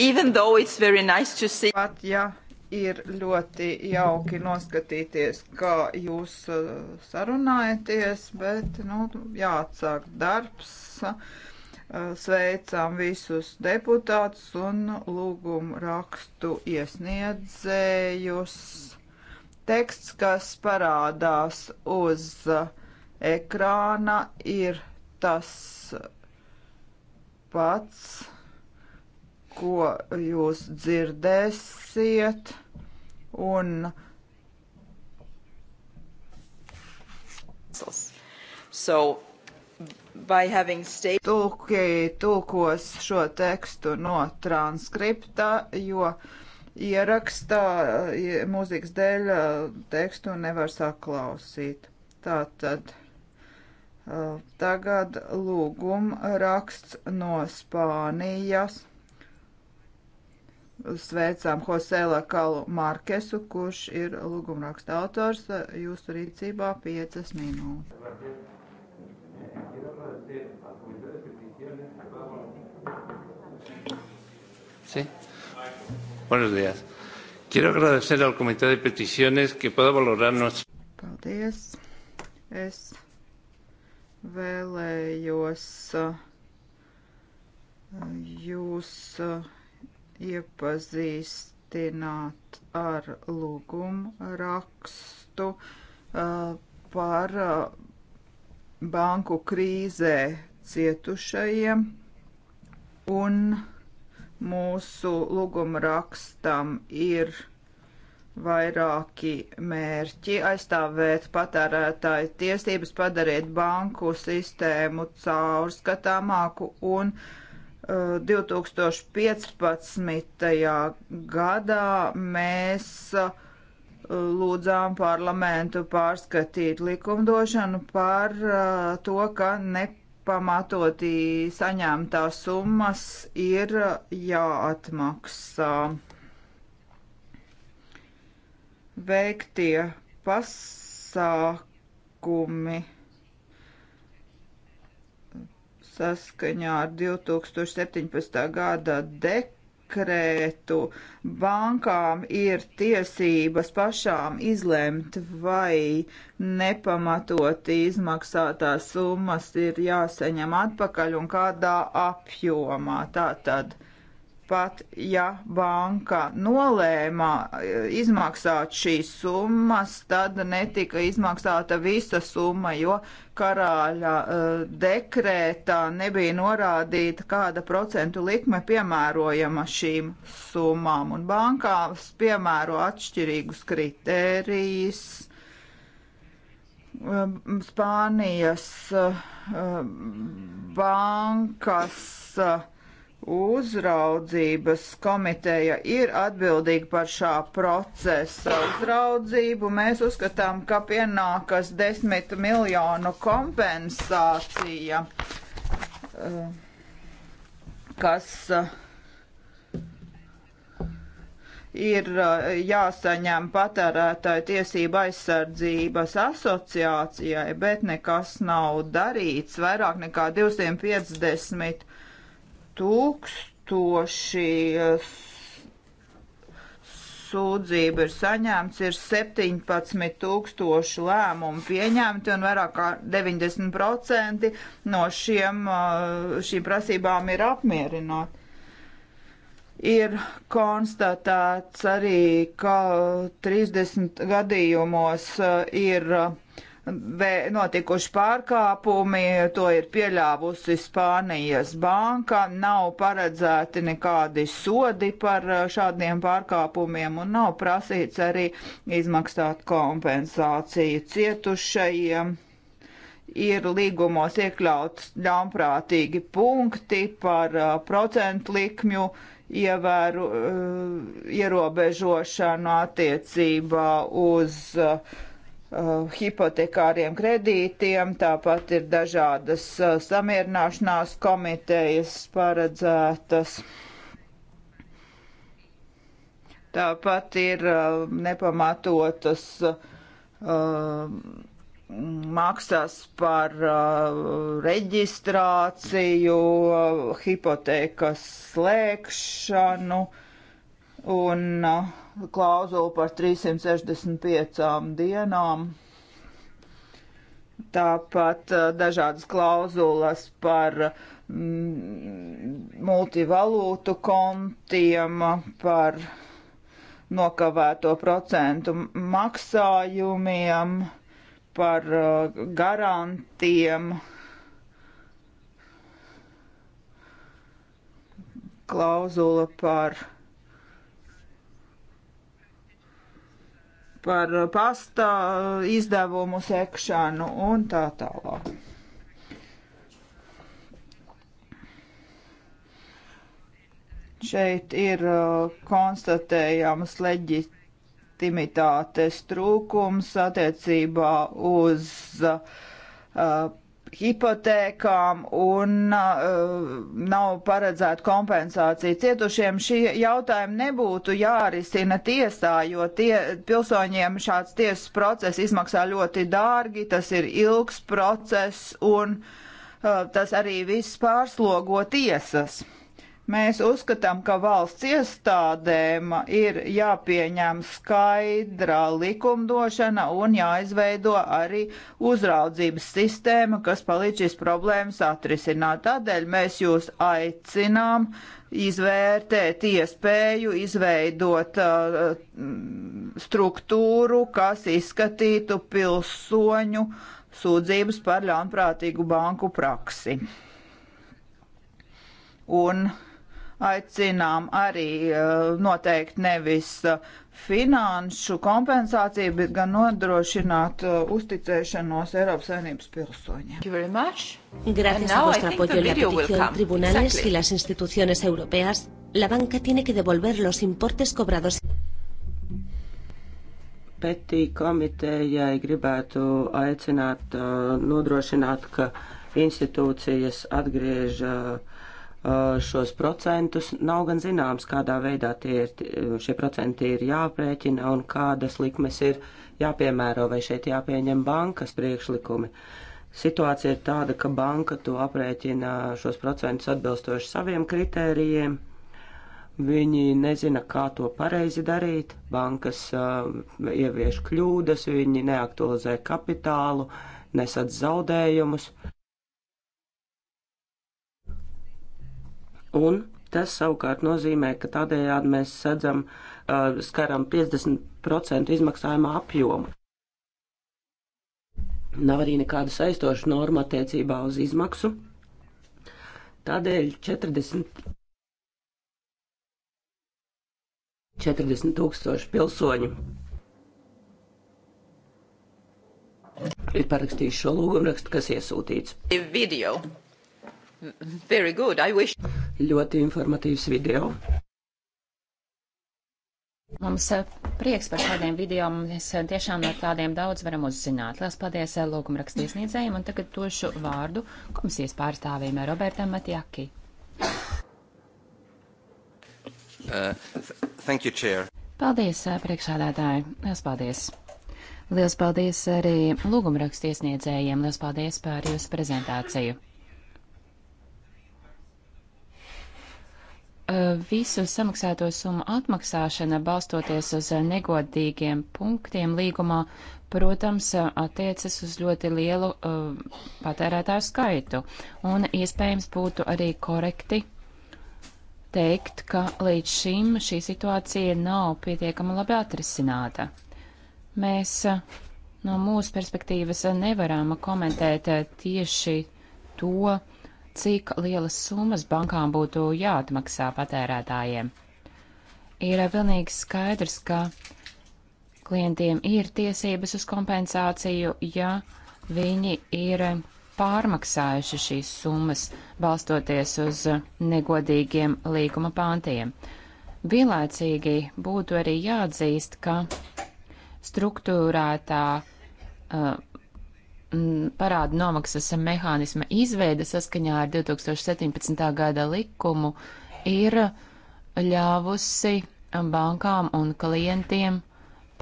even though it's very nice to see. Pat, ja ir ļoti jauki noskatīties, kā jūs eh, sarunājaties, bet, nu, jāatsāk darbs. Eh, Sveicām visus deputātus un lūgumu rakstu iesniedzējus. Teksts, kas parādās uz eh, ekrāna, ir tas pats ko jūs dzirdēsiet. Un... So, state... Tulki tulkos šo tekstu no transkripta, jo ierakstā mūzikas dēļ uh, tekstu nevar saklausīt. Tātad uh, tagad lūgum raksts no Spānijas sveicām Hosēla Kalu Markesu, kurš ir lūgumraksta autors. Jūsu rīcībā piecas minūtes. Sí. Buenos días. Quiero agradecer al Comité de Peticiones que pueda valorar nuestra. Paldies. Es vēlējos uh, jūs. Uh, iepazīstināt ar lūgumu rakstu uh, par uh, banku krīzē cietušajiem un mūsu lūguma rakstam ir vairāki mērķi - aizstāvēt patērētāju tiesības, padarīt banku sistēmu caurskatāmāku un uh, 2015. Uh, gadā mēs uh, lūdzām parlamentu pārskatīt likumdošanu par uh, to, ka nepamatotī saņemtās summas ir jāatmaksā. Veiktie pasākumi saskaņā ar 2017. gada dekrētu bankām ir tiesības pašām izlemt, vai nepamatot izmaksātās summas ir jāsaņem atpakaļ un kādā apjomā. Tātad. tad pat ja banka nolēma e, izmaksāt šīs summas, tad netika izmaksāta visa summa, jo karāļa uh, e, dekrētā nebija norādīta, kāda procentu likme piemērojama šīm summām. Un bankās piemēro atšķirīgus kritērijus. E, Spānijas uh, bankas uh, uzraudzības komiteja ir atbildīga par šā procesa uzraudzību. Mēs uzskatām, ka pienākas desmit miljonu kompensācija, eh, kas eh, ir eh, jāsaņem patērētāju tiesība aizsardzības asociācijai, bet nekas nav darīts. Vairāk nekā 250 tūkstoši eh, sūdzību ir saņemts, ir 17 tūkstoši lēmumu pieņemti un vairāk kā 90% no šiem, eh, šīm prasībām ir apmierināti. Ir konstatēts arī, ka 30 gadījumos eh, ir uh, notikuši pārkāpumi, to ir pieļāvusi Spānijas banka, nav paredzēti nekādi sodi par uh, šādiem pārkāpumiem un nav prasīts arī izmaksāt kompensāciju cietušajiem. Ir līgumos iekļauts ļaunprātīgi punkti par uh, procentu likmju ievēru, uh, ierobežošanu attiecībā uz uh, uh, hipotekāriem kredītiem, tāpat ir dažādas uh, samierināšanās komitejas paredzētas. Tāpat ir uh, nepamatotas uh, maksas par uh, reģistrāciju, uh, hipotekas slēgšanu un uh, klauzulu par 365 dienām. Tāpat eh, dažādas klauzulas par mm, multivalūtu kontiem, par nokavēto procentu maksājumiem, par eh, garantiem, klauzula par par uh, pasta uh, izdevumu sekšanu un tā tālāk. Šeit ir uh, konstatējams leģitimitātes trūkums attiecībā uz uh, hipotēkām un uh, nav paredzēta kompensācija cietušiem. Šie jautājumi nebūtu jārisina tiesā, jo tie, pilsoņiem šāds tiesas process izmaksā ļoti dārgi, tas ir ilgs process un uh, tas arī viss pārslogo tiesas. Mēs uzskatām, ka valsts iestādēm ir jāpieņem skaidra likumdošana un jāizveido arī uzraudzības sistēma, kas palīdz šīs problēmas atrisināt. Tādēļ mēs jūs aicinām izvērtēt iespēju izveidot uh, struktūru, kas izskatītu pilsoņu sūdzības par ļaunprātīgu banku praksi. Un aicinām arī eh, noteikt nevis eh, finanšu kompensāciju, bet gan nodrošināt eh, uzticēšanos Eiropas Savienības pilsoņiem. Gracias a vuestro apoyo en la petición, tribunales exactly. y las instituciones europeas, la banca tiene que devolver los importes cobrados. Petī komitejai gribētu aicināt uh, nodrošināt, ka institūcijas atgriež uh, Uh, šos procentus, nav gan zināms, kādā veidā tie ir, uh, šie procenti ir jāprēķina un kādas likmes ir jāpiemēro vai šeit jāpieņem bankas priekšlikumi. Situācija ir tāda, ka banka to aprēķina šos procentus atbilstoši saviem kritērijiem. Viņi nezina, kā to pareizi darīt. Bankas uh, ievieš kļūdas, viņi neaktualizē kapitālu, nesadz zaudējumus. Uh, Un tas savukārt nozīmē, ka tādējādi mēs sedzam, uh, skaram 50% izmaksājuma apjomu. Nav arī nekāda saistoša norma attiecībā uz izmaksu. Tādēļ 40. 40 tūkstoši pilsoņu ir parakstījuši šo lūgumrakstu, kas iesūtīts. Video. Very good. I wish ļoti informatīvs video. Mums eh, prieks par šādiem video, mēs eh, tiešām no tādiem daudz varam uzzināt. Lielas paldies eh, lūguma rakstīsniedzējiem un tagad došu vārdu komisijas pārstāvīm Robertam Matjaki. Uh, thank you, Chair. Paldies, priekšādātāji. Lielas paldies. Lielas paldies arī lūguma rakstīsniedzējiem. Lielas paldies par jūsu prezentāciju. visu samaksāto summu atmaksāšana balstoties uz negodīgiem punktiem līgumā, protams, attiecas uz ļoti lielu uh, patērētāju skaitu. Un iespējams būtu arī korekti teikt, ka līdz šim šī situācija nav pietiekama labi atrisināta. Mēs uh, no mūsu perspektīvas nevaram komentēt uh, tieši to, cik lielas summas bankām būtu jāatmaksā patērētājiem. Ir pilnīgi skaidrs, ka klientiem ir tiesības uz kompensāciju, ja viņi ir pārmaksājuši šīs summas, balstoties uz negodīgiem līguma pāntiem. Vienlaicīgi būtu arī jāatzīst, ka struktūrētā uh, Mm, parādu nomaksas mehānisma izveida saskaņā ar 2017. gada likumu ir ļāvusi bankām un klientiem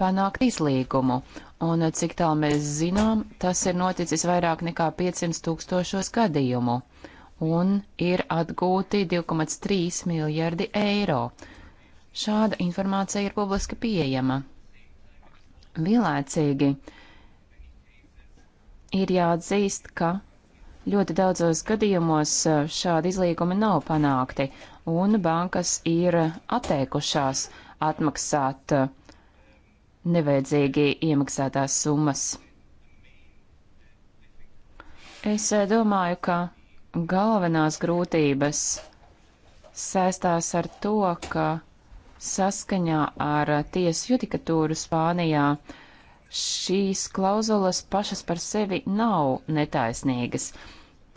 panākt izlīgumu. Un cik tālu mēs zinām, tas ir noticis vairāk nekā 500 tūkstošos gadījumu un ir atgūti 2,3 miljardi eiro. Šāda informācija ir publiski pieejama. Vienlaicīgi Ir jāatzīst, ka ļoti daudzos gadījumos e, šādi izlīgumi nav panākti, un bankas ir atteikušās atmaksāt e, nevajadzīgi iemaksātās summas. Es e, domāju, ka galvenās grūtības saistās ar to, ka saskaņā ar tiesu judikatūru Spānijā uh, šīs klauzulas pašas par sevi nav netaisnīgas.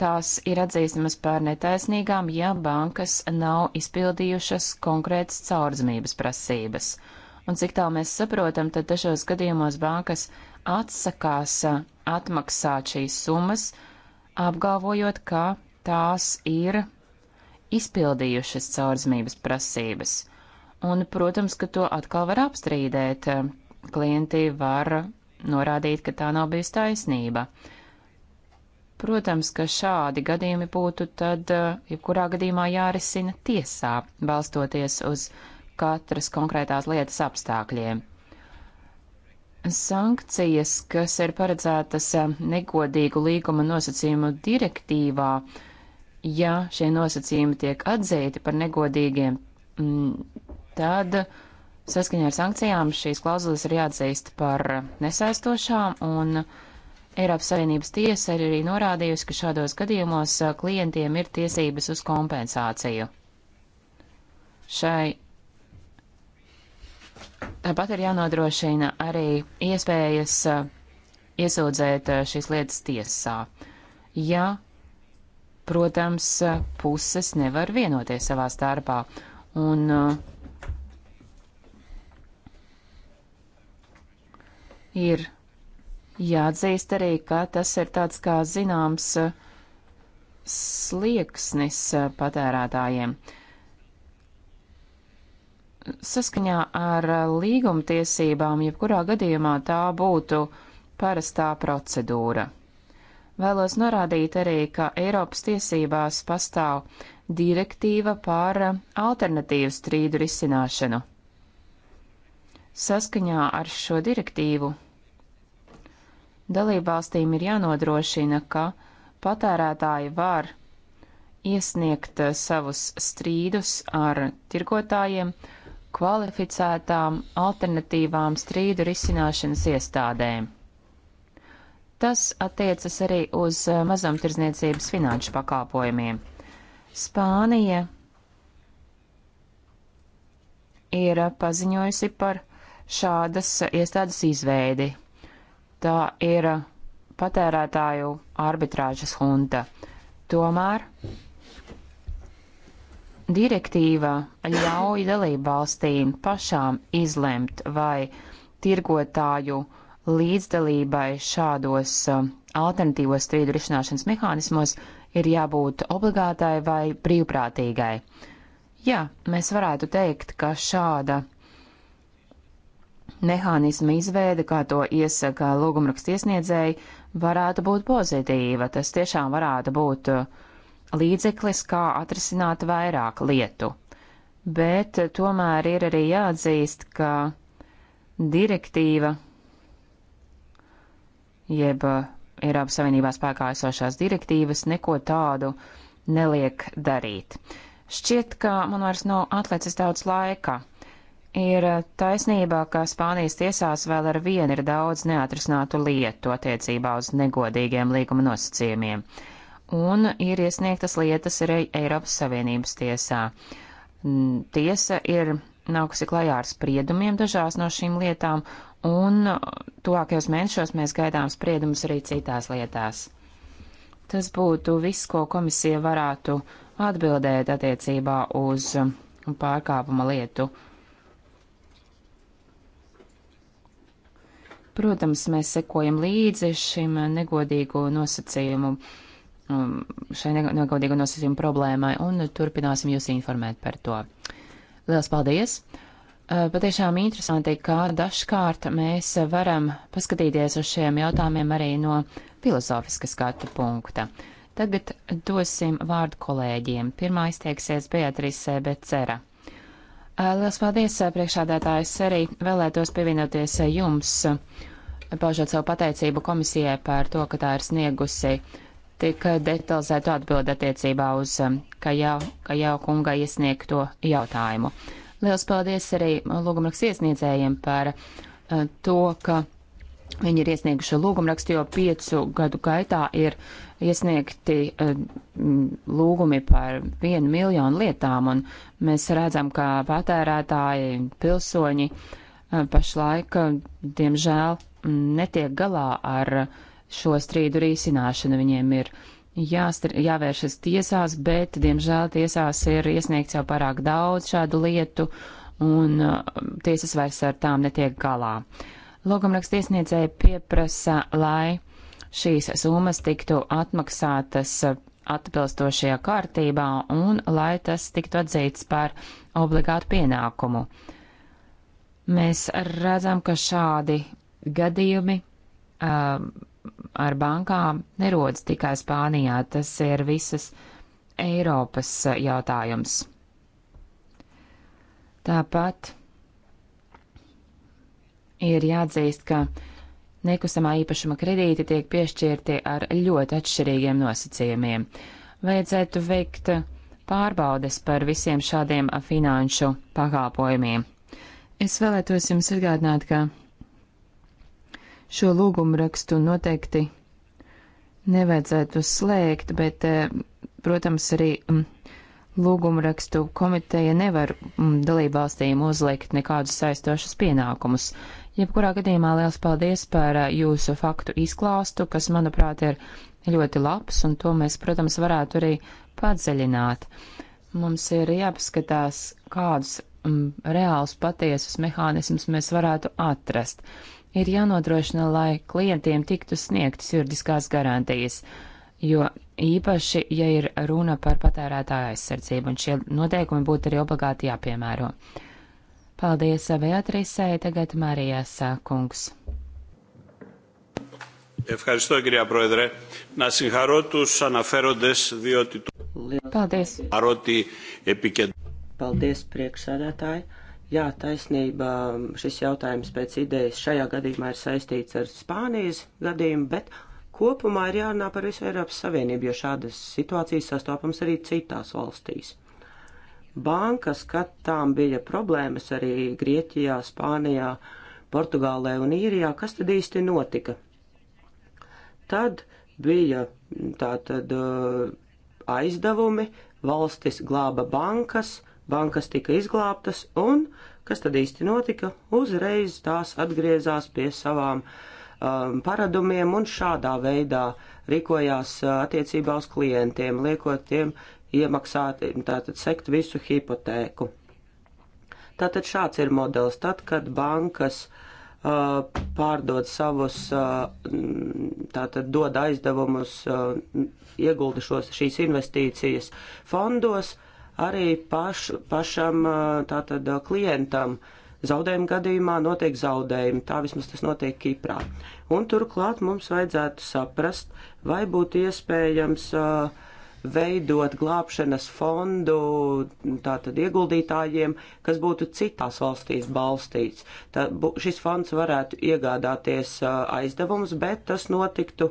Tās ir atzīstamas par netaisnīgām, ja bankas nav izpildījušas konkrētas caurzmības prasības. Un cik tālu mēs saprotam, tad dažos gadījumos bankas atsakās atmaksāt šīs summas, apgalvojot, ka tās ir izpildījušas caurzmības prasības. Un, protams, ka to atkal var apstrīdēt klienti var norādīt, ka tā nav bijusi taisnība. Protams, ka šādi gadījumi būtu tad, eh, jebkurā gadījumā jārisina tiesā, balstoties uz katras konkrētās lietas apstākļiem. Sankcijas, kas ir paredzētas eh, negodīgu līguma nosacījumu direktīvā, ja šie nosacījumi tiek atzīti par negodīgiem, mm, tad uh, Saskaņā ar sankcijām šīs klauzulas ir jāatzīst par nesaistošām, un Eiropas Savienības tiesa ir arī norādījusi, ka šādos gadījumos uh, klientiem ir tiesības uz kompensāciju. Šai tāpat ir jānodrošina arī iespējas uh, iesūdzēt uh, šīs lietas tiesā, ja, protams, puses nevar vienoties savā starpā. Un uh, Ir jāatzīst arī, ka tas ir tāds kā zināms uh, slieksnis uh, patērētājiem saskaņā ar uh, līgumtiesībām, jebkurā gadījumā tā būtu parastā procedūra. Vēlos norādīt arī, ka Eiropas tiesībās pastāv direktīva par alternatīvu strīdu risināšanu. Saskaņā ar šo direktīvu dalībvalstīm ir jānodrošina, ka patērētāji var iesniegt eh, savus strīdus ar tirgotājiem kvalificētām alternatīvām strīdu risināšanas iestādēm. Tas attiecas arī uz eh, mazumtirdzniecības finanšu pakalpojumiem. Spānija ir paziņojusi par šādas iestādes izveidi. Tā ir patērētāju arbitrāžas hunta. Tomēr direktīva ļauj dalību valstīm pašām izlemt, vai tirgotāju līdzdalībai šādos uh, alternatīvos strīdu risināšanas mehānismos ir jābūt obligātai vai brīvprātīgai. Jā, mēs varētu teikt, ka šāda mehānisma izveide, kā to iesaka lūgumraksta iesniedzēji, varētu būt pozitīva. Tas tiešām varētu būt uh, līdzeklis, kā atrisināt vairāk lietu. Bet uh, tomēr ir arī jāatzīst, ka direktīva, jeb uh, Eiropas Savienībā spēkā esošās direktīvas, neko tādu neliek darīt. Šķiet, ka man vairs nav atlicis daudz laika. Ir eh, taisnība, ka Spānijas tiesās vēl ar vienu ir daudz neatrisinātu lietu attiecībā uz negodīgiem līguma nosacījumiem, un ir iesniegtas lietas arī Eiropas Savienības tiesā. Mm, tiesa ir nākusi klajā ar spriedumiem dažās no šīm lietām, un eh, tuvākajos mēnešos mēs gaidām spriedumus arī citās lietās. Tas būtu viss, ko komisija varētu atbildēt attiecībā uz mm, pārkāpuma lietu Protams, mēs sekojam līdzi šim negodīgu nosacījumu, um, šai negodīgu nosacījumu problēmai un turpināsim jūs informēt par to. Lielas paldies! Uh, patiešām interesanti, kā dažkārt mēs varam paskatīties uz šiem jautājumiem arī no filozofiska skatu punkta. Tagad dosim vārdu kolēģiem. Pirmā izteiksies Beatrice Becera. Uh, Lielas paldies, uh, priekšādātājs, arī vēlētos pievienoties jums paužot savu pateicību komisijai par to, ka tā ir sniegusi tik detalizētu atbildi attiecībā uz um, Kajau, Kajau kunga iesniegto jautājumu. Liels paldies arī lūgumraks iesniedzējiem par uh, to, ka viņi ir iesnieguši lūgumrakstu, jo piecu gadu gaitā ir iesniegti uh, lūgumi par vienu miljonu lietām, un mēs redzam, ka patērētāji, pilsoņi uh, pašlaik, diemžēl, netiek galā ar šo strīdu risināšanu. Viņiem ir jāstr, jāvēršas tiesās, bet, diemžēl, tiesās ir iesniegts jau pārāk daudz šādu lietu, un uh, tiesas vairs ar tām netiek galā. Logumraksta iesniedzēja pieprasa, lai šīs summas tiktu atmaksātas uh, atbilstošajā kārtībā un lai tas tiktu atzīts par obligātu pienākumu. Mēs redzam, ka šādi gadījumi um, ar bankām nerodas tikai Spānijā, tas ir visas Eiropas uh, jautājums. Tāpat ir jāatzīst, ka nekustamā īpašuma kredīti tiek piešķirti ar ļoti atšķirīgiem nosacījumiem. Vajadzētu veikt pārbaudes par visiem šādiem finanšu pakalpojumiem. Es vēlētos jums atgādināt, ka šo lūgumu rakstu noteikti nevajadzētu slēgt, bet, eh, protams, arī mm, lūgumu rakstu komiteja nevar mm, dalībvalstīm uzlikt nekādus saistošus pienākumus. Jebkurā gadījumā liels paldies par eh, jūsu faktu izklāstu, kas, manuprāt, ir ļoti labs, un to mēs, protams, varētu arī padziļināt. Mums ir jāpaskatās, kādus mm, reālus patiesus mehānismus mēs varētu atrast ir jānodrošina, lai klientiem tiktu sniegtas juridiskās garantijas, jo īpaši, ja ir runa par patērētāju aizsardzību, un šie noteikumi būtu arī obligāti jāpiemēro. Paldies, Beatrisai, tagad Marijas kungs. Ευχαριστώ κυρία Πρόεδρε. Να συγχαρώ τους αναφέροντες διότι... Paldies. Paldies, priekšsēdētāji. Jā, taisnība, šis jautājums pēc idejas šajā gadījumā ir saistīts ar Spānijas gadījumu, bet kopumā ir jārunā par visu Eiropas Savienību, jo šādas situācijas sastopams arī citās valstīs. Bankas, kad tām bija problēmas arī Grieķijā, Spānijā, Portugālē un Īrijā, kas tad īsti notika? Tad bija tātad uh, aizdevumi, valstis glāba bankas, bankas tika izglābtas, un kas tad īsti notika? Uzreiz tās atgriezās pie savām um, paradumiem un šādā veidā rīkojās uh, attiecībā uz klientiem, liekot tiem iemaksāt, tātad sekt visu hipotēku. Tātad šāds ir modelis. Tad, kad bankas uh, pārdod savus, uh, tātad dod aizdevumus, uh, iegulda šos, šīs investīcijas fondos, uh, arī paš, pašam tātad klientam. Zaudējuma gadījumā notiek zaudējumi, tā vismaz tas notiek Kiprā. Un turklāt mums vajadzētu saprast, vai būtu iespējams uh, veidot glābšanas fondu tātad ieguldītājiem, kas būtu citās valstīs balstīts. Tā, bu, šis fonds varētu iegādāties uh, aizdevumus, bet tas notiktu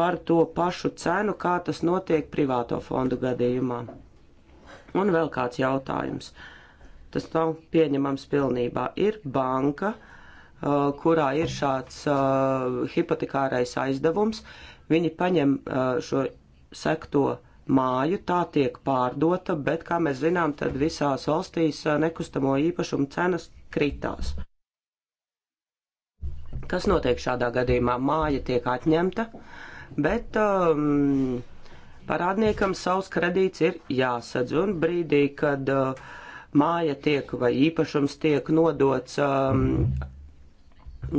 par to pašu cenu, kā tas notiek privāto fondu gadījumā. Un vēl kāds jautājums. Tas nav pieņemams pilnībā. Ir banka, uh, kurā ir šāds uh, hipotekārais aizdevums. Viņi paņem uh, šo sekto māju, tā tiek pārdota, bet, kā mēs zinām, tad visās valstīs uh, nekustamo īpašumu cenas kritās. Kas notiek šādā gadījumā? Māja tiek atņemta, bet um, parādniekam savs kredīts ir jāsadz, un brīdī, kad uh, māja tiek vai īpašums tiek nodots, um,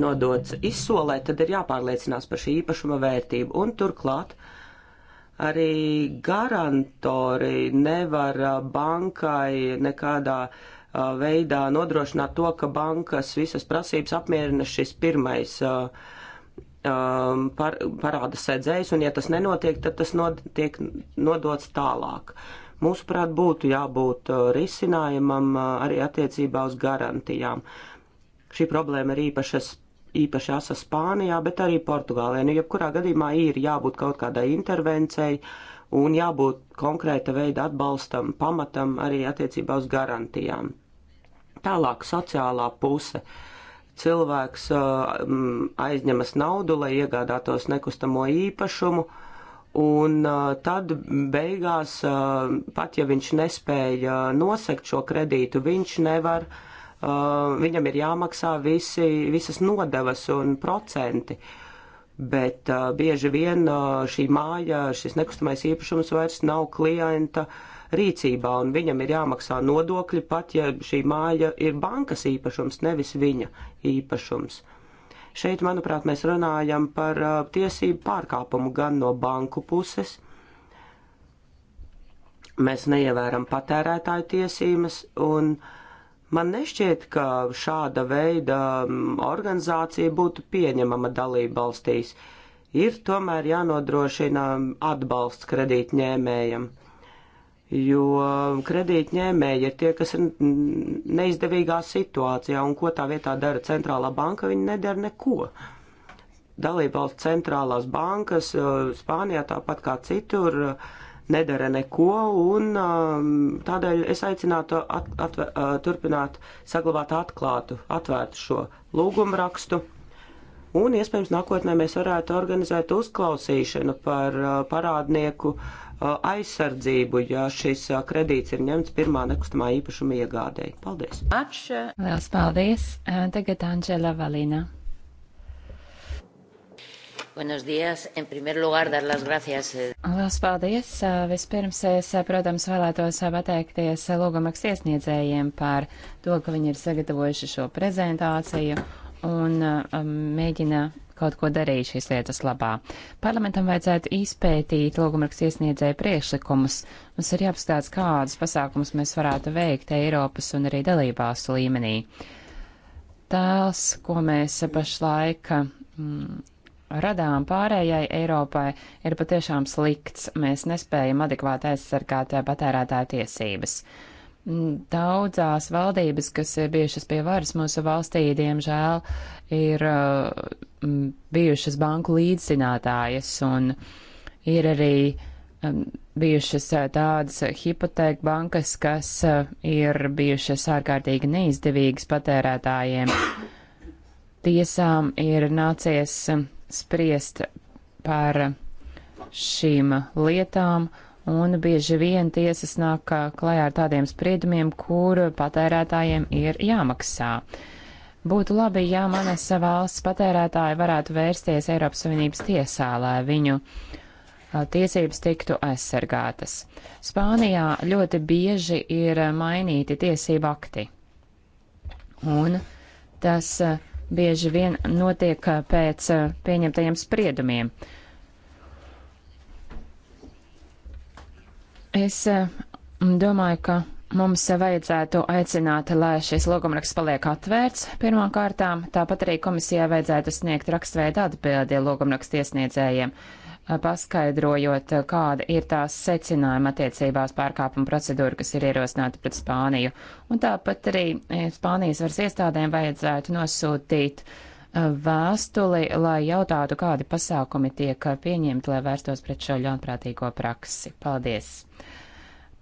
nodots izsolē, tad ir jāpārliecinās par šī īpašuma vērtību, un turklāt arī garantori nevar uh, bankai nekādā uh, veidā nodrošināt to, ka bankas visas prasības apmierina šis pirmais uh, um, par, parāda sēdzējs, un ja tas nenotiek, tad tas notiek nodots tālāk. Mūsuprāt, būtu jābūt uh, risinājumam uh, arī attiecībā uz garantijām. Šī problēma ir īpašas, īpaši asa Spānijā, bet arī Portugālē. Nu, jebkurā gadījumā ir jābūt kaut kādai intervencei un jābūt konkrēta veida atbalstam, pamatam arī attiecībā uz garantijām. Tālāk sociālā puse. Uh, cilvēks aizņemas naudu, lai iegādātos nekustamo īpašumu. Un uh, tad beigās, uh, pat ja viņš nespēja nosekt šo kredītu, viņš nevar uh, Uh, viņam ir jāmaksā visi, visas nodevas un procenti. Bet uh, bieži vien uh, šī māja, šis nekustamais īpašums vairs nav klienta rīcībā, un viņam ir jāmaksā nodokļi, pat ja šī māja ir bankas īpašums, nevis viņa īpašums. Šeit, manuprāt, mēs runājam par uh, tiesību pārkāpumu gan no banku puses. Mēs neievēram patērētāju tiesības, un man nešķiet, ka šāda veida um, organizācija būtu pieņemama dalība valstīs. Uh, ir tomēr jānodrošina um, atbalsts kredītņēmējam jo kredītņēmēji ir tie, kas ir neizdevīgā situācijā, un ko tā vietā dara centrālā banka, viņi nedara neko. Dalībvalsts centrālās bankas uh, Spānijā tāpat kā citur uh, nedara neko, un um, tādēļ es aicinātu at, at, uh, turpināt saglabāt atklātu, atvērtu šo lūgumu rakstu. Un iespējams nākotnē mēs varētu organizēt uzklausīšanu par parādnieku uh, Uh, aizsardzību, ja šis uh, kredīts ir ņemts pirmā nekustamā īpašuma iegādēji. Paldies! Atša. Liels paldies! Uh, tagad Anģela Valīna. Buenos días. En primer lugar, dar las gracias. Eh. Lielas paldies. Vispirms es, protams, vēlētos pateikties logumaks iesniedzējiem par to, ka viņi ir sagatavojuši šo prezentāciju un um, mēģina kaut ko darīt šīs lietas labā. Parlamentam vajadzētu izpētīt lūgumraks iesniedzēju priekšlikumus. Mums ir jāapstāts, kādas pasākumus mēs varētu veikt Eiropas un arī dalībās līmenī. Tās, ko mēs pašlaik mm, radām pārējai Eiropai, ir patiešām slikts. Mēs nespējam adekvāti aizsargāt eh, patērētāju tiesības. Uh, Mm, daudzās valdības, kas ir bijušas pie varas mūsu valstī, diemžēl, ir uh, mm, bijušas banku līdzinātājas un ir arī mm, bijušas uh, tādas hipotēku bankas, kas uh, ir bijušas ārkārtīgi neizdevīgas patērētājiem. Tiesām ir nācies spriest par šīm lietām, uh, un bieži vien tiesas nāk klajā ar tādiem spriedumiem, kur patērētājiem ir jāmaksā. Būtu labi, ja manas valsts patērētāji varētu vērsties Eiropas Savienības tiesā, lai viņu tiesības tiktu aizsargātas. Spānijā ļoti bieži ir mainīti tiesību akti, un tas bieži vien notiek pēc pieņemtajiem spriedumiem. Uh, Es eh, domāju, ka mums vajadzētu aicināt, lai šis logumraksts paliek atvērts pirmām kārtām, tāpat arī komisijai vajadzētu sniegt rakstveidu atbildi logumrakstu iesniedzējiem, eh, paskaidrojot, eh, kāda ir tās secinājuma attiecībās pārkāpuma procedūra, kas ir ierosināta pret Spāniju. Un tāpat arī Spānijas varas iestādēm vajadzētu nosūtīt vēstuli, lai jautātu, kādi pasākumi tiek pieņemti, lai vērstos pret šo ļaunprātīgo praksi. Paldies!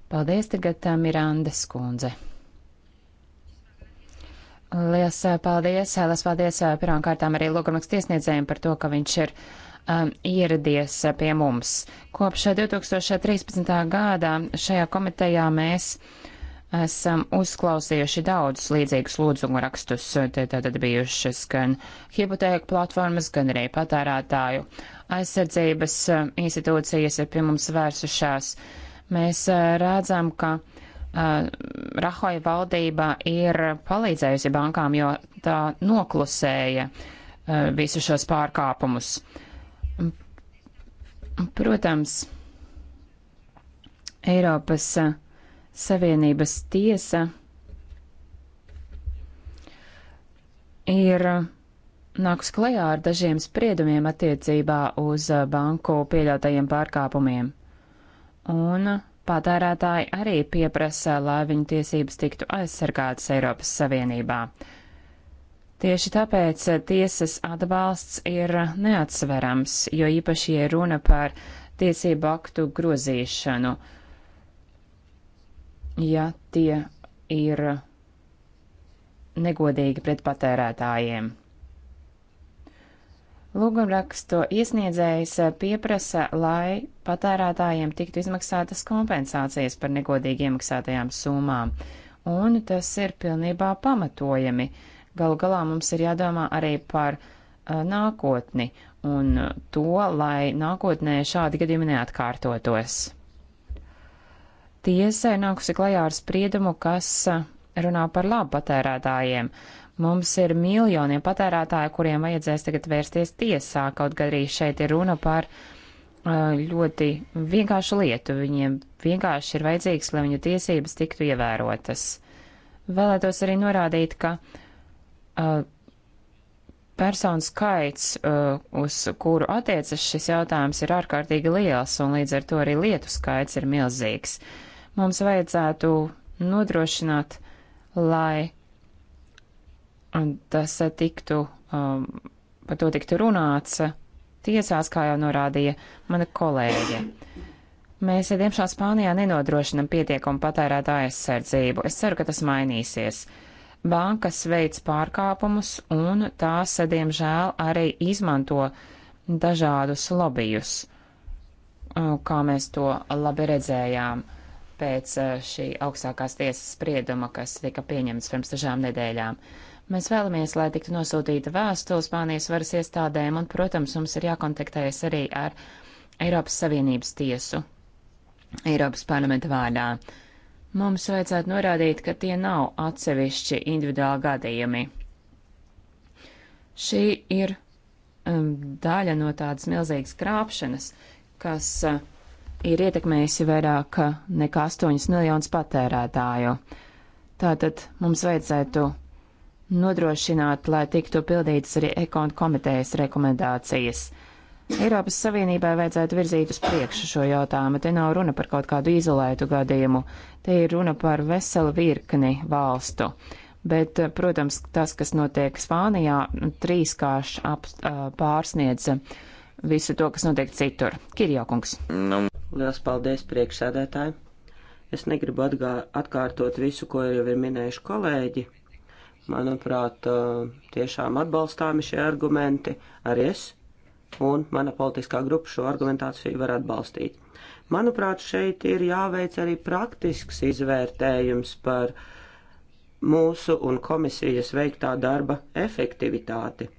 Paldies tagad Mirandes kundze. Lielas paldies, lielas paldies pirmām kārtām arī lūgumaks tiesniedzējiem par to, ka viņš ir um, ieradies pie mums. Kopš 2013. gadā šajā komitejā mēs esam uzklausījuši daudzus līdzīgus lūdzumu rakstus. Te tātad bijušas gan hipotēku platformas, gan arī patērētāju aizsardzības institūcijas ir pie mums vērsušās. Uh, Mēs eh, redzam, ka uh, eh, Rahoja valdība ir palīdzējusi bankām, jo tā noklusēja uh, eh, visu šos pārkāpumus. Protams, Eiropas uh, Savienības tiesa ir nākus klajā ar dažiem spriedumiem attiecībā uz banku pieļautajiem pārkāpumiem un patērētāji arī pieprasa, lai viņu tiesības tiktu aizsargātas Eiropas Savienībā. Tieši tāpēc tiesas atbalsts ir neatsverams, jo īpaši, ja runa par tiesību aktu grozīšanu, ja tie ir negodīgi pret patērētājiem. Lūgumrakstu iesniedzējs eh, pieprasa, lai patērētājiem tiktu izmaksātas kompensācijas par negodīgi iemaksātajām summām, un tas ir pilnībā pamatojami. Galu galā mums ir jādomā arī par uh, nākotni un to, lai nākotnē šādi gadījumi neatkārtotos. Tiesa ir nākusi klajā ar spriedumu, kas eh, runā par labu patērētājiem. Uh, Mums ir miljoniem patērētāju, kuriem vajadzēs tagad vērsties tiesā, kaut gan arī šeit ir runa par uh, ļoti vienkāršu lietu. Viņiem vienkārši ir vajadzīgs, lai viņu tiesības tiktu ievērotas. Vēlētos arī norādīt, ka uh, personu skaits, uh, uz kuru attiecas šis jautājums, ir ārkārtīgi liels, un līdz ar to arī lietu skaits ir milzīgs. Mums vajadzētu nodrošināt, lai tas eh, tiktu, um, par to tiktu runāts eh, tiesās, kā jau norādīja mana kolēģe. Mēs, eh, diemžēl, Spānijā nenodrošinam pietiekumu patērētāju aizsardzību. Es ceru, ka tas mainīsies. Bankas veids pārkāpumus un tās, diemžēl, arī izmanto dažādus lobbyjus, kā mēs to labi redzējām pēc šī augstākās tiesas sprieduma, kas tika pieņemts pirms dažām nedēļām. Mēs vēlamies, lai tiktu nosūtīta vēstule Spānijas varas iestādēm, un, protams, mums ir jākontaktējas arī ar Eiropas Savienības tiesu Eiropas parlamenta vārdā. Mums vajadzētu norādīt, ka tie nav atsevišķi individuāli gadījumi. Šī ir um, daļa no tādas milzīgas krāpšanas, kas uh, ir ietekmējusi vairāk uh, nekā 8 miljonus patērētāju. Tātad mums vajadzētu nodrošināt, lai tiktu pildītas arī ekonu komitejas rekomendācijas. Eiropas Savienībai vajadzētu virzīt uz priekšu šo jautājumu. Te nav runa par kaut kādu izolētu gadījumu, te ir runa par veselu virkni valstu. Bet, protams, tas, kas notiek Spānijā, trīskārši ap, pārsniedz visu to, kas notiek citur. Kirjokungs. Nu. Lielas paldies priekšsēdētāji. Es negribu atgā, atkārtot visu, ko jau ir minējuši kolēģi Manuprāt, eh, tiešām atbalstāmi šie argumenti. Arī es un mana politiskā grupa šo argumentāciju var atbalstīt. Manuprāt, šeit ir jāveic arī praktisks izvērtējums par mūsu un komisijas veiktā darba efektivitāti.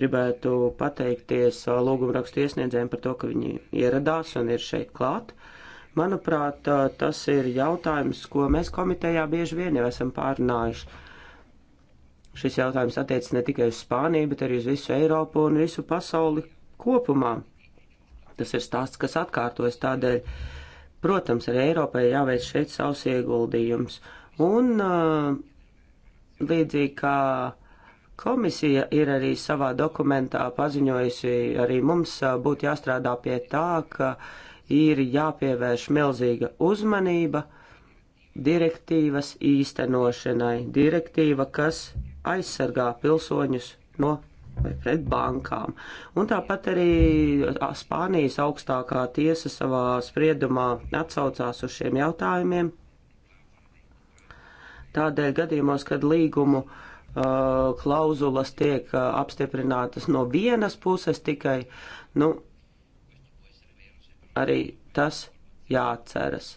Gribētu pateikties eh, lūgumrakstu iesniedzējiem par to, ka viņi ieradās un ir šeit klāt. Manuprāt, eh, tas ir jautājums, ko mēs komitejā bieži vien jau esam pārunājuši Šis jautājums attiecas ne tikai uz Spāniju, bet arī uz visu Eiropu un visu pasauli kopumā. Tas ir stāsts, kas atkārtojas tādēļ. Protams, arī Eiropai jāveic šeit savs ieguldījums. Un uh, līdzīgi kā komisija ir arī savā dokumentā paziņojusi, arī mums uh, būtu jāstrādā pie tā, ka ir jāpievērš milzīga uzmanība direktīvas īstenošanai. Direktīva, kas aizsargā pilsoņus no vai pret bankām. Un tāpat arī Spānijas augstākā tiesa savā spriedumā atsaucās uz šiem jautājumiem. Tādēļ gadījumos, kad līgumu uh, klauzulas tiek uh, apstiprinātas no vienas puses tikai, nu, arī tas jāatceras.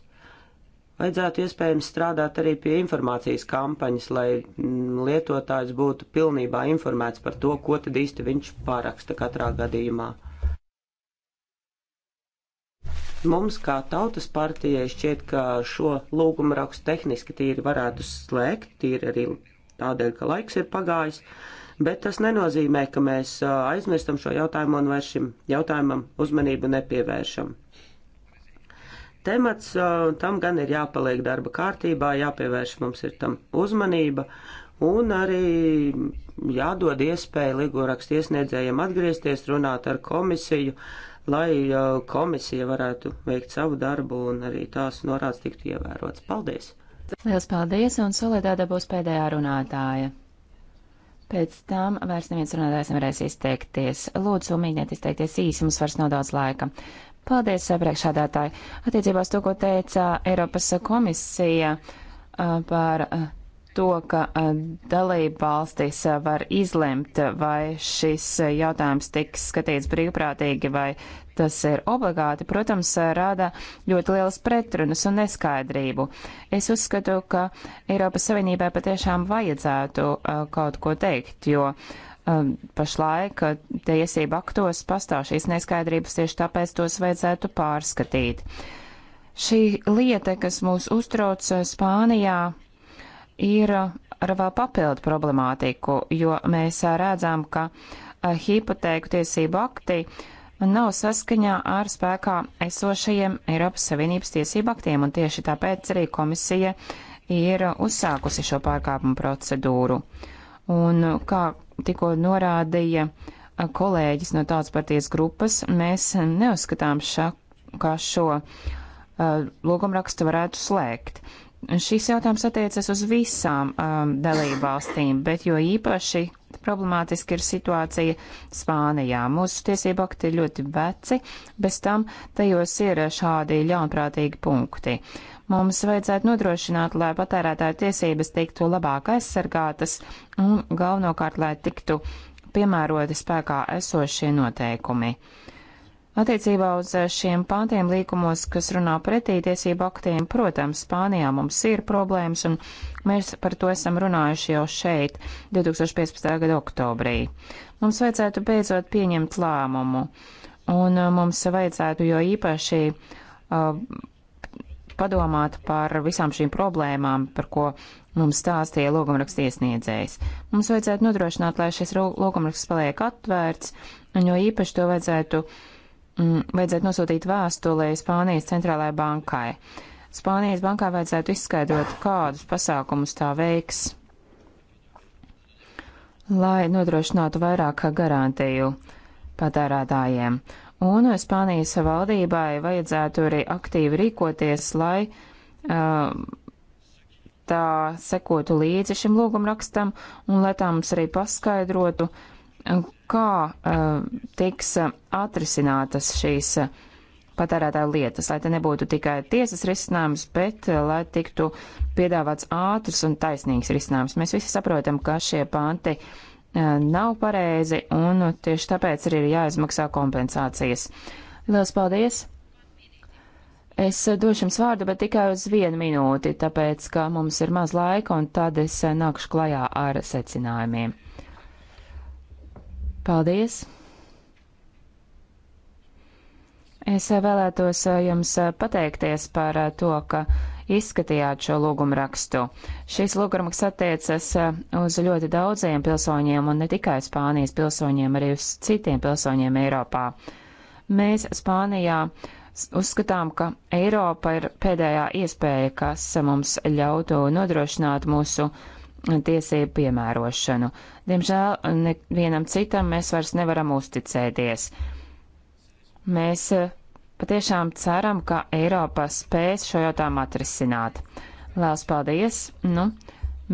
Vajadzētu iespējams strādāt arī pie informācijas kampaņas, lai mm, lietotājs būtu pilnībā informēts par to, ko tad īsti viņš pāraksta katrā gadījumā. Mums, kā tautas partijai, šķiet, ka šo lūgumu rakstu tehniski tīri varētu slēgt, tīri arī tādēļ, ka laiks ir pagājis, bet tas nenozīmē, ka mēs aizmirstam šo jautājumu un vairs šim jautājumam uzmanību nepievēršam temats, un tam gan ir jāpaliek darba kārtībā, jāpievērš mums ir tam uzmanība, un arī jādod iespēja līgorakstu iesniedzējiem atgriezties, runāt ar komisiju, lai komisija varētu veikt savu darbu un arī tās norādes tiktu ievērots. Paldies! Liels paldies, un Solidāda būs pēdējā runātāja. Pēc tam vairs neviens runātājs nevarēs izteikties. Lūdzu, mīļiet izteikties īsi, mums vairs nav daudz laika. Paldies, eh, priekšādātāji. Attiecībās to, ko teica Eiropas komisija eh, par eh, to, ka dalība valstīs var izlemt, vai šis jautājums tiks skatīts brīvprātīgi vai tas ir obligāti, protams, rada ļoti lielas pretrunas un neskaidrību. Es uzskatu, ka Eiropas Savienībai patiešām vajadzētu kaut ko teikt, jo uh, um, pašlaik uh, tiesību aktos pastāv šīs neskaidrības, tieši tāpēc tos vajadzētu pārskatīt. Šī lieta, kas mūs uztrauc uh, Spānijā, ir uh, ar vēl papildu problemātiku, jo mēs redzam, ka hipotēku tiesību akti nav saskaņā ar spēkā esošajiem Eiropas Savienības tiesību aktiem, un tieši tāpēc arī komisija ir uzsākusi šo pārkāpumu procedūru. Un kā tikko norādīja kolēģis no tautas partijas grupas, mēs neuzskatām šā, kā šo lūgumrakstu varētu slēgt. Šis jautājums attiecas uz visām um, dalībvalstīm, bet jo īpaši problemātiska ir situācija Spānijā. Mūsu tiesību akti ir ļoti veci, bez tam tajos ir šādi ļaunprātīgi punkti. Mums vajadzētu nodrošināt, lai patērētāju tiesības tiktu labāk aizsargātas un galvenokārt, lai tiktu piemēroti spēkā esošie noteikumi. Attiecībā uz eh, šiem pāntiem līkumos, kas runā pretī tiesību aktiem, protams, Spānijā mums ir problēmas, un mēs par to esam runājuši jau šeit, 2015. gada oktobrī. Mums vajadzētu beidzot pieņemt lēmumu, un eh, mums vajadzētu jo īpaši uh, padomāt par visām šīm problēmām, par ko mums stāstīja lūgumraksta iesniedzējs. Mums vajadzētu nodrošināt, lai šis lūgumraksts paliek atvērts, un jo īpaši to vajadzētu Mm, vajadzētu nosūtīt vēstulē Spānijas centrālajai bankai. Spānijas bankā vajadzētu izskaidrot, kādus pasākumus tā veiks, lai nodrošinātu vairāk garantiju patērētājiem. Un Spānijas valdībai vajadzētu arī aktīvi rīkoties, lai uh, tā sekotu līdzi šim lūgumrakstam un lai tā mums arī paskaidrotu, uh, kā tiks atrisinātas šīs patērētāju lietas, lai te nebūtu tikai tiesas risinājums, bet lai tiktu piedāvāts ātrs un taisnīgs risinājums. Mēs visi saprotam, ka šie panti nav pareizi un tieši tāpēc arī ir jāizmaksā kompensācijas. Lielas paldies! Es došu jums vārdu, bet tikai uz vienu minūti, tāpēc, ka mums ir maz laika un tad es nākušu klajā ar secinājumiem. Paldies! Es vēlētos eh, jums eh, pateikties par eh, to, ka izskatījāt šo lūgumrakstu. Šis lūgumraksts attiecas uz ļoti daudziem pilsoņiem un ne tikai Spānijas pilsoņiem, arī uz citiem pilsoņiem Eiropā. Mēs Spānijā uzskatām, ka Eiropa ir pēdējā iespēja, kas mums ļautu nodrošināt mūsu uh, tiesību piemērošanu. Diemžēl nevienam citam mēs vairs nevaram uzticēties. Mēs eh, patiešām ceram, ka Eiropa spēs šo jautājumu atrisināt. Lielas paldies! Nu,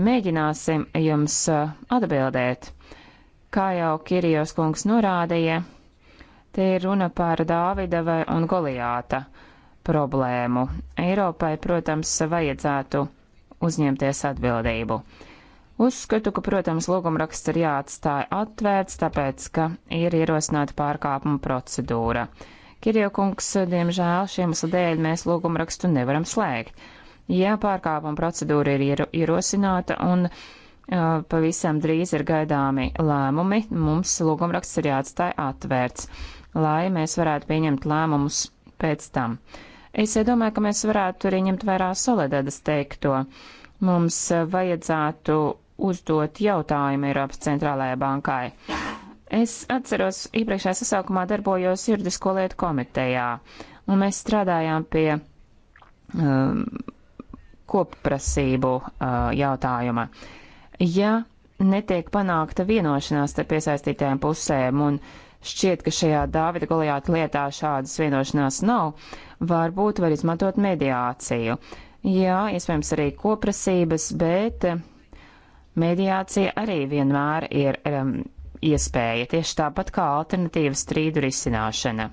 mēģināsim jums eh, atbildēt. Kā jau Kirijos kungs norādīja, te ir runa par Dāvida vai un Goliāta problēmu. Eiropai, protams, vajadzētu uzņemties atbildību. Uzskatu, ka, protams, lūgumraksts ir jāatstāja atvērts, tāpēc, ka ir ierosināta pārkāpuma procedūra. Kirjokungs, diemžēl, šiem sludēļ mēs lūgumrakstu nevaram slēgt. Ja pārkāpuma procedūra ir ierosināta un uh, pavisam drīz ir gaidāmi lēmumi, mums lūgumraksts ir jāatstāja atvērts, lai mēs varētu pieņemt lēmumus pēc tam. Es domāju, ka mēs varētu arī ņemt vērā Soledadas teikto. Mums vajadzētu uzdot jautājumu Eiropas centrālajai bankai. Es atceros, iepriekšējā sasaukumā darbojos juridisko lietu komitejā, un mēs strādājām pie um, kopprasību uh, jautājuma. Ja netiek panākta vienošanās starp iesaistītajām pusēm, un šķiet, ka šajā Dāvida Golijāta lietā šādas vienošanās nav, varbūt var izmantot mediāciju. Jā, iespējams arī koprasības, bet Mediācija arī vienmēr ir um, iespēja, tieši tāpat kā alternatīva strīdu risināšana.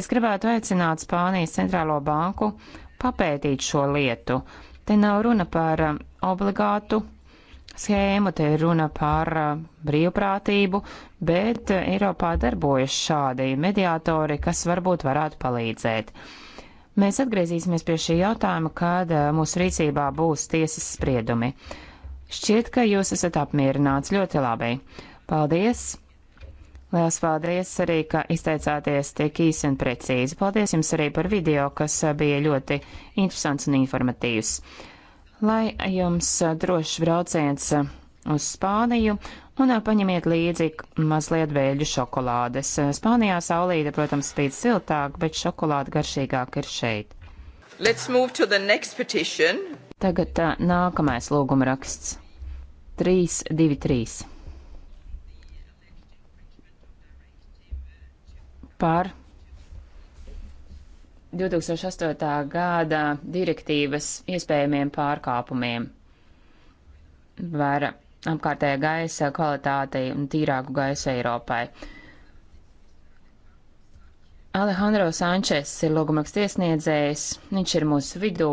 Es gribētu aicināt Spānijas centrālo banku papētīt šo lietu. Te nav runa par um, obligātu schēmu, te ir runa par um, brīvprātību, bet uh, Eiropā darbojas šādi mediātori, kas varbūt varētu palīdzēt. Mēs atgriezīsimies pie šī jautājuma, kad uh, mūsu rīcībā būs tiesas spriedumi. Šķiet, ka jūs esat apmierināts ļoti labi. Paldies! Liels paldies arī, ka izteicāties tik īsi un precīzi. Paldies jums arī par video, kas uh, bija ļoti interesants un informatīvs. Lai jums uh, drošs brauciens uh, uz Spāniju un paņemiet līdzi mazliet vēļu šokolādes. Spānijā saulīte, protams, spīd siltāk, bet šokolāde garšīgāk ir šeit. Tagad nākamais lūguma raksts. 323 par 2008. gada direktīvas iespējamiem pārkāpumiem var apkārtējā gaisa kvalitātei un tīrāku gaisu Eiropai. Alejandro Sančes ir lūgumraksts iesniedzējs, viņš ir mūsu vidū,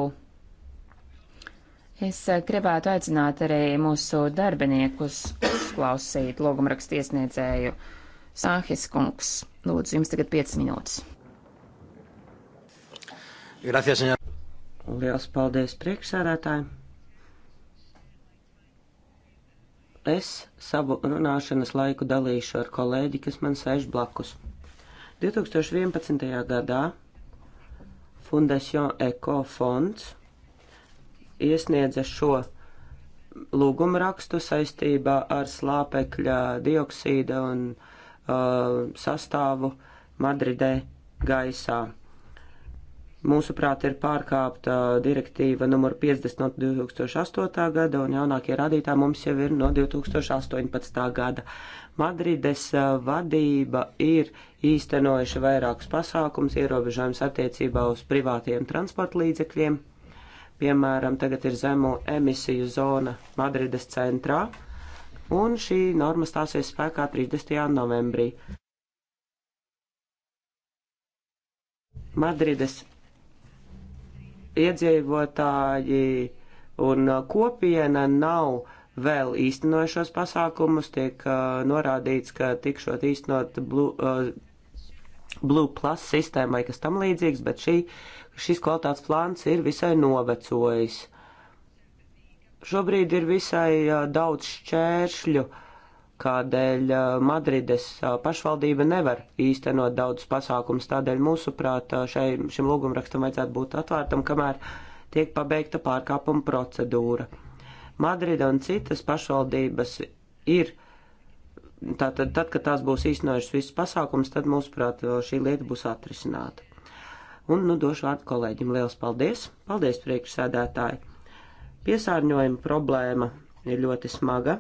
Es eh, gribētu aicināt arī mūsu darbiniekus uzklausīt logumrakstu iesniedzēju Sāhis kungs. Lūdzu, jums tagad 5 minūtes. Gracias, senor. Liels paldies priekšsēdētājiem. Es savu runāšanas laiku dalīšu ar kolēģi, kas man sēž blakus. 2011. gadā Fundacion Eco fonds iesniedza šo lūgumu rakstu saistībā ar slāpekļa dioksīda un uh, sastāvu Madridē gaisā. Mūsuprāt, ir pārkāpta direktīva numur 50 no 2008. gada, un jaunākie rādītāji mums jau ir no 2018. gada. Madrides uh, vadība ir īstenojuši vairākus pasākums, ierobežojums attiecībā uz privātiem transporta līdzekļiem, Piemēram, tagad ir zemo emisiju zona Madrides centrā, un šī norma stāsies spēkā 30. novembrī. Madrides iedzīvotāji un kopiena nav vēl īstenojušos pasākumus, tiek uh, norādīts, ka tikšot īstenot Blue, uh, Blue Plus sistēmai, kas tam līdzīgs, bet šī uh, šis kvalitātes plāns ir visai novecojis. Šobrīd ir visai uh, daudz šķēršļu, kādēļ uh, Madrides uh, pašvaldība nevar īstenot daudz pasākums. Tādēļ, mūsuprāt, uh, šai, šim lūgumrakstam vajadzētu būt atvērtam, kamēr tiek pabeigta pārkāpuma procedūra. Madrida un citas pašvaldības ir. Tātad, tad, kad tās būs īstenojušas visas pasākums, tad, mūsuprāt, šī lieta būs atrisināta. Un nu došu vārdu kolēģim. Liels paldies! Paldies, priekšsēdētāji! Piesārņojuma problēma ir ļoti smaga.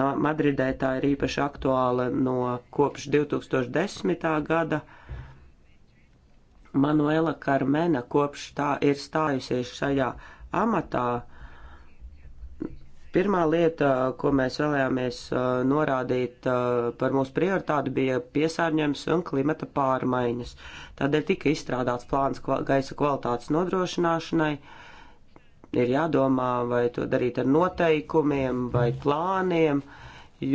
No Madridē tā ir īpaši aktuāla no kopš 2010. gada. Manuela Karmena kopš tā ir stājusies šajā amatā Pirmā lieta, ko mēs vēlējāmies uh, norādīt uh, par mūsu prioritāti, bija piesārņojums un klimata pārmaiņas. Tādēļ tika izstrādāts plāns gaisa kvalitātes nodrošināšanai. Ir jādomā, vai to darīt ar noteikumiem vai plāniem,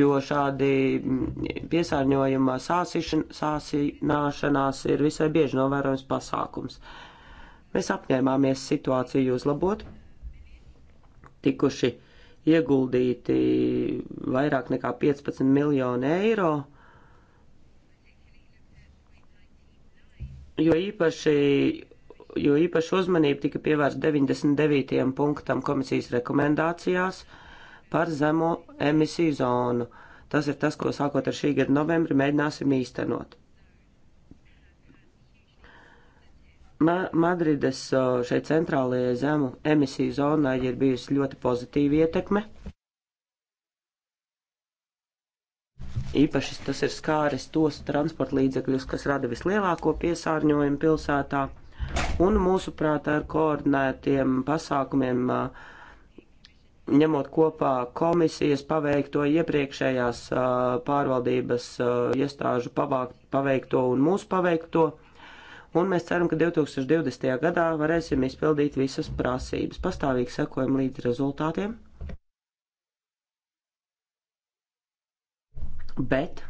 jo šādi mm, piesārņojuma sāsināšanās ir visai bieži novērojams pasākums. Mēs apņēmāmies situāciju uzlabot, tikuši ieguldīti vairāk nekā 15 miljoni eiro, jo īpaši, jo īpaši uzmanība tika pievērsta 99. punktam komisijas rekomendācijās par zemo emisiju zonu. Tas ir tas, ko sākot ar šī gada novembri mēģināsim īstenot. Ma Madrides šai centrālajai zemu emisiju zonai ir bijusi ļoti pozitīva ietekme. Īpaši tas ir skāris tos transporta līdzekļus, kas rada vislielāko piesārņojumu pilsētā, un mūsuprāt ar koordinētiem pasākumiem, ņemot kopā komisijas paveikto iepriekšējās pārvaldības iestāžu paveikto un mūsu paveikto, un mēs ceram, ka 2020. gadā varēsim izpildīt visas prasības. Pastāvīgi sekojam līdz rezultātiem. Bet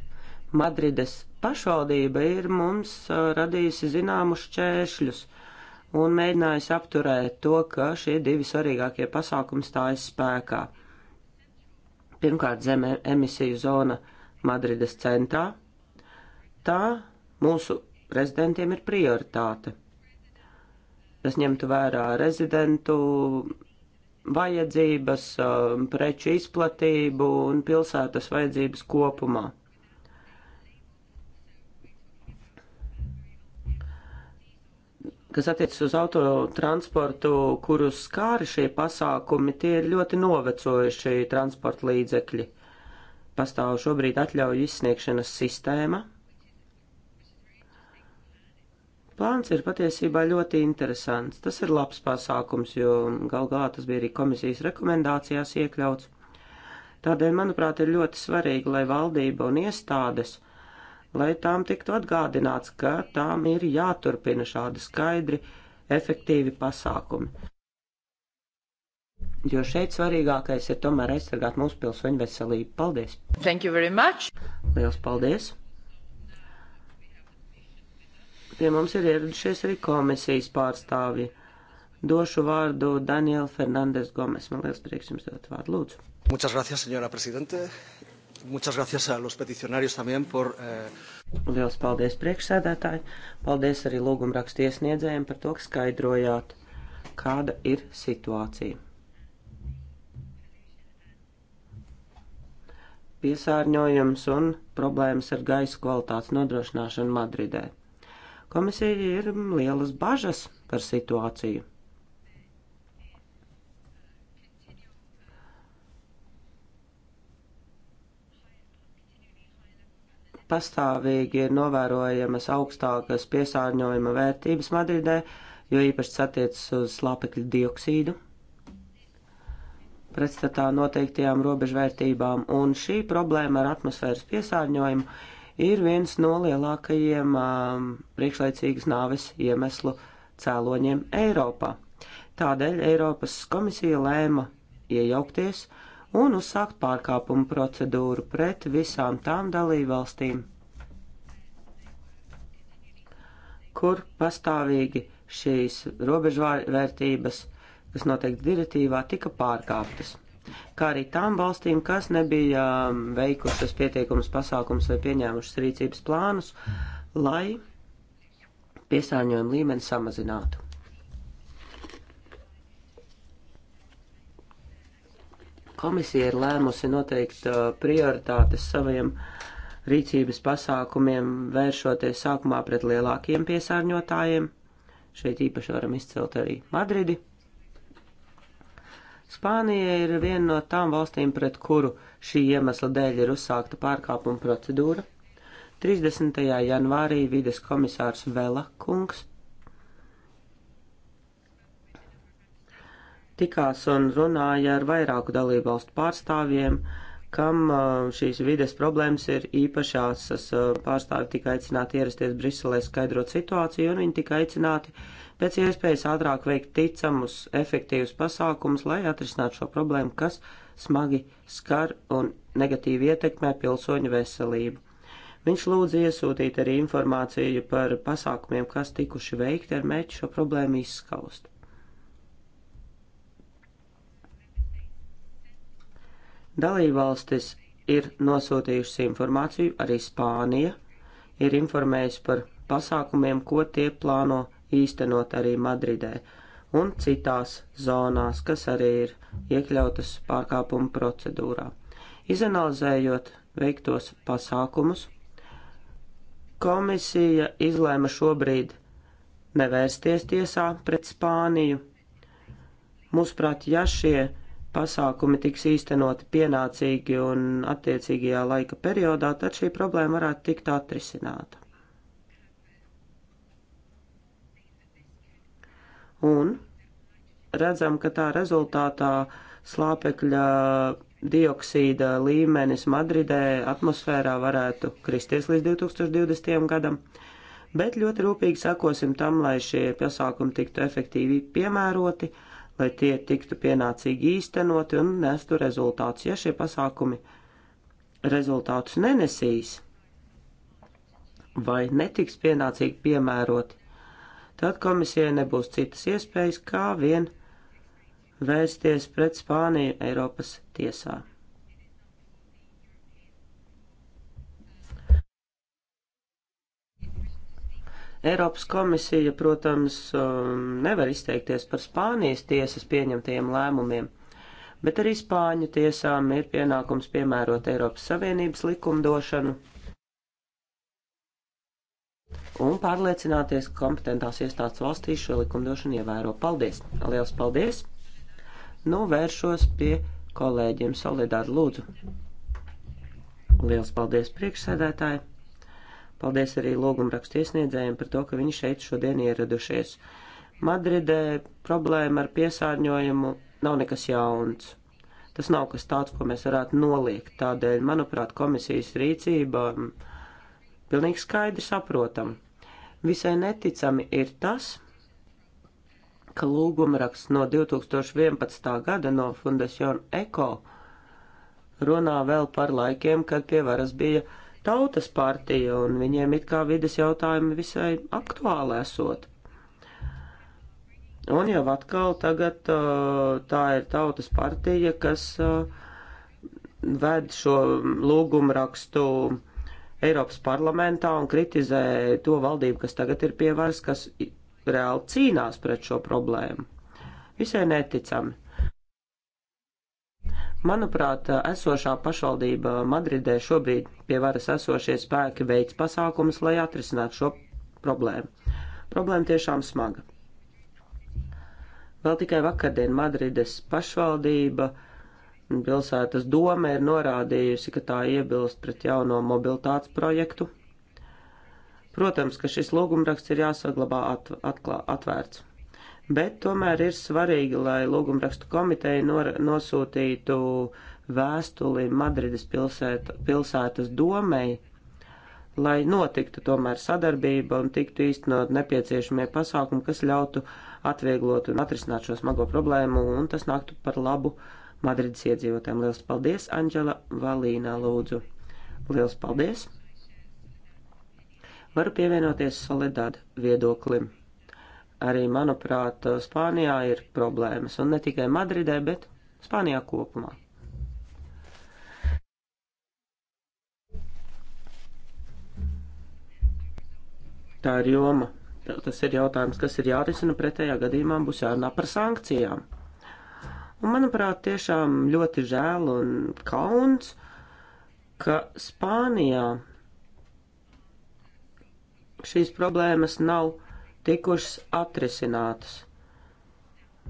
Madrides pašvaldība ir mums uh, radījusi zināmus šķēršļus un mēģinājusi apturēt to, ka šie divi svarīgākie pasākumi stājas spēkā. Pirmkārt, zem e- emisiju zona Madrides centrā. Tā mūsu prezidentiem ir prioritāte. Tas ņemtu vērā rezidentu vajadzības, um, preču izplatību un pilsētas vajadzības kopumā. Kas attiecas uz autotransportu, kurus skāri šie pasākumi, tie ir ļoti novecojuši transporta līdzekļi. Pastāv šobrīd atļauju izsniegšanas sistēma, Plāns ir patiesībā ļoti interesants. Tas ir labs pasākums, jo gal galā tas bija arī komisijas rekomendācijās iekļauts. Tādēļ, manuprāt, ir ļoti svarīgi, lai valdība un iestādes, lai tām tiktu atgādināts, ka tām ir jāturpina šādi skaidri, efektīvi pasākumi. Jo šeit svarīgākais ir tomēr aizsargāt mūsu pilsoņu veselību. Paldies! Thank you very much! Liels paldies! Pie mums ir ieradušies arī komisijas pārstāvji. Došu vārdu Daniela Fernandes Gomes. Man liels prieks jums dot vārdu. Lūdzu. Muchas gracias, señora presidente. Muchas gracias a los peticionarios también por. Eh... Lielas paldies priekšsēdētāji. Paldies arī lūgumrakstu iesniedzējiem par to, ka skaidrojāt, kāda ir situācija. Piesārņojums un problēmas ar gaisa kvalitātes nodrošināšanu Madridē. Komisija ir lielas bažas par situāciju. pastāvīgi ir novērojamas augstākas piesārņojuma vērtības Madridē, jo īpaši satiecas uz slāpekļa dioksīdu. Pretstatā noteiktajām robežvērtībām un šī problēma ar atmosfēras piesārņojumu ir viens no lielākajiem um, priekšlaicīgas nāves iemeslu cēloņiem Eiropā. Tādēļ Eiropas komisija lēma iejaukties un uzsākt pārkāpumu procedūru pret visām tām dalībvalstīm, kur pastāvīgi šīs robežvērtības, kas noteikti direktīvā, tika pārkāptas kā arī tām valstīm, kas nebija um, veikušas pietiekumus pasākums vai pieņēmušas rīcības plānus, lai piesārņojuma līmeni samazinātu. Komisija ir lēmusi noteikt uh, prioritātes saviem rīcības pasākumiem, vēršoties sākumā pret lielākiem piesārņotājiem. Šeit īpaši varam izcelt arī Madridi. Spānija ir viena no tām valstīm, pret kuru šī iemesla dēļ ir uzsākta pārkāpuma procedūra. 30. janvārī vides komisārs Vela kungs tikās un runāja ar vairāku dalību valstu pārstāvjiem, kam uh, šīs vides problēmas ir īpaši asas. Uh, pārstāvi tika aicināti ierasties Briselē skaidrot situāciju, un viņi tika aicināti pēc iespējas ātrāk veikt ticamus, efektīvus pasākumus, lai atrisinātu šo problēmu, kas smagi skar un negatīvi ietekmē pilsoņu veselību. Viņš lūdza iesūtīt arī informāciju par pasākumiem, kas tikuši veikti ar mērķi šo problēmu izskaust. Dalībvalstis ir nosūtījušas informāciju, arī Spānija ir informējusi par pasākumiem, ko tie plāno īstenot arī Madridē un citās zonās, kas arī ir iekļautas pārkāpuma procedūrā. Izanalizējot veiktos pasākumus, komisija izlēma šobrīd nevērsties tiesā pret Spāniju. Mūsuprāt, ja šie pasākumi tiks īstenoti pienācīgi un attiecīgajā laika periodā, tad šī problēma varētu tikt atrisināta. un redzam, ka tā rezultātā slāpekļa dioksīda līmenis Madridē atmosfērā varētu kristies līdz 2020. gadam, bet ļoti rūpīgi sakosim tam, lai šie pasākumi tiktu efektīvi piemēroti, lai tie tiktu pienācīgi īstenoti un nestu rezultātus. Ja šie pasākumi rezultātus nenesīs vai netiks pienācīgi piemēroti, tad komisijai nebūs citas iespējas, kā vien vērsties pret Spāniju Eiropas tiesā. Eiropas komisija, protams, um, nevar izteikties par Spānijas tiesas pieņemtajiem lēmumiem, bet arī Spāņu tiesām ir pienākums piemērot Eiropas Savienības likumdošanu un pārliecināties, ka kompetentās iestādes valstī šo likumdošanu ievēro. Paldies! Liels paldies! Nu, vēršos pie kolēģiem solidāri lūdzu. Liels paldies priekšsēdētāji! Paldies arī lūgumrakstu iesniedzējiem par to, ka viņi šeit šodien ieradušies. Madridē problēma ar piesārņojumu nav nekas jauns. Tas nav kas tāds, ko mēs varētu noliegt. Tādēļ, manuprāt, komisijas rīcība. Um, pilnīgi skaidri saprotam. Visai neticami ir tas, ka lūgumraksts no 2011. gada no Fundacion Eko runā vēl par laikiem, kad pie varas bija tautas partija, un viņiem it kā vides jautājumi visai aktuāli esot. Un jau atkal tagad uh, tā ir tautas partija, kas uh, ved šo lūgumrakstu Eiropas parlamentā un kritizē to valdību, kas tagad ir pie varas, kas reāli cīnās pret šo problēmu. Visai neticami. Manuprāt, esošā pašvaldība Madridē šobrīd pie varas esošie spēki veids pasākumus, lai atrisinātu šo problēmu. Problēma tiešām smaga. Vēl tikai vakardien Madrides pašvaldība uh, Pilsētas doma ir norādījusi, ka tā iebilst pret jauno mobilitātes projektu. Protams, ka šis lūgumraksts ir jāsaglabā at, atklā, atvērts. Bet tomēr ir svarīgi, lai lūgumrakstu komiteja nor, nosūtītu vēstuli Madrides pilsēt, pilsētas domei, lai notiktu tomēr sadarbība un tiktu īstenot nepieciešamie pasākumi, kas ļautu atvieglot un atrisināt šo smago problēmu, un tas nāktu par labu uh, Madrides iedzīvotājiem. Liels paldies, Anģela Valīnā lūdzu. Liels paldies! Varu pievienoties solidādu viedoklim. Arī, manuprāt, Spānijā ir problēmas, un ne tikai Madridē, bet Spānijā kopumā. Tā ir joma. Tas ir jautājums, kas ir jārisina pretējā gadījumā, būs jārunā par sankcijām. Un, manuprāt, tiešām ļoti žēl un kauns, ka Spānijā šīs problēmas nav tikušas atrisinātas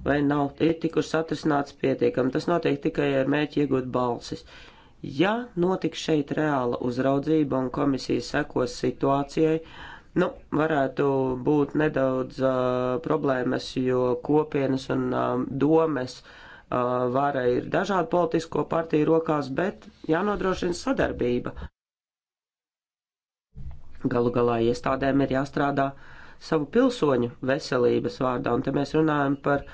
vai nav tikušas atrisinātas pietiekami. Tas notiek tikai ar mēķi iegūt balsis. Ja notiks šeit reāla uzraudzība un komisija sekos situācijai, nu, varētu būt nedaudz uh, problēmas, jo kopienas un um, domes uh, Uh, vara ir dažādu politisko partiju rokās, bet jānodrošina sadarbība. Galu galā iestādēm ir jāstrādā savu pilsoņu veselības vārdā, un te mēs runājam par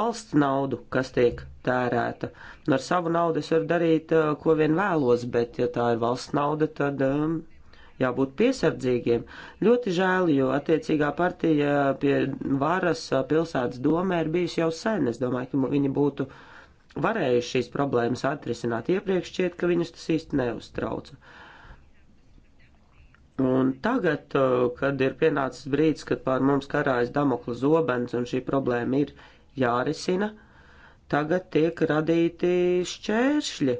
valsts naudu, kas tiek tērēta. Un ar savu naudu es varu darīt, uh, ko vien vēlos, bet ja tā ir valsts nauda, tad um, jābūt piesardzīgiem. Ļoti žēl, jo attiecīgā partija pie varas pilsētas domē ir bijusi jau sen. Es domāju, ka viņi būtu varējuši šīs problēmas atrisināt iepriekš, šķiet, ka viņus tas īsti neuztrauca. Un tagad, kad ir pienācis brīdis, kad pār mums karājas Damokla zobens un šī problēma ir jārisina, tagad tiek radīti šķēršļi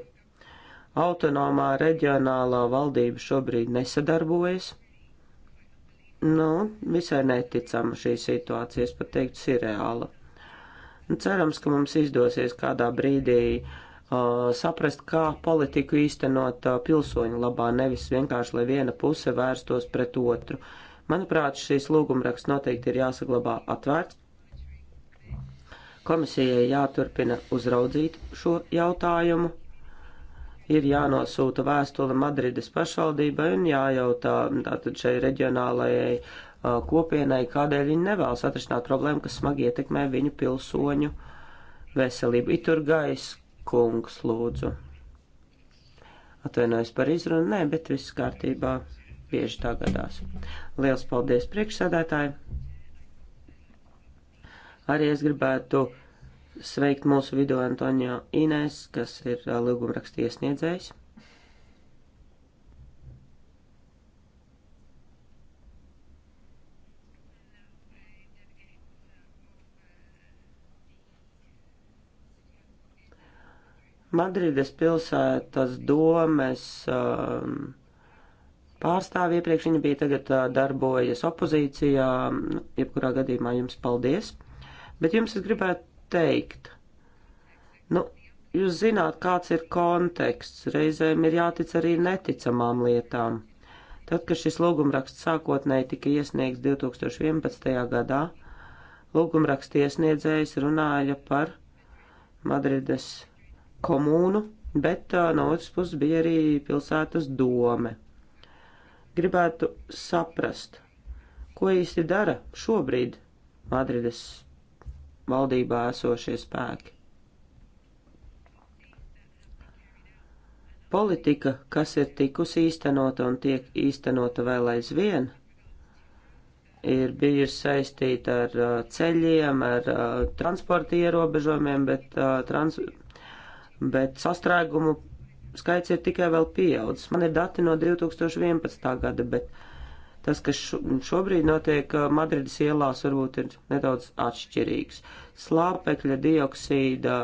autonomā reģionālā valdība šobrīd nesadarbojas. Nu, visai neticama šī situācija, es pat teiktu, ir reāla. Nu, cerams, ka mums izdosies kādā brīdī uh, saprast, kā politiku īstenot uh, pilsoņu labā, nevis vienkārši, lai viena puse vērstos pret otru. Manuprāt, šīs lūgumraksts noteikti ir jāsaglabā atvērts. Komisijai jāturpina uzraudzīt šo jautājumu ir jānosūta vēstule Madrides pašvaldībai un jājautā tātad šai reģionālajai uh, kopienai, kādēļ viņi nevēlas atrisināt problēmu, kas smagi ietekmē viņu pilsoņu veselību. Iturgais kungs lūdzu. Atvainojos par izrunu, nē, bet viss kārtībā bieži tā gadās. Liels paldies priekšsēdētāji! Arī es gribētu sveikt mūsu vidū Antonio Inēs, kas ir uh, līgumraksta iesniedzējs. Madrides pilsētas domes um, pārstāvi iepriekš viņa bija tagad uh, darbojas opozīcijā, jebkurā gadījumā jums paldies. Bet jums es gribētu teikt. Nu, jūs zināt, kāds ir konteksts. Reizēm ir jātic arī neticamām lietām. Tad, kad šis lūgumraksts sākotnēji tika iesniegts 2011. gadā, lūgumraksta iesniedzējs runāja par Madrides komūnu, bet uh, no otras puses bija arī pilsētas dome. Gribētu saprast, ko īsti dara šobrīd Madrides valdībā esošie spēki. Politika, kas ir tikusi īstenota un tiek īstenota vēl aizvien, ir bijusi saistīta ar uh, ceļiem, ar uh, transporta ierobežojumiem, bet, uh, trans, bet sastrēgumu skaits ir tikai vēl pieaudzis. Man ir dati no 2011. gada, bet Tas, kas šobrīd notiek Madrides ielās, varbūt ir nedaudz atšķirīgs. Slāpekļa dioksīda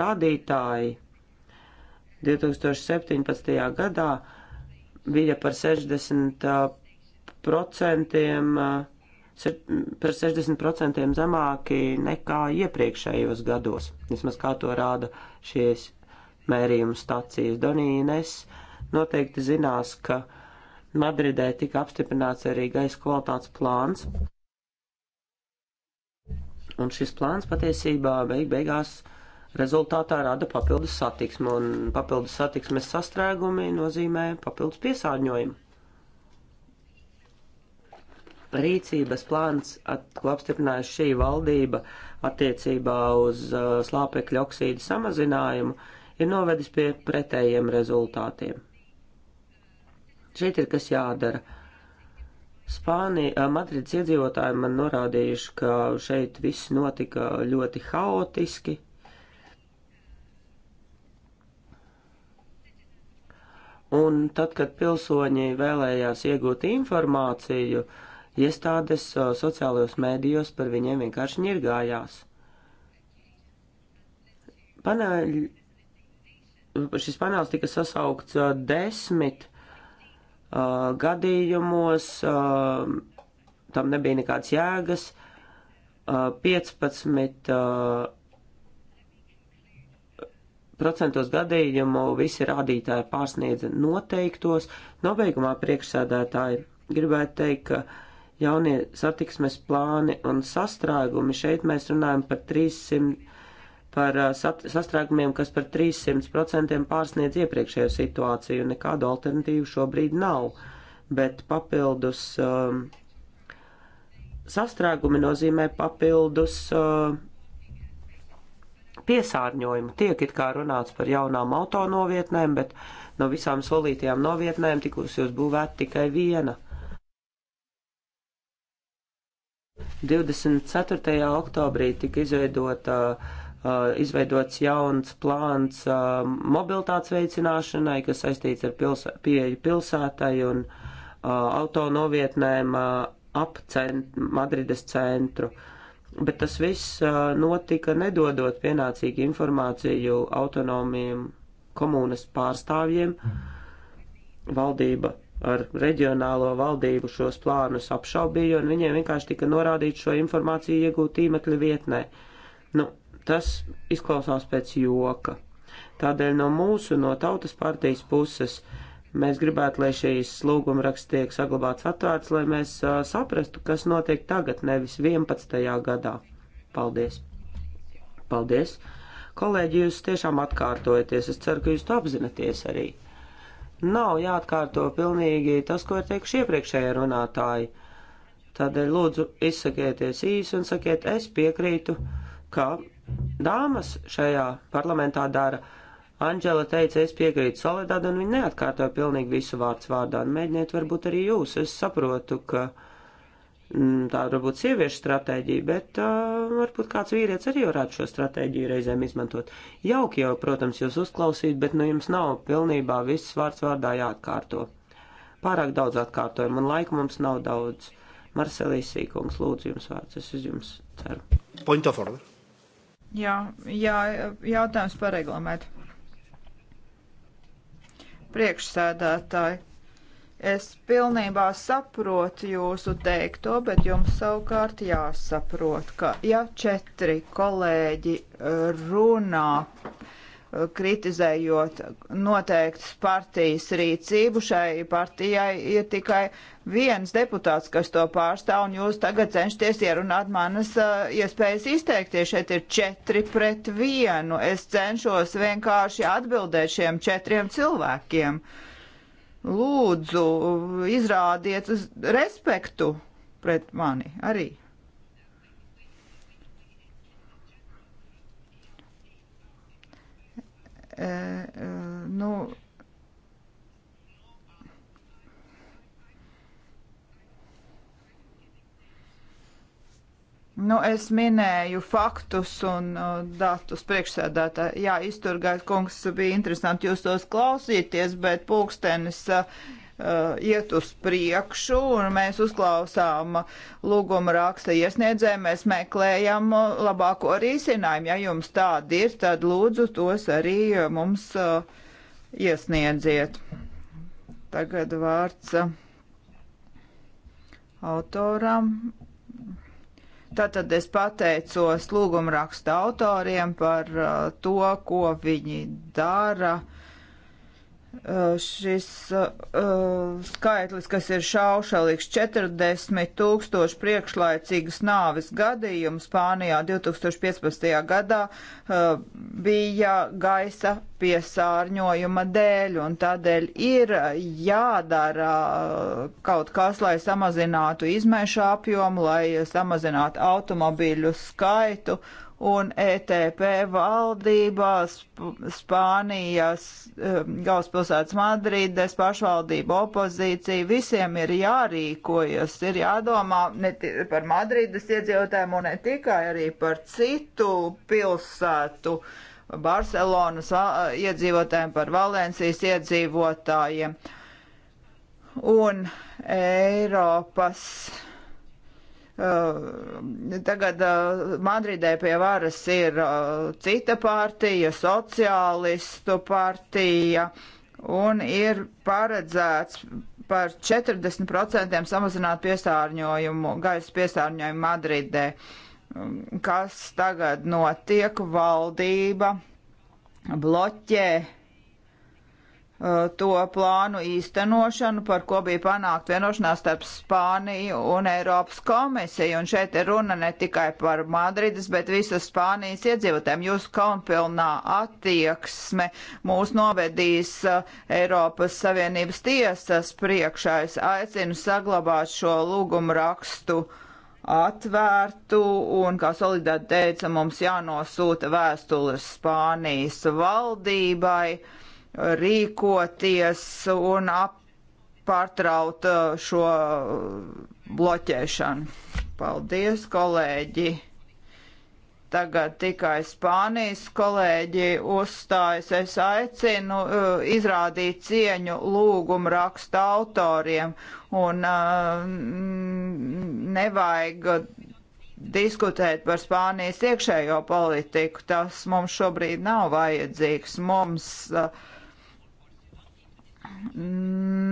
rādītāji 2017. gadā bija par 60%, par 60 zemāki nekā iepriekšējos gados. Vismaz kā to rāda šīs mērījuma stācijas. Donīnes noteikti zinās, ka uh, Madridē tika apstiprināts arī gaisa kvalitātes plāns. Un šis plāns patiesībā beig beigās rezultātā rada papildus satiksmi, un papildus satiksmes sastrēgumi nozīmē papildus piesārņojumu. Rīcības plāns, at, ko apstiprinājusi šī valdība attiecībā uz uh, slāpekļa oksīdu samazinājumu, ir novedis pie pretējiem rezultātiem. Šeit ir kas jādara. Spānija, eh, Madrids iedzīvotāji man norādījuši, ka šeit viss notika ļoti haotiski. Un tad, kad pilsoņi vēlējās iegūt informāciju, iestādes eh, sociālajos mēdījos par viņiem vienkārši ņirgājās. Paneļ, šis panels tika sasaukts eh, desmit uh, gadījumos uh, tam nebija nekādas jēgas. Uh, 15 uh, procentos gadījumu visi rādītāji pārsniedza noteiktos. Nobeigumā priekšsēdētāji gribētu teikt, ka jaunie satiksmes plāni un sastrēgumi šeit mēs runājam par 300 par uh, sastrēgumiem, kas par 300% pārsniedz iepriekšējo situāciju. Nekādu alternatīvu šobrīd nav, bet papildus um, sastrēgumi nozīmē papildus uh, piesārņojumu. Tiek it kā runāts par jaunām autonovietnēm, bet no visām solītajām novietnēm tikus jūs būvēt tikai viena. 24. oktobrī tika izveidota uh, Uh, izveidots jauns plāns uh, mobilitātes veicināšanai, kas saistīts ar pilsē, pieeju pilsētai un uh, autonovietnēm ap cent, Madrides centru. Bet tas viss notika nedodot pienācīgu informāciju autonomiem komunas pārstāvjiem. Valdība ar reģionālo valdību šos plānus apšaubīja, un viņiem vienkārši tika norādīts šo informāciju iegūt tīmekļa vietnē. Nu, Tas izklausās pēc joka. Tādēļ no mūsu, no tautas partijas puses, mēs gribētu, lai šīs lūguma raksts tiek saglabāts atvērts, lai mēs uh, saprastu, kas notiek tagad, nevis 11. gadā. Paldies! Paldies! Kolēģi, jūs tiešām atkārtojaties. Es ceru, ka jūs to apzināties arī. Nav jāatkārto pilnīgi tas, ko ir teikuši iepriekšējie runātāji. Tādēļ lūdzu izsakieties īsi un sakiet, es piekrītu, ka dāmas šajā parlamentā dara. Anģela teica, es piekrītu Soledad, un viņa neatkārtoja pilnīgi visu vārds vārdā. Mēģiniet, varbūt arī jūs. Es saprotu, ka m, mm, tā varbūt sieviešu stratēģija, bet uh, varbūt kāds vīrietis arī varētu šo stratēģiju reizēm izmantot. Jauki jau, protams, jūs uzklausīt, bet nu jums nav pilnībā viss vārds vārdā jāatkārto. Pārāk daudz atkārtojumu, un laika mums nav daudz. Marcelīs Sīkungs, lūdzu jums vārds, es uz jums ceru. Point of order. Jā, jā jautājums par reglamentu. Priekšsēdētāji, es pilnībā saprotu jūsu teikto, bet jums savukārt jāsaprot, ka ja četri kolēģi eh, runā kritizējot noteiktas partijas rīcību. Šai partijai ir tikai viens deputāts, kas to pārstāv, un jūs tagad cenšaties ierunāt manas uh, iespējas izteikties. Šeit ir četri pret vienu. Es cenšos vienkārši atbildēt šiem četriem cilvēkiem. Lūdzu, izrādiet respektu pret mani arī. nu, Nu, es minēju faktus un uh, datus priekšsēdētāji. Jā, izturgāt kungs bija interesanti jūs tos klausīties, bet pulkstenis uh, Uh, iet uz priekšu, un mēs uzklausām lūguma raksta iesniedzēju, mēs meklējam labāko risinājumu. Ja jums tādi ir, tad lūdzu tos arī mums uh, iesniedziet. Tagad vārds uh, autoram. Tātad es pateicos lūgumraksta autoriem par to, ko viņi dara. Uh, Eh, šis uh, skaitlis, kas ir šaušalīgs 40 tūkstoši priekšlaicīgas nāvis gadījumu Spānijā 2015. gadā uh, bija gaisa piesārņojuma dēļ, un tādēļ ir jādara kaut kas, lai samazinātu izmēšu apjomu, lai samazinātu automobīļu skaitu un ETP valdībā Spānijas um, galvaspilsētas Madrides pašvaldība opozīcija. Visiem ir jārīkojas, ir jādomā ne par Madrides iedzīvotājiem un ne tikai arī par citu pilsētu. Barcelonas iedzīvotājiem, par Valencijas iedzīvotājiem un Eiropas Uh, tagad uh, Madridē pie varas ir uh, cita partija, sociālistu partija, un ir paredzēts par 40% samazināt piesārņojumu, gaisa piesārņojumu Madridē. Um, kas tagad notiek? Valdība bloķē Uh, to plānu īstenošanu, par ko bija panākt vienošanās starp Spāniju un Eiropas komisiju. Un šeit ir runa ne tikai par Madrides, bet visas Spānijas iedzīvotēm. Jūsu kaunpilnā attieksme mūs novedīs uh, Eiropas Savienības tiesas priekšā. Es aicinu saglabāt šo lūgumu rakstu atvērtu, un, kā solidāri teica, mums jānosūta vēstules Spānijas valdībai rīkoties un ap, pārtraut uh, šo uh, bloķēšanu. Paldies, kolēģi! Tagad tikai Spānijas kolēģi uzstājas. Es aicinu uh, izrādīt cieņu lūgumu raksta autoriem un uh, nevajag diskutēt par Spānijas iekšējo politiku. Tas mums šobrīd nav vajadzīgs. Mums uh,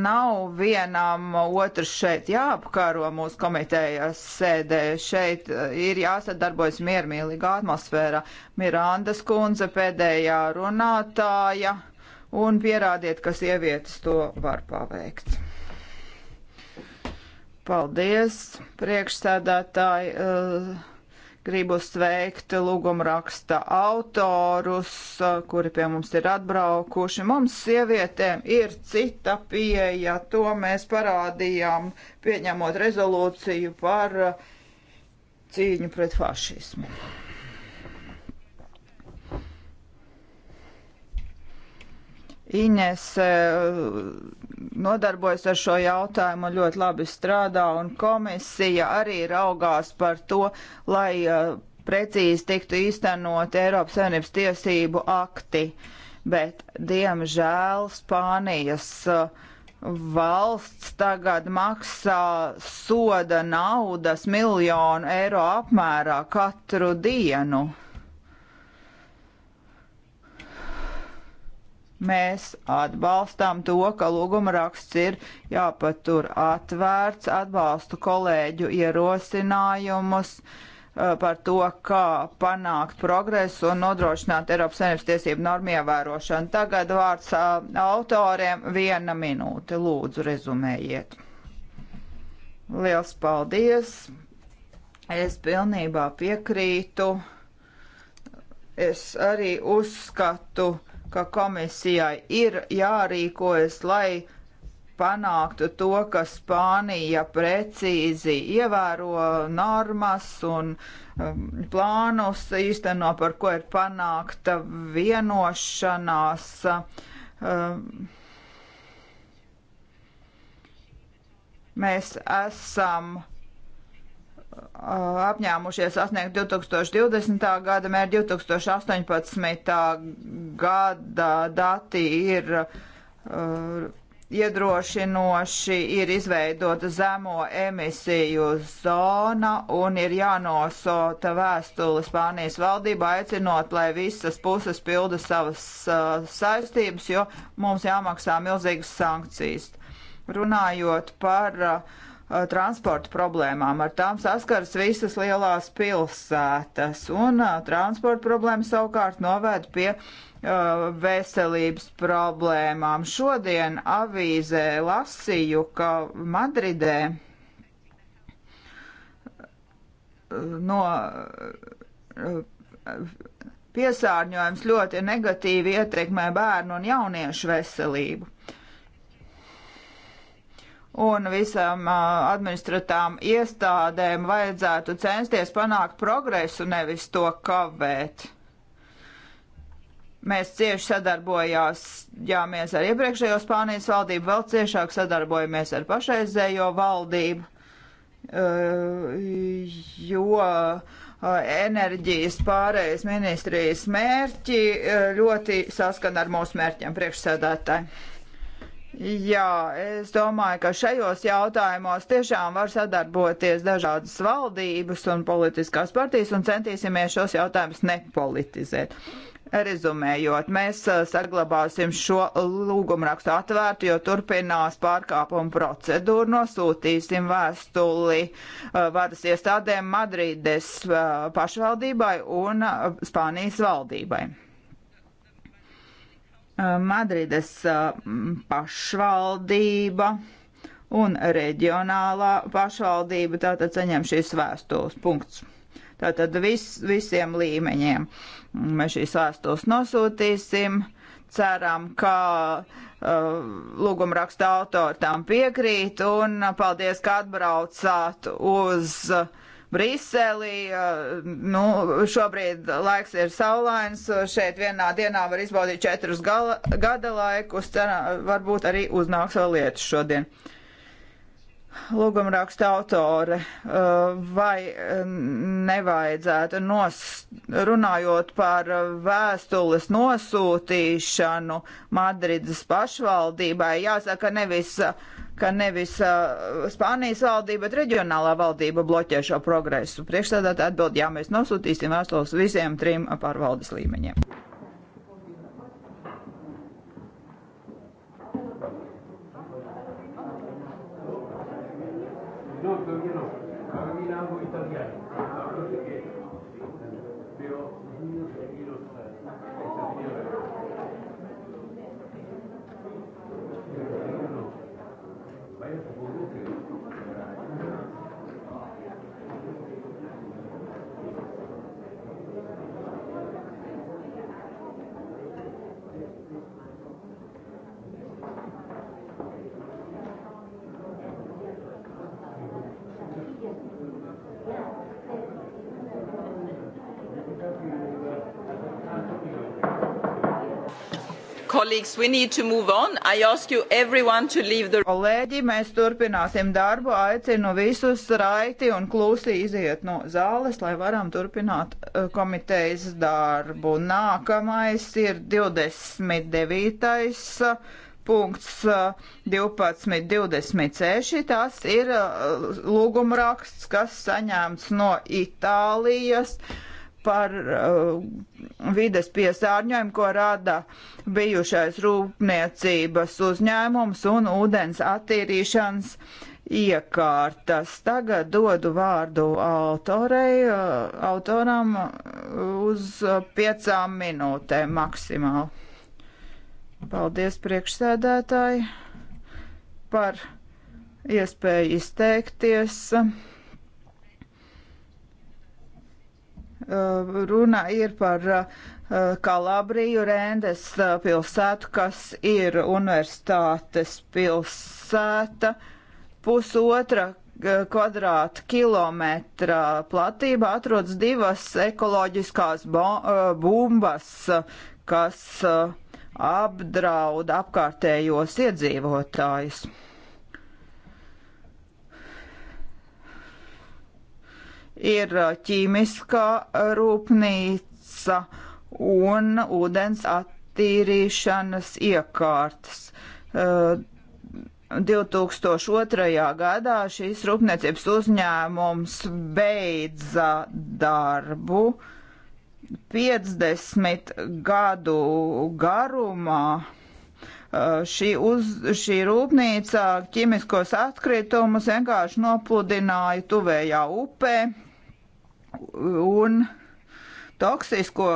nav vienam otrs šeit jāapkaro mūsu komitejas sēdē. Šeit e, ir jāsadarbojas miermīlīgā atmosfērā. Mirandas kundze pēdējā runātāja un pierādiet, ka sievietes to var paveikt. Paldies, priekšsēdētāji. Uh, Gribu sveikt lūguma raksta autorus, kuri pie mums ir atbraukuši. Mums sievietēm ir cita pieeja, to mēs parādījām, pieņemot rezolūciju par cīņu pret fašismu. Inese eh, nodarbojas ar šo jautājumu, ļoti labi strādā, un komisija arī raugās par to, lai eh, precīzi tiktu īstenot Eiropas Savienības tiesību akti. Bet, diemžēl, Spānijas eh, valsts tagad maksā soda naudas miljonu eiro apmērā katru dienu Mēs atbalstām to, ka lūguma raksts ir jāpatur atvērts, atbalstu kolēģu ierosinājumus uh, par to, kā panākt progresu un nodrošināt Eiropas Savienības tiesību normu ievērošanu. Tagad vārds uh, autoriem viena minūte. Lūdzu, rezumējiet. Liels paldies! Es pilnībā piekrītu. Es arī uzskatu, ka komisijai ir jārīkojas, lai panāktu to, ka Spānija precīzi ievēro normas un um, plānus īsteno, par ko ir panākta vienošanās. Um, mēs esam apņēmušies sasniegt 2020. gada mērķi, 2018. gada dati ir uh, iedrošinoši, ir izveidota zemo emisiju zona un ir jānosota vēstule Spānijas valdība aicinot, lai visas puses pilda savas uh, saistības, jo mums jāmaksā milzīgas sankcijas. Runājot par uh, Uh, transporta problēmām. Ar tām saskaras visas lielās pilsētas, un uh, transporta problēma savukārt novērt pie uh, veselības problēmām. Šodien avīzē lasīju, ka Madridē uh, no piesārņojums ļoti negatīvi ietekmē bērnu un jauniešu veselību un visām administratām iestādēm vajadzētu censties panākt progresu, nevis to kavēt. Mēs cieši sadarbojāmies ar iepriekšējo Spānijas valdību, vēl ciešāk sadarbojamies ar pašreizējo valdību, jo enerģijas pārējais ministrijas mērķi ļoti saskana ar mūsu mērķiem priekšsēdētāji. Jā, es domāju, ka šajos jautājumos tiešām var sadarboties dažādas valdības un politiskās partijas un centīsimies šos jautājumus nepolitizēt. Rezumējot, mēs uh, saglabāsim šo lūgumrakstu atvērtu, jo turpinās pārkāpuma procedūra. Nosūtīsim vēstuli uh, varas iestādēm Madrīdes uh, pašvaldībai un Spānijas valdībai. Eh, Madrides eh, pašvaldība un reģionālā pašvaldība tātad saņem šīs vēstules punkts. Tātad vis, visiem līmeņiem mēs šīs vēstules nosūtīsim. Ceram, ka uh, eh, lūguma raksta autori tam piekrīt un paldies, ka atbraucāt uz uh, Briselī. Eh, nu, šobrīd laiks ir saulains. Šeit vienā dienā var izbaudīt četrus gala, gada laikus. Cerā, varbūt arī uznāks vēl lietas šodien. Lūgumraksta autore, eh, vai eh, nevajadzētu nos, runājot par vēstules nosūtīšanu Madrides pašvaldībai, jāsaka nevis ka nevis uh, Spānijas valdība, bet reģionālā valdība bloķē šo progresu. Priekšsēdētāji atbild, jā, mēs nosūtīsim vēstules visiem trim pārvaldes līmeņiem. colleagues, we need to move on. I ask you everyone to leave the Kolēģi, mēs turpināsim darbu. Aicinu visus raiti un klusi iziet no zāles, lai varam turpināt eh, komitejas darbu. Nākamais ir 29. Eh, punkts 12.26. Eh, Tas ir lūgumraksts, kas saņēmts no Itālijas. Uh, par uh, vides piesārņojumu, ko rada bijušais rūpniecības uzņēmums un ūdens attīrīšanas iekārtas. Tagad dodu vārdu autorei, uh, autoram uz piecām minūtēm maksimāli. Paldies priekšsēdētāji par iespēju izteikties. Uh, Eh, runa ir par eh, Kalabriju, Rendes eh, pilsētu, kas ir universitātes pilsēta, pusotra kvadrāta kilometra platībā atrodas divas ekoloģiskās bumbas, kas apdraud apkārtējos iedzīvotājus. ir uh, ķīmiskā rūpnīca un ūdens attīrīšanas iekārtas. 2002. Uh, gadā šīs rūpniecības uzņēmums beidza darbu 50 gadu garumā Uh, šī, uz, šī rūpnīca ķīmiskos atkritumus vienkārši nopludināja tuvējā upē un toksisko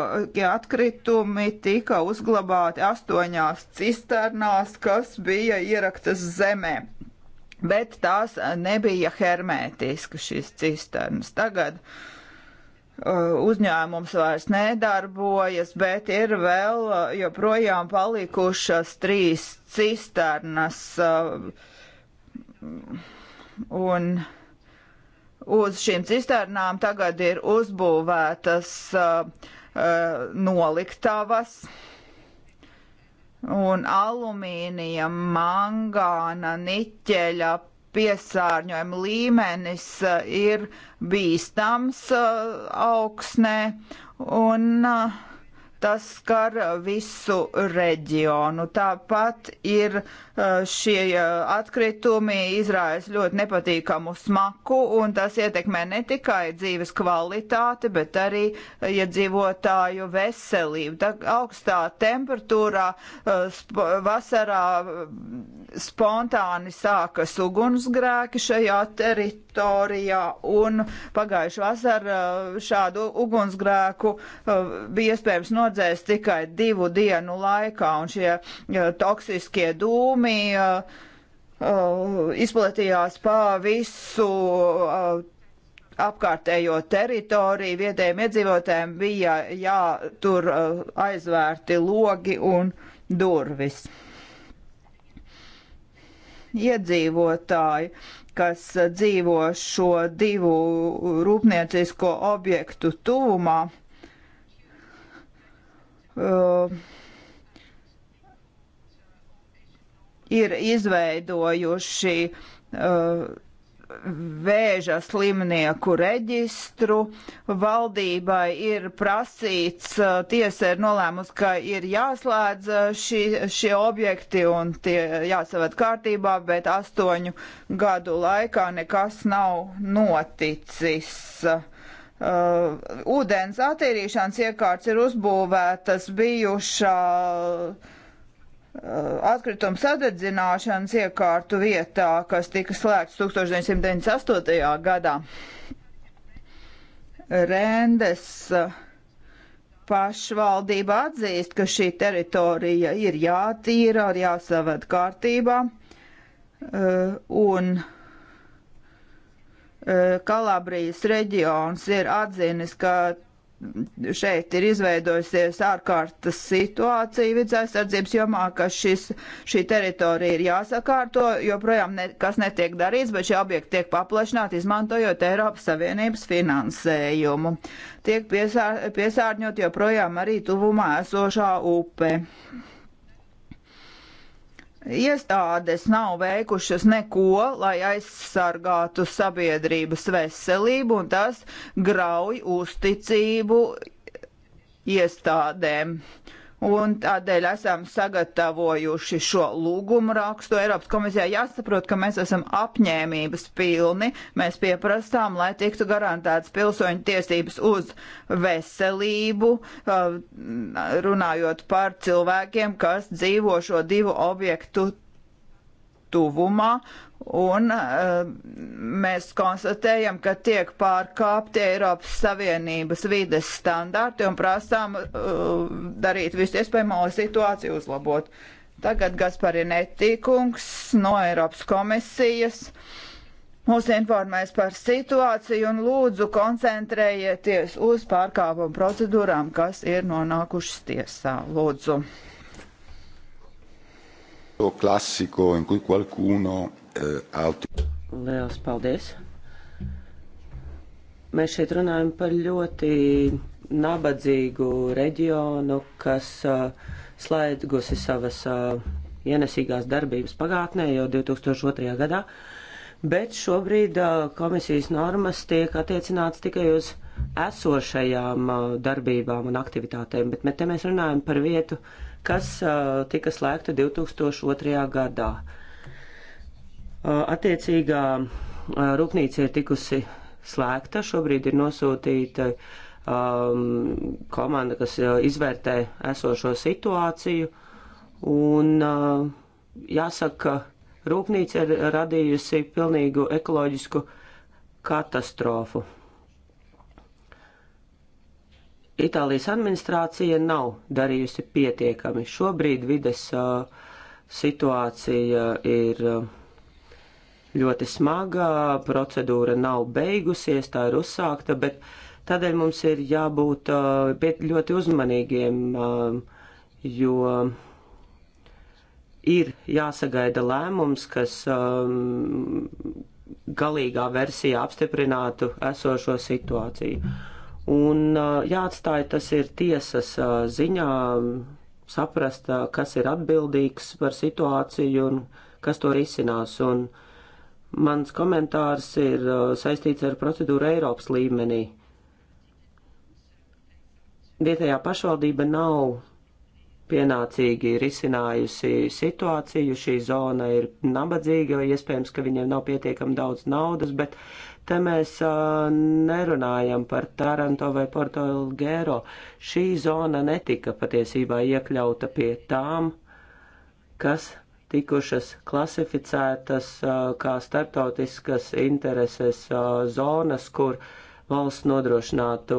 atkritumi tika uzglabāti astoņās cisternās, kas bija ieraktas zemē. Bet tās nebija hermētiskas šīs cisternas. Tagad uh, Uh, uzņēmums vairs nedarbojas, bet ir vēl uh, joprojām palikušas trīs cisternas. Uh, un uz šīm cisternām tagad ir uzbūvētas noliktavas. Un alumīnija, mangāna, niķeļa, piesārņojuma līmenis eh, ir bīstams eh, augsnē un uh, tas skar visu reģionu. Tāpat ir uh, šie uh, atkritumi izraisa ļoti nepatīkamu smaku, un tas ietekmē ne tikai dzīves kvalitāti, bet arī iedzīvotāju ja veselību. Tā augstā temperatūrā uh, sp vasarā mm, spontāni sākas ugunsgrēki šajā teritorijā, un pagājuši vasar šādu ugunsgrēku bija iespējams noticēt nodzēs tikai divu dienu laikā, un šie uh, toksiskie dūmi uh, uh, izplatījās pa visu. Uh, apkārtējo teritoriju vietējiem iedzīvotājiem bija jātur uh, aizvērti logi un durvis. Iedzīvotāji kas dzīvo šo divu rūpniecisko objektu tuvumā, uh, ir izveidojuši uh, vēža slimnieku reģistru. Valdībai ir prasīts, uh, tiesa ir nolēmusi, ka ir jāslēdz uh, šie, šie objekti un tie jāsavad kārtībā, bet astoņu gadu laikā nekas nav noticis. Uh, Uh, ūdens attīrīšanas iekārts ir uzbūvētas bijušā uh, atkrituma sadedzināšanas iekārtu vietā, kas tika slēgts 1998. gadā. Rendes uh, pašvaldība atzīst, ka šī teritorija ir jātīra, jāsavad kārtībā, uh, un Eh, Kalabrijas reģions ir atzinis, ka šeit ir izveidojusies ārkārtas situācija vidus aizsardzības jomā, ka šis, šī teritorija ir jāsakārto, joprojām nekas netiek darīts, bet šie objekti tiek paplašināti, izmantojot Eiropas Savienības finansējumu. Tiek piesār, piesārņot joprojām arī tuvumā esošā upe. Iestādes nav veikušas neko, lai aizsargātu sabiedrības veselību, un tas grauj uzticību iestādēm. Uh, Un tādēļ esam sagatavojuši šo lūgumu rakstu. Eiropas komisijai jāsaprot, ka mēs esam apņēmības pilni. Mēs pieprastām, lai tiktu garantētas pilsoņu tiesības uz veselību, uh, runājot par cilvēkiem, kas dzīvo šo divu objektu tuvumā Un uh, mēs konstatējam, ka tiek pārkāpti Eiropas Savienības vides standarti un prasām uh, darīt visu iespējamo, lai situāciju uzlabot. Tagad Gaspari Netīkungs no Eiropas komisijas mūs informēs par situāciju un lūdzu koncentrējieties uz pārkāpumu procedūrām, kas ir nonākušas tiesā. Lūdzu. Classico in cui qualcuno uh, how to. Lielas paldies! Mēs šeit runājam par ļoti nabadzīgu reģionu, kas uh, slēdgusi savas uh, ienesīgās darbības pagātnē jau 2002. gadā, bet šobrīd uh, komisijas normas tiek attiecināts tikai uz esošajām uh, darbībām un aktivitātēm, bet te mēs runājam par vietu, kas uh, tika slēgta 2002. gadā. Uh, Attiecīgā rūpnīca ir tikusi slēgta, šobrīd ir nosūtīta um, komanda, kas izvērtē esošo situāciju, un uh, jāsaka, rūpnīca ir radījusi pilnīgu ekoloģisku katastrofu. Itālijas administrācija nav darījusi pietiekami. Šobrīd vides uh, situācija ir. Uh, ļoti smaga, procedūra nav beigusies, tā ir uzsākta, bet tādēļ mums ir jābūt ļoti uzmanīgiem, jo ir jāsagaida lēmums, kas galīgā versijā apstiprinātu esošo situāciju. Un jāatstāja tas ir tiesas ziņā saprast, kas ir atbildīgs par situāciju un kas to risinās. Un, uh, Mans komentārs ir uh, saistīts ar procedūru Eiropas līmenī. Vietējā pašvaldība nav pienācīgi risinājusi situāciju, šī zona ir nabadzīga, iespējams, ka viņiem nav pietiekami daudz naudas, bet te mēs uh, nerunājam par Taranto vai Porto Elgero. Šī zona netika patiesībā iekļauta pie tām, kas tikušas klasificētas uh, kā startautiskas intereses uh, zonas, kur valsts nodrošinātu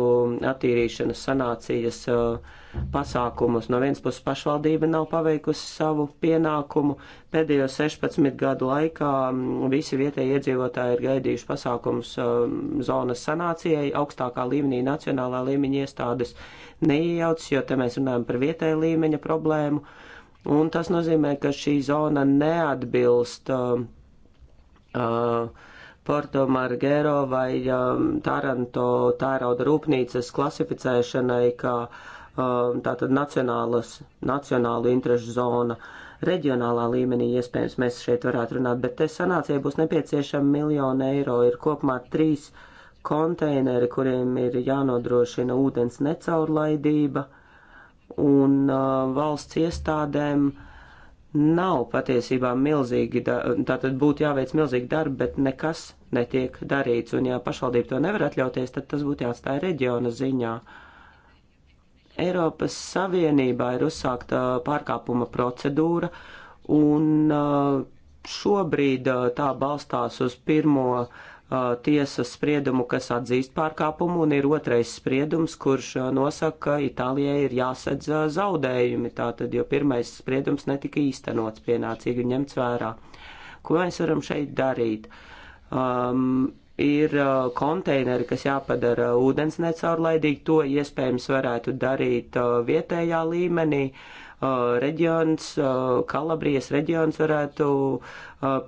attīrīšanas sanācijas uh, pasākumus. No vienas puses pašvaldība nav paveikusi savu pienākumu. Pēdējo 16 gadu laikā mm, visi vietēji iedzīvotāji ir gaidījuši pasākumus zonas sanācijai. Augstākā līmenī, nacionālā līmeņa iestādes neiejaucas, jo te mēs runājam par vietēju līmeņa problēmu. Un tas nozīmē, ka šī zona neatbilst uh, uh, Porto Margero vai um, Taranto tērauda rūpnīcas klasificēšanai, kā um, tātad nacionālas, nacionālu interešu zona. Reģionālā līmenī iespējams mēs šeit varētu runāt, bet te sanācijai būs nepieciešama miljona eiro. Ir kopumā trīs konteineri, kuriem ir jānodrošina ūdens necaurlaidība un uh, valsts iestādēm nav patiesībā milzīgi, tātad būtu jāveic milzīgi darbi, bet nekas netiek darīts, un ja pašvaldība to nevar atļauties, tad tas būtu jāatstāja reģiona ziņā. Eiropas Savienībā ir uzsākta pārkāpuma procedūra, un uh, šobrīd uh, tā balstās uz pirmo tiesas spriedumu, kas atzīst pārkāpumu, un ir otrais spriedums, kurš nosaka, ka Itālijai ir jāsadz zaudējumi. Tātad, jo pirmais spriedums netika īstenots pienācīgi un ņemts vērā. Ko mēs varam šeit darīt? Um, ir konteineri, kas jāpadara ūdens necaurlaidīgi, to iespējams varētu darīt vietējā līmenī. Uh, reģions, Kalabrijas reģions varētu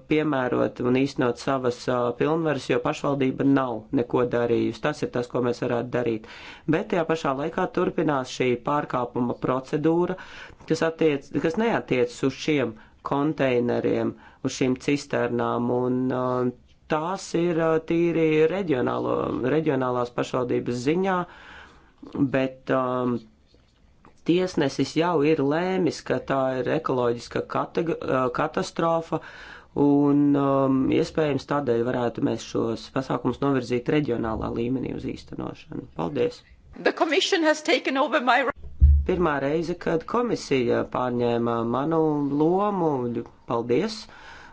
piemērot un īstenot savas pilnvaras, jo pašvaldība nav neko darījusi. Tas ir tas, ko mēs varētu darīt. Bet tajā pašā laikā turpinās šī pārkāpuma procedūra, kas, attiec, kas neatiecas uz šiem konteineriem, uz šīm cisternām. Un, Tās ir tīri reģionālo, reģionālās pašvaldības ziņā, bet um, tiesnesis jau ir lēmis, ka tā ir ekoloģiska katastrofa, un um, iespējams tādēļ varētu mēs šos pasākumus novirzīt reģionālā līmenī uz īstenošanu. Paldies! My... Pirmā reize, kad komisija pārņēma manu lomu, paldies!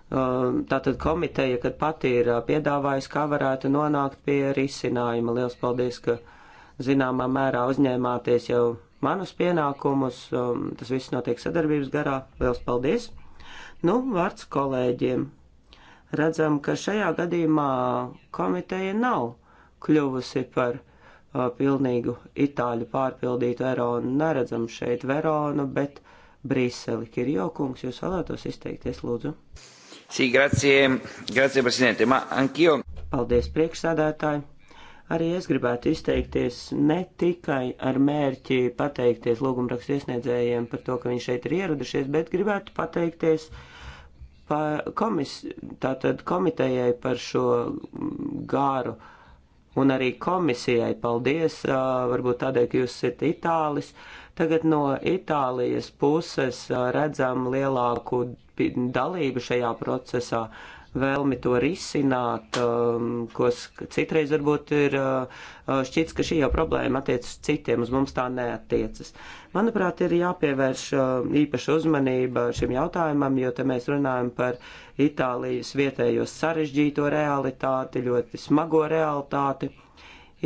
Um, tātad komiteja, kad pati ir piedāvājusi, kā varētu nonākt pie risinājuma. Liels paldies, ka zināmā mērā uzņēmāties jau manus pienākumus. Um, tas viss notiek sadarbības garā. Liels paldies! Nu, vārds kolēģiem. Redzam, ka šajā gadījumā komiteja nav kļuvusi par uh, pilnīgu itāļu pārpildītu Veronu. Neredzam šeit Veronu, bet Brīseli. Kirjokungs, jūs vēlētos izteikties, lūdzu. Sī, grazie, grazie, prezidente. Ma, anch'io. Paldies, priekšsēdētāji. Arī es gribētu izteikties ne tikai ar mērķi pateikties lūgumrakstu iesniedzējiem par to, ka viņi šeit ir ieradušies, bet gribētu pateikties pa komis, tātad komitejai par šo gāru un arī komisijai. Paldies, varbūt tādēļ, ka jūs esat itālis. Tagad no Itālijas puses redzam lielāku dalību šajā procesā vēlmi to risināt, um, ko citreiz varbūt ir uh, uh, šķits, ka šī jau problēma attiecas citiem, uz mums tā neatiecas. Manuprāt, ir jāpievērš uh, īpaša uzmanība šim jautājumam, jo te mēs runājam par Itālijas vietējo sarežģīto realitāti, ļoti smago realitāti.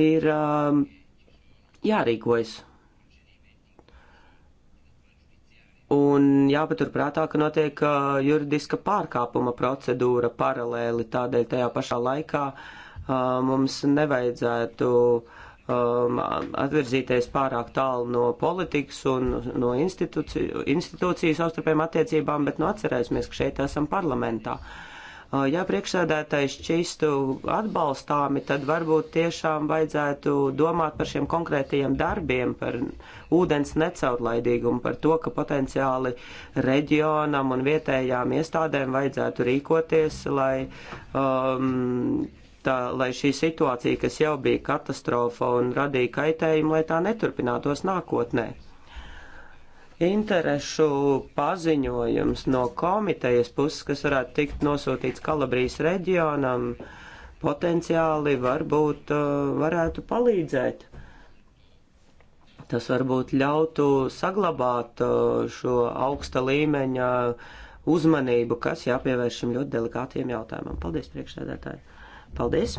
Ir um, jārīkojas Un jāpaturprātā, ka notiek uh, juridiska pārkāpuma procedūra paralēli, tādēļ tajā pašā laikā uh, mums nevajadzētu um, atvirzīties pārāk tālu no politikas un no institūciju, institūciju savstarpējām attiecībām, bet nu atcerēsimies, ka šeit esam parlamentā. Uh, ja priekšsēdētājs šķistu atbalstāmi, tad varbūt tiešām vajadzētu domāt par šiem konkrētajiem darbiem, par ūdens necaurlaidīgumu, par to, ka potenciāli reģionam un vietējām iestādēm vajadzētu rīkoties, lai. Um, Tā, lai šī situācija, kas jau bija katastrofa un radīja kaitējumu, lai tā neturpinātos nākotnē interešu paziņojums no komitejas puses, kas varētu tikt nosūtīts Kalabrijas reģionam, potenciāli varbūt uh, varētu palīdzēt. Tas varbūt ļautu saglabāt uh, šo augsta līmeņa uzmanību, kas jāpievērš šim ļoti delikātiem jautājumam. Paldies, priekšsēdētāji! Paldies!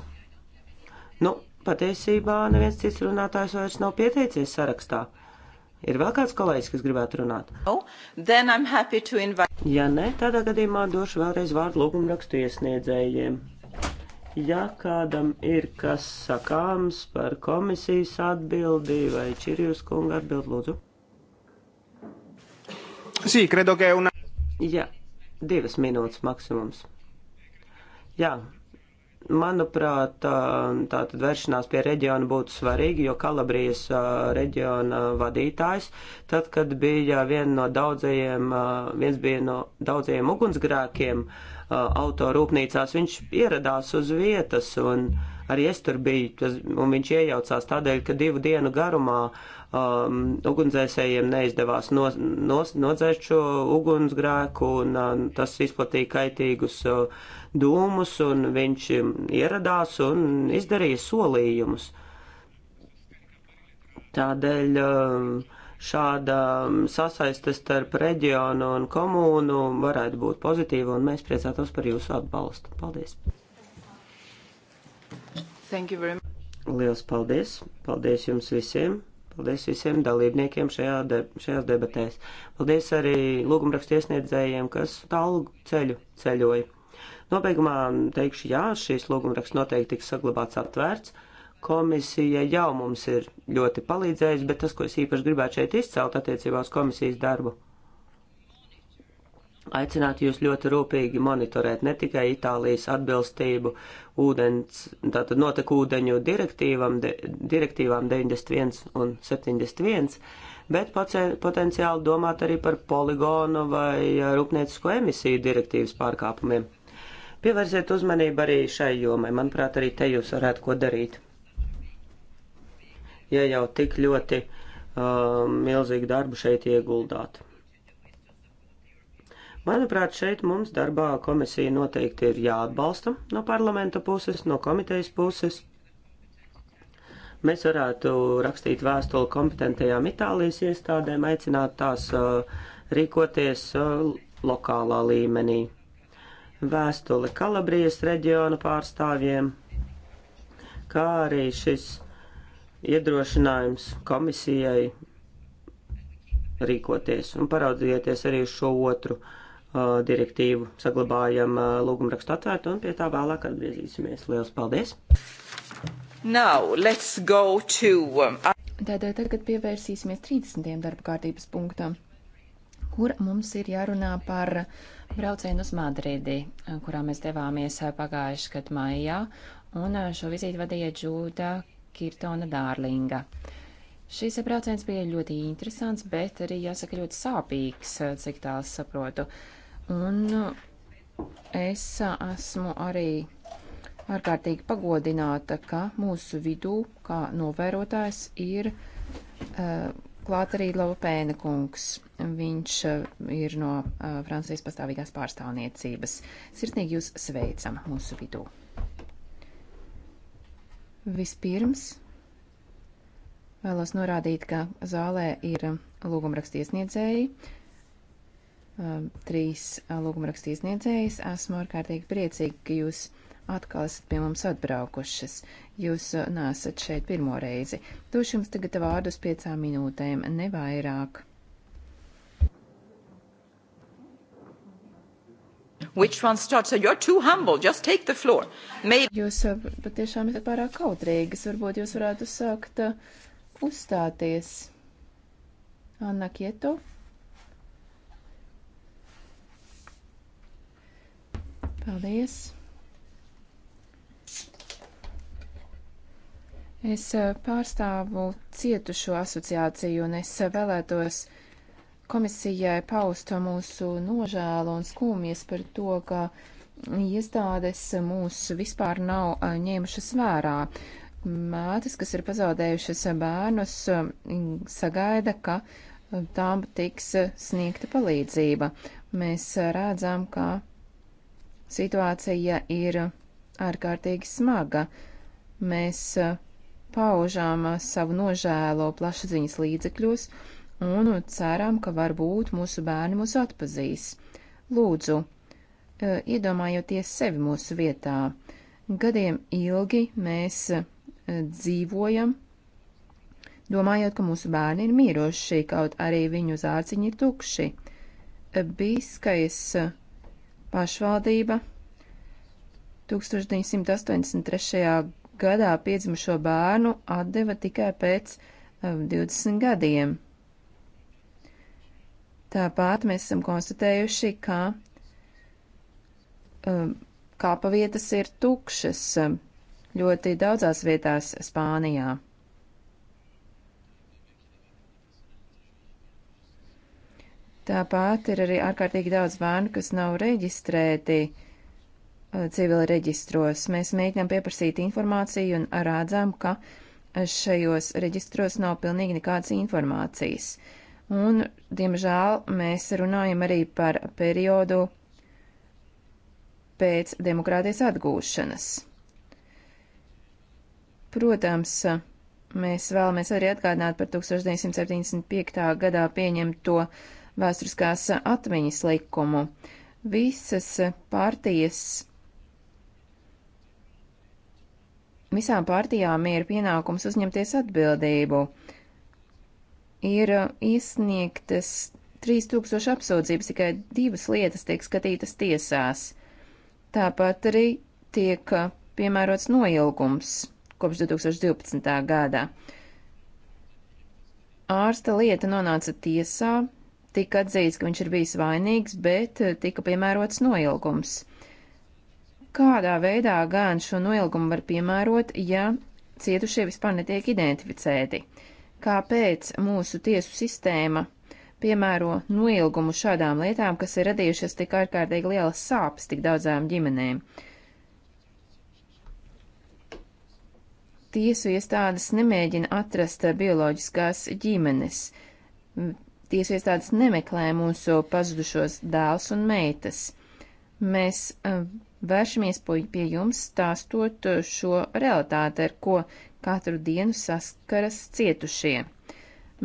Nu, patiesībā neviens cits runātājs vairs nav pieteicies sarakstā. Ir vēl kāds kolēģis, kas gribētu runāt? Oh, invite... Ja nē, tādā gadījumā došu vēlreiz vārdu lūgumu rakstu iesniedzējiem. Ja kādam ir kas sakāms par komisijas atbildi vai Čirjus kunga atbildi, lūdzu. Sī, credo, ka una. Jā, divas minūtes maksimums. Jā, Manuprāt, tātad vēršanās pie reģiona būtu svarīgi, jo Kalabrijas reģiona vadītājs, tad, kad bija viena no daudzajiem, viens bija no daudzajiem ugunsgrēkiem autorūpnīcās, viņš ieradās uz vietas un arī es tur biju, un viņš iejaucās tādēļ, ka divu dienu garumā um, ugunsdzēsējiem neizdevās nos, nos, nodzēst šo ugunsgrēku, un um, tas izplatīja kaitīgus uh, dūmus, un viņš um, ieradās un izdarīja solījumus. Tādēļ um, šāda um, sasaiste starp reģionu un komūnu varētu būt pozitīva, un mēs priecātos par jūsu atbalstu. Paldies! Lielas paldies! Paldies jums visiem! Paldies visiem dalībniekiem šajā de, šajās debatēs. Paldies arī lūgumrakstu iesniedzējiem, kas tālu ceļu ceļoja. Nobeigumā teikšu, jā, šīs lūgumraksts noteikti tiks saglabāts atvērts. Komisija jau mums ir ļoti palīdzējusi, bet tas, ko es īpaši gribētu šeit izcelt attiecībā uz komisijas darbu, aicināt jūs ļoti rūpīgi monitorēt ne tikai Itālijas atbilstību ūdens, tātad notekūdeņu direktīvam, de, direktīvām 91 un 71, bet potenciāli domāt arī par poligonu vai rūpniecisko emisiju direktīvas pārkāpumiem. Pievērsiet uzmanību arī šai jomai. Manuprāt, arī te jūs varētu ko darīt. Ja jau tik ļoti uh, milzīgu darbu šeit ieguldāt. Manuprāt, šeit mums darbā komisija noteikti ir jāatbalsta no parlamenta puses, no komitejas puses mēs varētu rakstīt vēstuli kompetentajām Itālijas iestādēm, aicināt tās uh, rīkoties uh, lokālā līmenī vēstuli Kalabrijas reģiona pārstāvjiem, kā arī šis iedrošinājums komisijai rīkoties un paraudzieties arī uz šo otru uh, direktīvu. Saglabājam uh, lūgumrakstu atvērtu un pie tā vēlāk atgriezīsimies. Lielas paldies! Now, let's go to... Um, Tātad tagad pievērsīsimies 30. darba kārtības punktam, kur mums ir jārunā par uh, braucienu uz Madridi, kurā mēs devāmies eh, pagājuši gadu maijā, un eh, šo vizīti vadīja Džūda Kirtona Dārlinga. Šis brauciens bija ļoti interesants, bet arī jāsaka ļoti sāpīgs, eh, cik tālu saprotu. Un es esmu arī ārkārtīgi pagodināta, ka mūsu vidū, kā novērotājs, ir uh, klāt arī Lopēna kungs. Viņš uh, ir no uh, Francijas pastāvīgās pārstāvniecības. Sirsnīgi jūs sveicam mūsu vidū. Vispirms vēlos norādīt, ka zālē ir lūgumrakstiesniedzēji. Uh, trīs lūgumrakstiesniedzējas. Esmu ārkārtīgi priecīgi, ka jūs atkal esat pie mums atbraukušas. Jūs uh, nesat šeit pirmo reizi. Došu jums tagad vārdus piecām minūtēm, ne vairāk. Which one starts? So you're too humble. Just take the floor. Maybe... Jūs uh, patiešām esat pārāk kautrīgas. Varbūt jūs varētu sākt uh, uzstāties. Anna Kieto. Paldies. Es eh, pārstāvu cietušo asociāciju un es eh, vēlētos komisijai paust mūsu nožēlu un skumjas par to, ka iestādes mūs vispār nav eh, ņēmušas vērā. Mātes, kas ir pazaudējušas bērnus, sagaida, ka tām tiks sniegta palīdzība. Mēs redzam, ka situācija ir ārkārtīgi smaga. Mēs paužām uh, savu nožēlo plašsaziņas līdzekļos un ceram, ka varbūt mūsu bērni mūs atpazīs. Lūdzu, uh, iedomājoties sevi mūsu vietā, gadiem ilgi mēs uh, dzīvojam, domājot, ka mūsu bērni ir miruši, kaut arī viņu zārciņi ir tukši. Bīskais pašvaldība 1983 gadā piedzimušo bērnu atdeva tikai pēc 20 um, gadiem. Tāpat mēs esam konstatējuši, ka um, kāpavietas ir tukšas um, ļoti daudzās vietās Spānijā. Tāpat ir arī ārkārtīgi daudz bērnu, kas nav reģistrēti uh, civila reģistros. Mēs mēģinām pieprasīt informāciju un rādzām, ka šajos reģistros nav pilnīgi nekādas informācijas. Un, diemžēl, mēs runājam arī par periodu pēc demokrātijas atgūšanas. Protams, mēs vēlamies arī atgādināt par 1975. gadā pieņemto vēsturiskās atmiņas likumu. Visas partijas visām partijām ir pienākums uzņemties atbildību. Ir iesniegtas 3000 apsūdzības, tikai divas lietas tiek skatītas tiesās. Tāpat arī tiek piemērots noilgums kopš 2012. gadā. Ārsta lieta nonāca tiesā, tika atzīts, ka viņš ir bijis vainīgs, bet tika piemērots noilgums kādā veidā gan šo noilgumu var piemērot, ja cietušie vispār netiek identificēti. Kāpēc mūsu tiesu sistēma piemēro noilgumu šādām lietām, kas ir radījušas tik ārkārtīgi lielas sāpes tik daudzām ģimenēm? Tiesu iestādes nemēģina atrast bioloģiskās ģimenes. Tiesu iestādes nemeklē mūsu pazudušos dēls un meitas. Mēs eh, vēršamies pie jums stāstot eh, šo realitāti, ar ko katru dienu saskaras cietušie.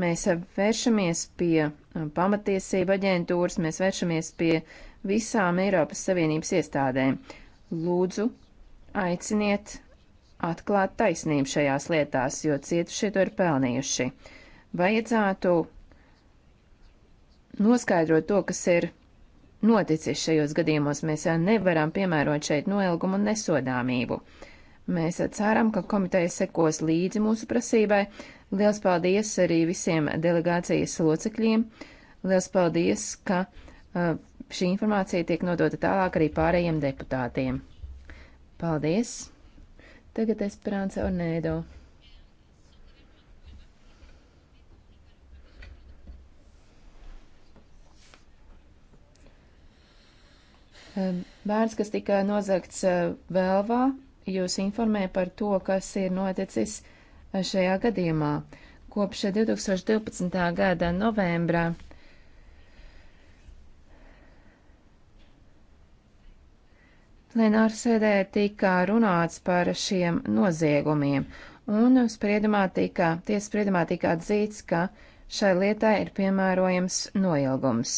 Mēs eh, vēršamies pie pamatiesība aģentūras, mēs vēršamies pie visām Eiropas Savienības iestādēm. Lūdzu, aiciniet atklāt taisnību šajās lietās, jo cietušie to ir pelnījuši. Vajadzētu noskaidrot to, kas ir noticis šajos gadījumos. Mēs eh, nevaram piemērot šeit noilgumu un nesodāmību. Mēs eh, ceram, ka komiteja sekos līdzi mūsu prasībai. Liels paldies arī visiem delegācijas locekļiem. Liels paldies, ka eh, šī informācija tiek nodota tālāk arī pārējiem deputātiem. Paldies! Tagad es prāncu Ornēdo. Bērns, kas tika nozagts eh, Velvā, jūs informē par to, kas ir noticis eh, šajā gadījumā. Kopš 2012. gada novembrā plenārsēdē tika runāts par šiem noziegumiem, un spriedumā tika, tiesas spriedumā tika atzīts, ka šai lietai ir piemērojams noilgums.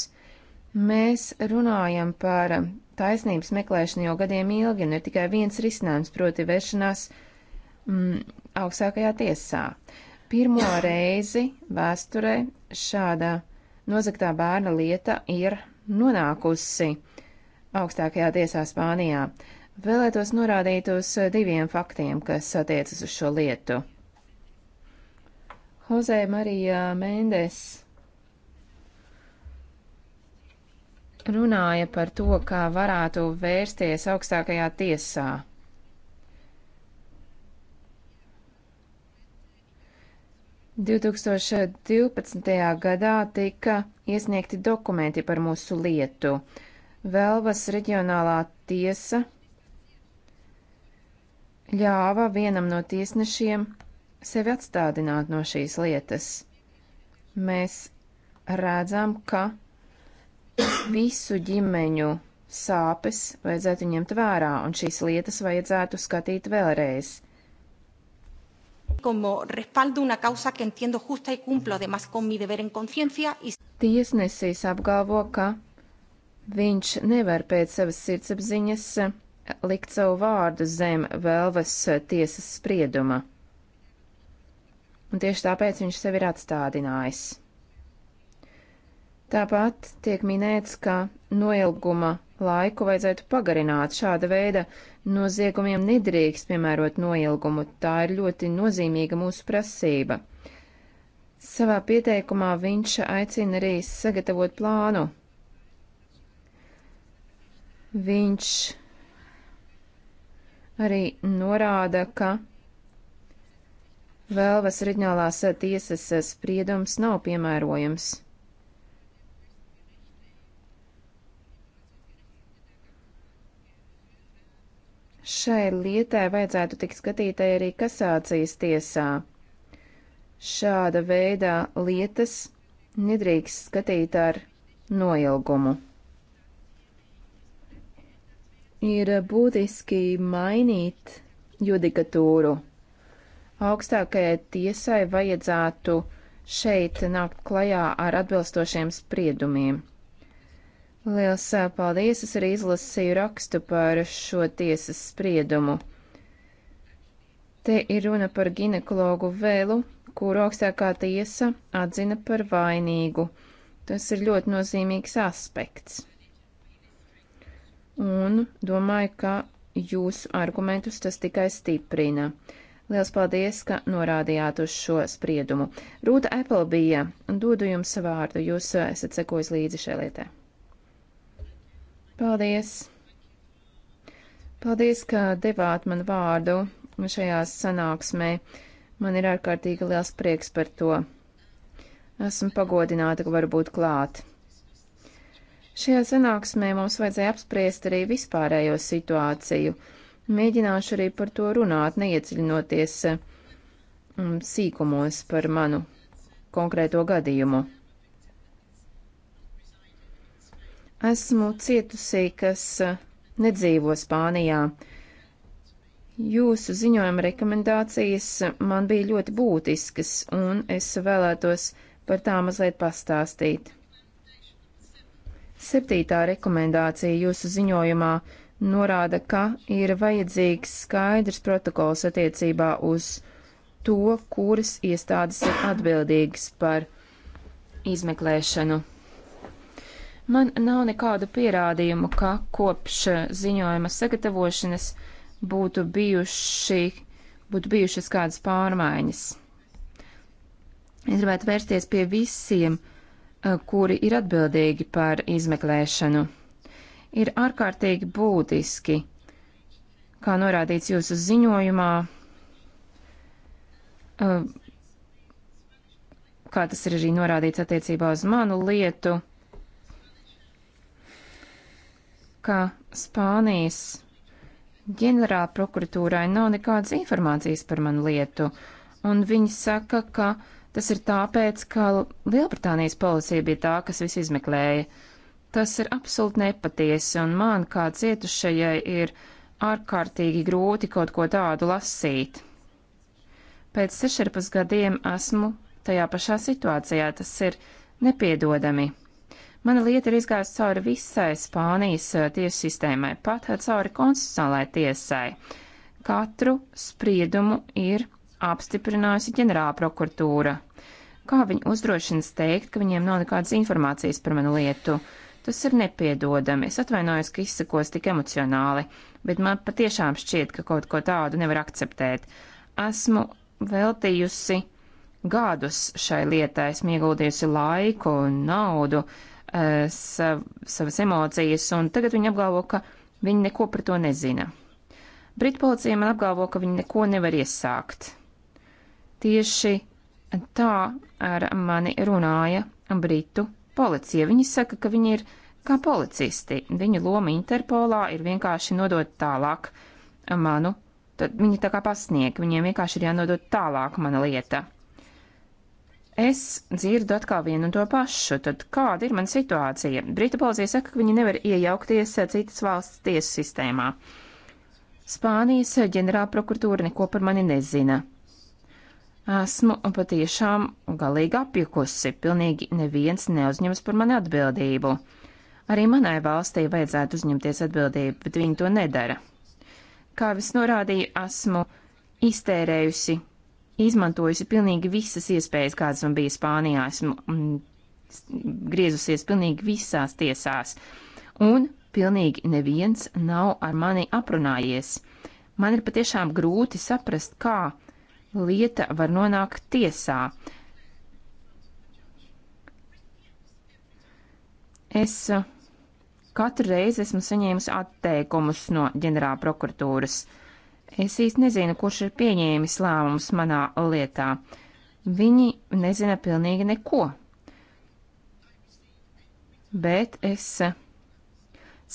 Mēs runājam par taisnības meklēšana jau gadiem ilgi un ir tikai viens risinājums, proti vēršanās mm, augstākajā tiesā. Pirmo reizi vēsturē šāda nozaktā bērna lieta ir nonākusi augstākajā tiesā Spānijā. Vēlētos norādīt uz diviem faktiem, kas attiecas uz šo lietu. Jose Marija Mendes runāja par to, kā varētu vērsties augstākajā tiesā. Divtūkstoš divpadsmitajā gadā tika iesniegti dokumenti par mūsu lietu. Velvas reģionālā tiesa ļāva vienam no tiesnešiem sevi atstādināt no šīs lietas. Mēs redzam, ka visu ģimeņu sāpes vajadzētu ņemt vērā, un šīs lietas vajadzētu skatīt vēlreiz. Tiesnesis apgalvo, ka viņš nevar pēc savas sirdsapziņas likt savu vārdu zem vēlves tiesas sprieduma. Un tieši tāpēc viņš sevi ir atstādinājis. Tāpat tiek minēts, ka noilguma laiku vajadzētu pagarināt. Šāda veida noziegumiem nedrīkst piemērot noilgumu. Tā ir ļoti nozīmīga mūsu prasība. Savā pieteikumā viņš aicina arī sagatavot plānu. Viņš arī norāda, ka Vēlvas reģionālās tiesas spriedums nav piemērojams. Šai lietai vajadzētu tikt skatītai arī kasācijas tiesā. Šāda veidā lietas nedrīkst skatīt ar noilgumu. Ir būtiski mainīt judikatūru. Augstākajai tiesai vajadzētu šeit nākt klajā ar atbilstošiem spriedumiem. Liels paldies! Es arī izlasīju rakstu par šo tiesas spriedumu. Te ir runa par ginekologu vēlu, kuru augstākā tiesa atzina par vainīgu. Tas ir ļoti nozīmīgs aspekts. Un domāju, ka jūsu argumentus tas tikai stiprina. Liels paldies, ka norādījāt uz šo spriedumu. Rūta Apple bija, dodu jums vārdu, jūs esat sekojis līdzi šai lietai. Paldies! Paldies, ka devāt man vārdu šajā sanāksmē. Man ir ārkārtīgi liels prieks par to. Esmu pagodināta, ka varu būt klāt. Šajā sanāksmē mums vajadzēja apspriest arī vispārējo situāciju. Mēģināšu arī par to runāt, neieciļinoties mm, sīkumos par manu konkrēto gadījumu. Esmu cietusī, kas eh, nedzīvo Spānijā. Jūsu ziņojuma rekomendācijas man bija ļoti būtiskas, un es vēlētos par tām mazliet pastāstīt. Septītā rekomendācija jūsu ziņojumā norāda, ka ir vajadzīgs skaidrs protokols attiecībā uz to, kuras iestādes ir atbildīgas par izmeklēšanu. Man nav nekādu pierādījumu, ka kopš eh, ziņojuma sagatavošanas būtu, bijuši, būtu bijušas kādas pārmaiņas. Es gribētu vērsties pie visiem, eh, kuri ir atbildīgi par izmeklēšanu. Ir ārkārtīgi būtiski, kā norādīts jūsu ziņojumā, eh, kā tas ir arī norādīts attiecībā uz manu lietu, ka Spānijas ģenerāla prokuratūrai nav nekādas informācijas par manu lietu, un viņi saka, ka tas ir tāpēc, ka Lielbritānijas policija bija tā, kas visu izmeklēja. Tas ir absolūti nepatiesi, un man kā cietušajai ir ārkārtīgi grūti kaut ko tādu lasīt. Pēc 16 gadiem esmu tajā pašā situācijā, tas ir nepiedodami. Mana lieta ir izgājusi cauri visai Spānijas eh, tiesu sistēmai, pat cauri konstitucionālajai tiesai. Katru spriedumu ir apstiprinājusi ģenerāla prokuratūra. Kā viņi uzdrošinas teikt, ka viņiem nav nekādas informācijas par manu lietu? Tas ir nepiedodami. Es atvainojos, ka izsakos tik emocionāli, bet man patiešām šķiet, ka kaut ko tādu nevar akceptēt. Esmu veltījusi gadus šai lietai, esmu ieguldījusi laiku un naudu, Eh, sav, savas emocijas, un tagad viņi apgalvo, ka viņi neko par to nezina. Britu policija man apgalvo, ka viņi neko nevar iesākt. Tieši tā ar mani runāja Britu policija. Viņi saka, ka viņi ir kā policisti. Viņu loma Interpolā ir vienkārši nodot tālāk manu, tad viņi tā kā pasniegt, viņiem vienkārši ir jānodot tālāk mana lieta. Es dzirdu atkal vienu un to pašu. Tad kāda ir mana situācija? Brita policija saka, ka viņi nevar iejaukties citas valsts tiesu sistēmā. Spānijas ģenerāla prokuratūra neko par mani nezina. Esmu patiešām galīgi apjukusi, pilnīgi neviens neuzņemas par mani atbildību. Arī manai valstī vajadzētu uzņemties atbildību, bet viņi to nedara. Kā es norādīju, esmu iztērējusi izmantojusi pilnīgi visas iespējas, kādas man bija Spānijā. Esmu mm, griezusies pilnīgi visās tiesās. Un pilnīgi neviens nav ar mani aprunājies. Man ir patiešām grūti saprast, kā lieta var nonākt tiesā. Es uh, katru reizi esmu saņēmusi atteikumus no ģenerāla prokuratūras. Uh, Es īsti nezinu, kurš ir pieņēmis lēmumus manā lietā. Viņi nezina pilnīgi neko. Bet es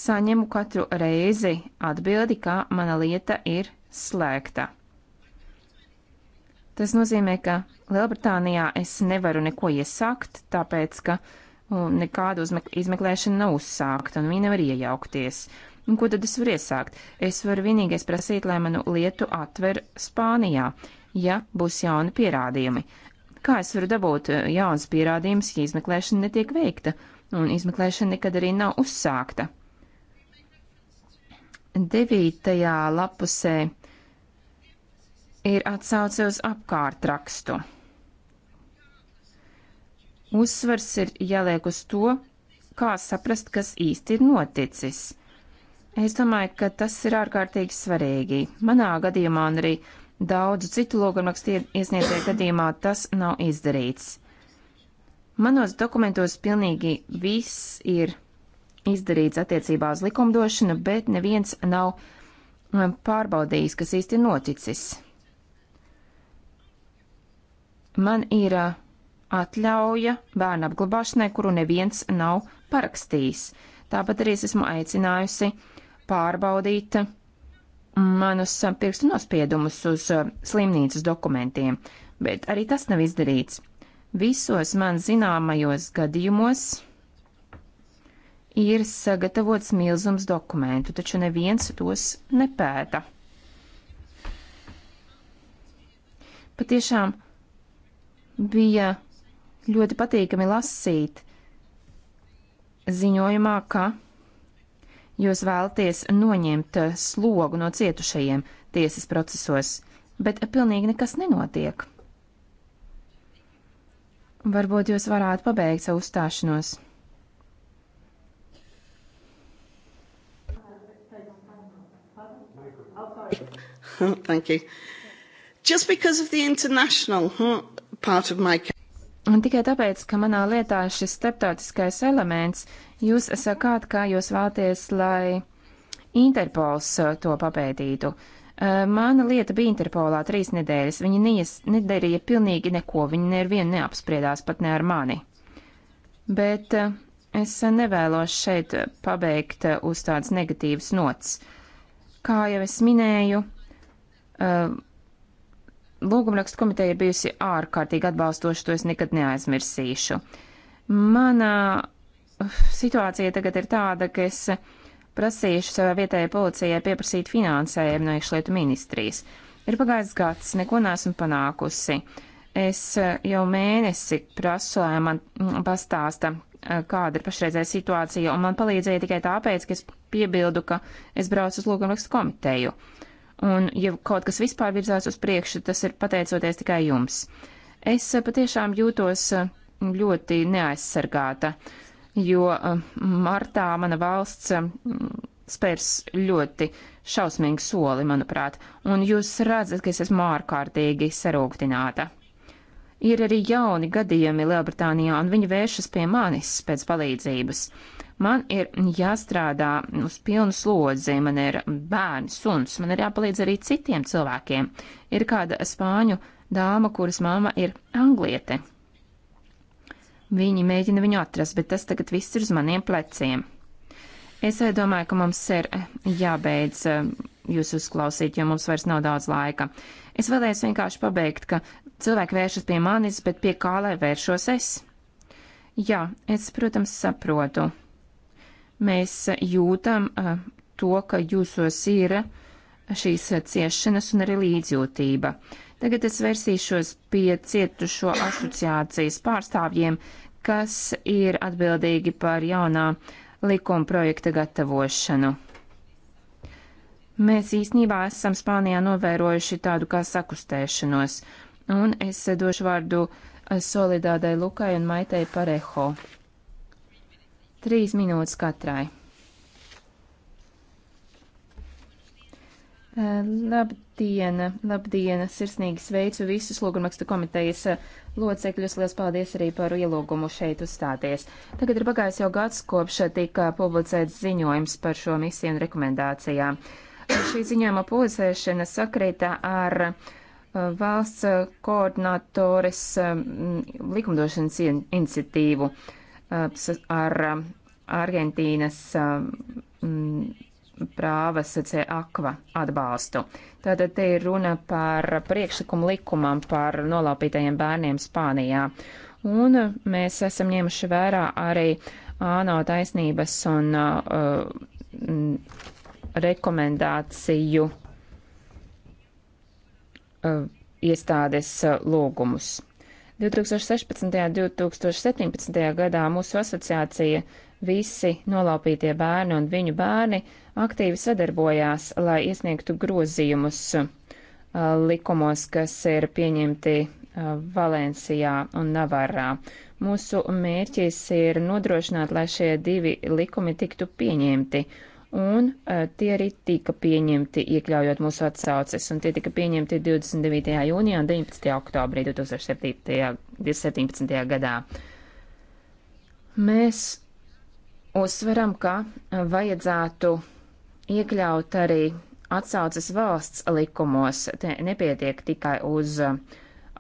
saņemu katru reizi atbildi, ka mana lieta ir slēgta. Tas nozīmē, ka Lielbritānijā es nevaru neko iesākt, tāpēr, ka nekāda izmeklēšana nav uzsākta un viņi nevar iejaukties. Uh, Un ko tad es varu iesākt? Es varu vienīgais prasīt, lai manu lietu atver Spānijā, ja būs jauni pierādījumi. Kā es varu dabūt eh, jaunas pierādījumus, ja izmeklēšana netiek veikta, un izmeklēšana nekad arī nav uzsākta? Devītajā lapusē ir atsauce uz apkārtrakstu. Uzsvars ir jāliek uz to, kā saprast, kas īsti ir noticis. Es domāju, ka tas ir ārkārtīgi svarīgi. Manā gadījumā un arī daudzu citu logumrakstu iesniedzēju gadījumā tas nav izdarīts. Manos dokumentos pilnīgi viss ir izdarīts attiecībā uz likumdošanu, bet neviens nav um, pārbaudījis, kas īsti noticis. Man ir uh, atļauja bērnu apglabāšanai, kuru neviens nav parakstījis. Tāpat arī es esmu aicinājusi uh, pārbaudīt manus pirkstu nospiedumus uz eh, slimnīcas dokumentiem, bet arī tas nav izdarīts. Visos man zināmajos gadījumos ir sagatavots milzums dokumentu, taču neviens tos nepēta. Patiešām bija ļoti patīkami lasīt ziņojumā, ka Jūs vēlaties noņemt eh, slogu no cietušajiem tiesas procesos, bet pilnīgi nekas nenotiek. Varbūt jūs varētu pabeigt savu uzstāšanos. Thank you. Just because of the international huh, part of my Un tikai tāpēc, ka manā lietā šis starptautiskais elements, jūs sakāt, kā jūs vēlaties, lai Interpols uh, to papētītu. Uh, mana lieta bija Interpolā trīs nedēļas. Viņi neies, nedarīja pilnīgi neko, viņi nevienu neapspriedās, pat ne ar mani. Bet uh, es nevēlos šeit pabeigt uz tādas negatīvas nots. Kā jau es minēju, Lūgumrakstu komiteja ir bijusi ārkārtīgi atbalstoša, to es nekad neaizmirsīšu. Manā uh, situācija tagad ir tāda, ka es prasīšu savai vietējai policijai pieprasīt finansējumu no iekšlietu ministrijas. Ir pagājis gads, neko neesmu panākusi. Es uh, jau mēnesi prasu, lai man mm, pastāsta, uh, kāda ir pašreizēja situācija, un man palīdzēja tikai tāpēc, ka es piebildu, ka es braucu uz lūgumrakstu komiteju. Uh, Un, ja kaut kas vispār virzās uz priekšu, tas ir pateicoties tikai jums. Es eh, patiešām jūtos eh, ļoti neaizsargāta, jo eh, martā mana valsts spērs ļoti šausmīgu soli, manuprāt, un jūs redzat, ka es esmu ārkārtīgi sarūktināta. Ir arī jauni gadījumi Lielbritānijā, un viņi vēršas pie manis pēc palīdzības. Man ir jāstrādā uz pilnu slodzi, man ir bērni, suns, man ir jāpalīdz arī citiem cilvēkiem. Ir kāda spāņu dāma, kuras mamma ir angliete. Viņi mēģina viņu atrast, bet tas tagad viss ir uz maniem pleciem. Es domāju, ka mums ir jābeidz eh, jūs uzklausīt, jo mums vairs nav daudz laika. Es vēlējos vienkārši pabeigt, ka cilvēki vēršas pie manis, bet pie kā lai vēršos es? Jā, es, protams, saprotu. Mēs jūtam to, ka jūsos ir šīs ciešanas un arī līdzjūtība. Tagad es vērsīšos pie cietušo asociācijas pārstāvjiem, kas ir atbildīgi par jaunā likuma projekta gatavošanu. Mēs īsnībā esam Spānijā novērojuši tādu kā sakustēšanos, un es došu vārdu Solidādai Lukai un Maitai Pareho. Trīs minūtes katrai. Eh, labdien, labdien, sirsnīgi sveicu visus lūgumrakstu komitejas eh, locekļus. Lielas paldies arī par ielūgumu šeit uzstāties. Tagad ir pagājis jau gads, kopš tika publicēts ziņojums par šo misiju un rekomendācijām. Eh, šī ziņojuma publicēšana sakrita ar valsts koordinatoris likumdošanas iniciatīvu. In ar um, Argentīnas um, mm, prāvas C akva atbalstu. Tātad te ir runa par priekšlikumu likumam par nolaupītajiem bērniem Spānijā. Un uh, mēs esam ņēmuši vērā arī āno taisnības un uh, mm, rekomendāciju uh, iestādes uh, lūgumus. 2016. un 2017. gadā mūsu asociācija visi nolaupītie bērni un viņu bērni aktīvi sadarbojās, lai iesniegtu grozījumus uh, likumos, kas ir pieņemti uh, Valencijā un Navarā. Mūsu mērķis ir nodrošināt, lai šie divi likumi tiktu pieņemti un uh, tie arī tika pieņemti, iekļaujot mūsu atsauces, un tie tika pieņemti 29. jūnijā un 19. oktobrī 2017. gadā. Mēs uzsveram, ka vajadzētu iekļaut arī atsauces valsts likumos, te nepietiek tikai uz eh,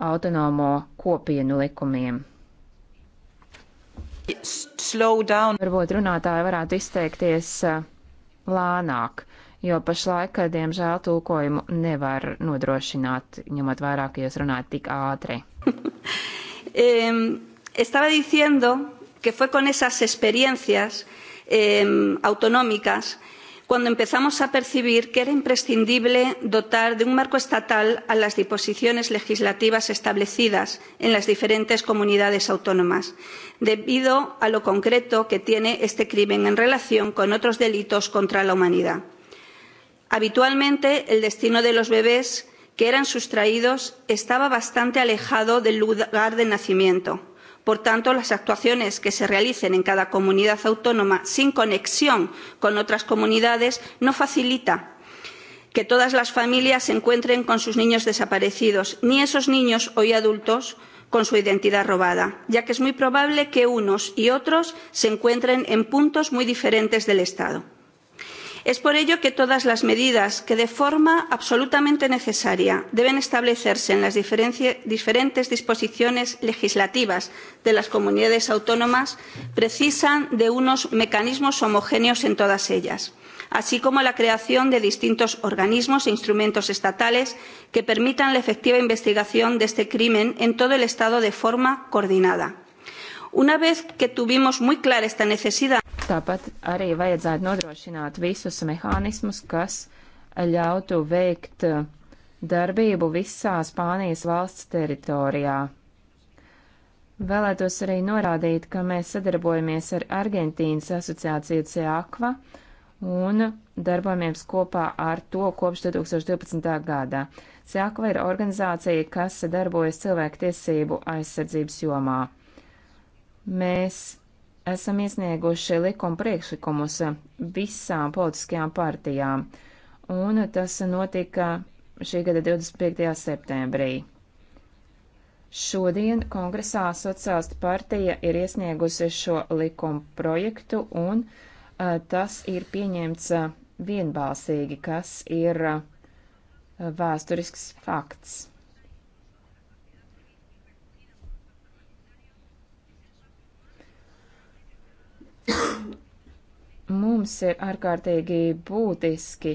autonomo kopienu likumiem. Varbūt runātāji varētu izteikties uh, lānāk, jo pašlaik, diemžēl, tulkojumu nevar nodrošināt, ņemot vairāk, ja jūs runājat tik ātri. um, estaba diciendo que fue con esas experiencias um, autonómicas cuando empezamos a percibir que era imprescindible dotar de un marco estatal a las disposiciones legislativas establecidas en las diferentes comunidades autónomas debido a lo concreto que tiene este crimen en relación con otros delitos contra la humanidad. habitualmente el destino de los bebés que eran sustraídos estaba bastante alejado del lugar de nacimiento por tanto las actuaciones que se realicen en cada comunidad autónoma sin conexión con otras comunidades no facilitan que todas las familias se encuentren con sus niños desaparecidos ni esos niños hoy adultos con su identidad robada ya que es muy probable que unos y otros se encuentren en puntos muy diferentes del estado es por ello que todas las medidas que de forma absolutamente necesaria deben establecerse en las diferentes disposiciones legislativas de las comunidades autónomas precisan de unos mecanismos homogéneos en todas ellas así como la creación de distintos organismos e instrumentos estatales que permitan la efectiva investigación de este crimen en todo el estado de forma coordinada. una vez que tuvimos muy clara esta necesidad Tāpat arī vajadzētu nodrošināt visus mehānismus, kas ļautu veikt uh, darbību visā Spānijas valsts teritorijā. Vēlētos arī norādīt, ka mēs sadarbojamies ar Argentīnas asociāciju CEAQUA un darbojamies kopā ar to kopš 2012. gadā. CEAQUA ir organizācija, kas darbojas cilvēku tiesību aizsardzības jomā. Mēs esam iesnieguši likuma priekšlikumus visām politiskajām partijām, un tas notika šī gada 25. septembrī. Šodien kongresā sociālistu partija ir iesniegusi šo likuma projektu, un uh, tas ir pieņemts uh, vienbalsīgi, kas ir uh, vēsturisks fakts. Mums ir ārkārtīgi būtiski,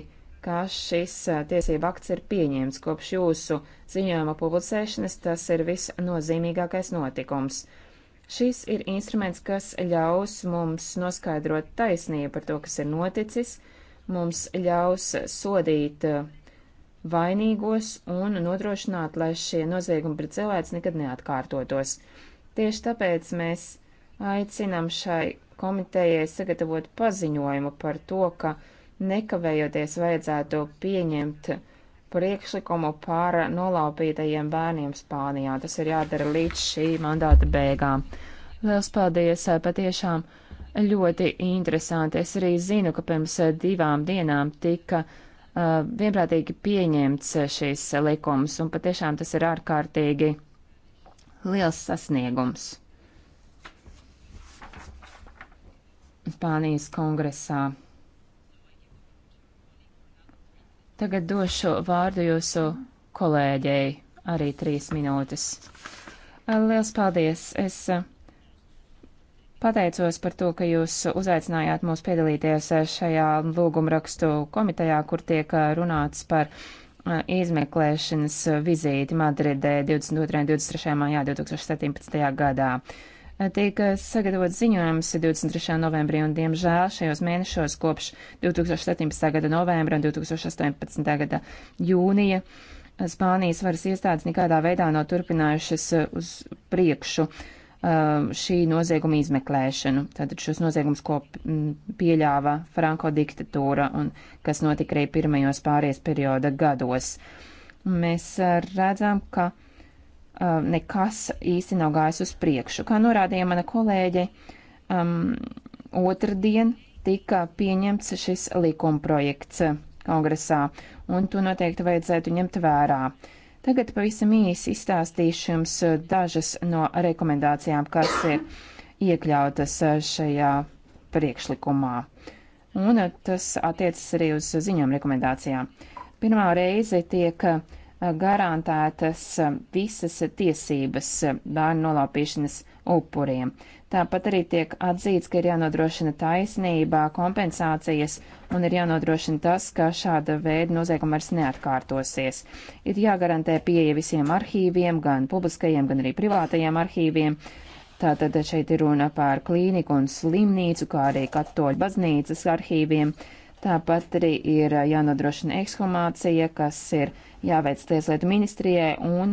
ka šis tiesība akts ir pieņemts kopš jūsu ziņojuma publicēšanas, tas ir visnozīmīgākais notikums. Šis ir instruments, kas ļaus mums noskaidrot taisnību par to, kas ir noticis, mums ļaus sodīt vainīgos un nodrošināt, lai šie noziegumi pret cilvēks nekad neatkārtotos. Tieši tāpēc mēs aicinam šai komitejai sagatavot paziņojumu par to, ka nekavējoties vajadzētu pieņemt priekšlikumu par nolaupītajiem bērniem Spānijā. Tas ir jādara līdz šī mandāta beigām. Liels paldies! Patiešām ļoti interesanti. Es arī zinu, ka pirms divām dienām tika uh, vienprātīgi pieņemts šīs likums, un patiešām tas ir ārkārtīgi liels sasniegums. Spānijas kongresā. Tagad došu vārdu jūsu kolēģei, arī trīs minūtes. Liels paldies! Es pateicos par to, ka jūs uzaicinājāt mūs piedalīties šajā lūgumrakstu komitejā, kur tiek runāts par izmeklēšanas vizīti Madridē 22. un 23. maijā 2017. gadā tiek eh, sagatavots ziņojums 23. novembrī, un diemžēl šajos mēnešos kopš 2017. gada novembra un 2018. gada jūnija eh, Spānijas varas iestādes nekādā veidā nav turpinājušas eh, uz priekšu šī nozieguma izmeklēšanu. Tātad šos noziegumus, ko mm, pieļāva Franko diktatūra un kas notika arī pirmajos pāries perioda gados. Mēs redzam, ka uh, um, nekas īsti nav gājis uz priekšu. Kā norādīja mana kolēģe, um, otrdien tika pieņemts šis likumprojekts kongresā, un to noteikti vajadzētu ņemt vērā. Tagad pavisam īsi izstāstīšu jums dažas no rekomendācijām, kas ir iekļautas šajā priekšlikumā. Un tas attiecas arī uz ziņām rekomendācijām. Pirmā reize tiek uh, garantētas um, visas tiesības um, bērnu nolaupīšanas upuriem. Tāpat arī tiek atzīts, ka ir jānodrošina taisnība, kompensācijas un ir jānodrošina tas, ka šāda veida nozieguma vairs neatkārtosies. Ir jāgarantē pieeja visiem arhīviem, gan publiskajiem, gan arī privātajiem arhīviem. Tātad šeit ir runa par klīniku un slimnīcu, kā arī katoļu baznīcas arhīviem. Uh, Tāpat arī ir jānodrošina ekshumācija, kas ir jāveic Tieslietu ministrijai, un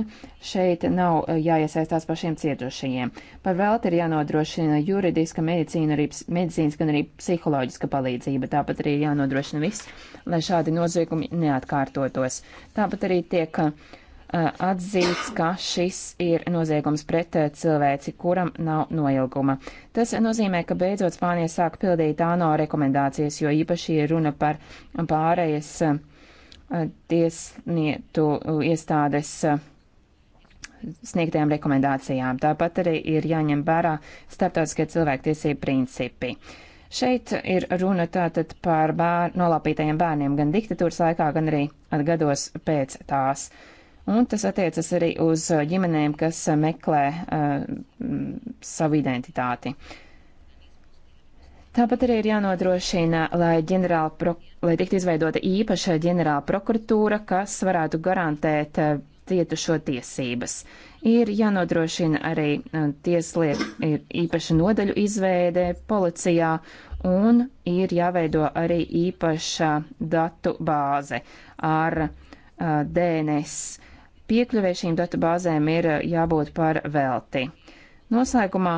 šeit nav eh, jāiesaistās pašiem cietušajiem. Par velti ir jānodrošina juridiska medicīna, arī medicīnas, gan arī psiholoģiska palīdzība. Tāpat arī jānodrošina viss, lai šādi noziegumi neatkārtotos. Tāpat arī tiek uh, atzīts, ka šis ir noziegums pret cilvēci, kuram nav noilguma. Tas nozīmē, ka beidzot Spānija sāk pildīt ANO rekomendācijas, jo īpaši ir runa par pārējas tiesnietu iestādes sniegtajām rekomendācijām. Tāpat arī ir jāņem vērā starptautiskie cilvēktiesību principi. Šeit ir runa tātad par bār, nolapītajiem bērniem gan diktatūras laikā, gan arī gados pēc tās. Uh, un tas attiecas arī uz ģimenēm, kas meklē uh, savu identitāti. Tāpat arī ir jānodrošina, lai, pro, lai tiktu izveidota īpaša ģenerāla prokuratūra, kas varētu garantēt uh, cietušo tiesības. Ir jānodrošina arī uh, tieslietu, ir īpaša nodaļu izveide policijā un ir jāveido arī īpaša datu bāze ar uh, DNS. Piekļuvē šīm datubāzēm ir eh, jābūt par velti. Noslēgumā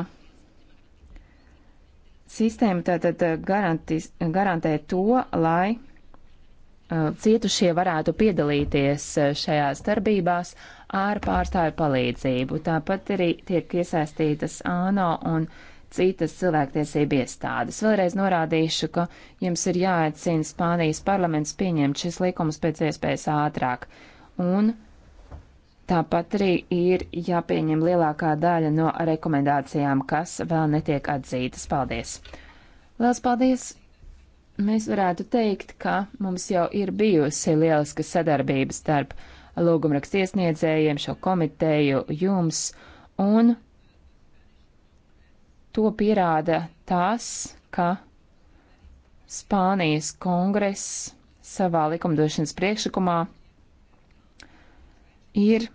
sistēma tātad eh, garantis, garantē to, lai eh, cietušie varētu piedalīties šajās darbībās ar pārstāju palīdzību. Tāpat arī tiek iesaistītas ANO un citas cilvēktiesība iestādes. Vēlreiz norādīšu, ka jums ir jāaicina Spānijas parlaments pieņemt šis likums pēc iespējas ātrāk. Un uh, Tāpat arī ir jāpieņem lielākā daļa no rekomendācijām, kas vēl netiek atzītas. Paldies! Lielas paldies! Mēs varētu teikt, ka mums jau ir bijusi lieliska sadarbība starp lūgumrakstiesniedzējiem, šo komiteju, jums, un to pierāda tas, ka Spānijas kongress savā likumdošanas priekšlikumā ir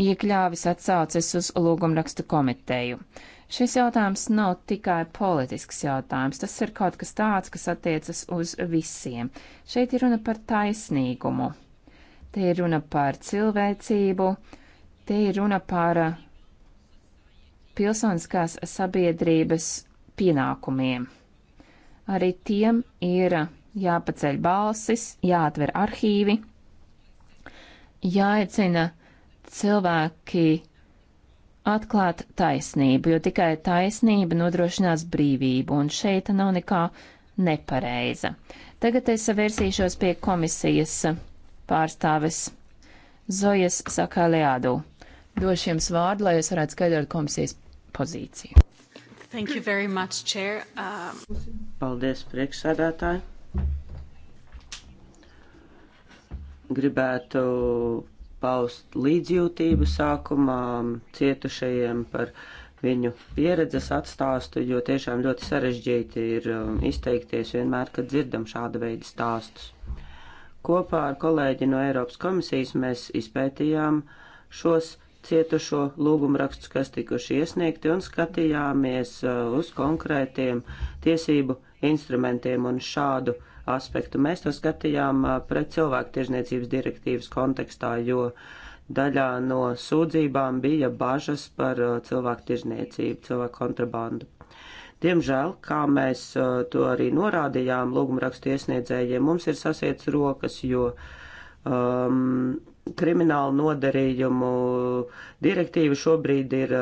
iekļāvis atsauces uz lūgumrakstu komiteju. Šis jautājums nav tikai politisks jautājums, tas ir kaut kas tāds, kas attiecas uz visiem. Šeit ir runa par taisnīgumu, te ir runa par cilvēcību, te ir runa par pilsoniskās sabiedrības pienākumiem. Arī tiem ir jāpaceļ balsis, jāatver arhīvi, jāicina cilvēki atklāt taisnību, jo tikai taisnība nodrošinās brīvību, un šeit nav nekā nepareiza. Tagad es vērsīšos pie komisijas pārstāves Zojas Sakaleādu. Došu jums vārdu, lai jūs varētu skaidrot komisijas pozīciju. Thank you very much, Chair. Um... Paldies, priekšsēdētāji. Gribētu paust līdzjūtību sākumā cietušajiem par viņu pieredzes atstāstu, jo tiešām ļoti sarežģīti ir um, izteikties vienmēr, kad dzirdam šāda veida stāstus. Kopā ar kolēģi no Eiropas komisijas mēs izpētījām šos cietušo lūgumrakstus, kas tikuši iesniegti, un skatījāmies uh, uz konkrētiem tiesību instrumentiem un šādu uh, aspektu. Mēs to skatījām uh, pret cilvēku tiežniecības direktīvas kontekstā, jo daļā no sūdzībām bija bažas par uh, cilvēku tiežniecību, cilvēku kontrabandu. Diemžēl, kā mēs uh, to arī norādījām lūgumrakstu iesniedzējiem, mums ir sasiets rokas, jo um, kriminālu nodarījumu direktīva šobrīd ir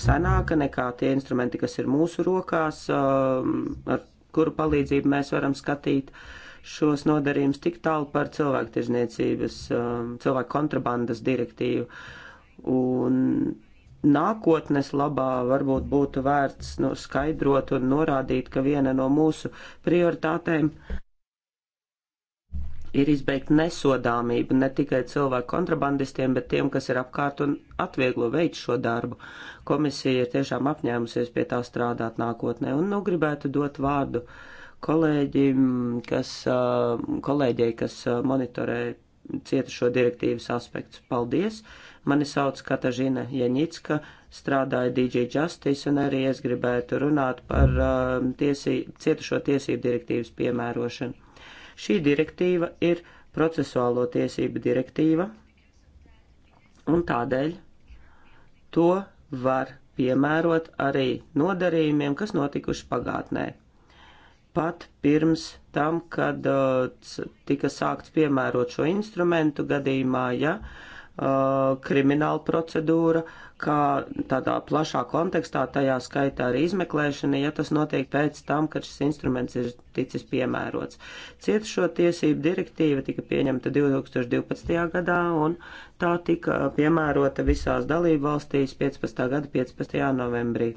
senāka nekā tie instrumenti, kas ir mūsu rokās, um, ar kuru palīdzību mēs varam skatīt šos nodarījumus tik tālu par cilvēku tirzniecības, um, cilvēku kontrabandas direktīvu. Un nākotnes labā varbūt būtu vērts nu, skaidrot un norādīt, ka viena no mūsu prioritātēm ir izbeigt nesodāmību ne tikai cilvēku kontrabandistiem, bet tiem, kas ir apkārt un atvieglo veidu šo darbu. Komisija ir tiešām apņēmusies pie tā strādāt nākotnē un nu gribētu dot vārdu kolēģim, kas, kolēģei, kas monitorē cietušo direktīvas aspektus. Paldies! Mani sauc Katažina Jaņicka, strādāju DJ Justice un arī es gribētu runāt par tiesī, cietušo tiesību direktīvas piemērošanu Šī direktīva ir procesuālo tiesību direktīva, un tādēļ to var piemērot arī nodarījumiem, kas notikuši pagātnē. Pat pirms tam, kad uh, tika sākts piemērot šo instrumentu gadījumā, ja uh, krimināla procedūra uh, kā tādā plašā kontekstā, tajā skaitā arī izmeklēšana, ja tas notiek pēc tam, kad šis instruments ir ticis piemērots. Cietušo tiesību direktīva tika pieņemta 2012. gadā un tā tika piemērota visās dalību valstīs 15. gada 15. novembrī.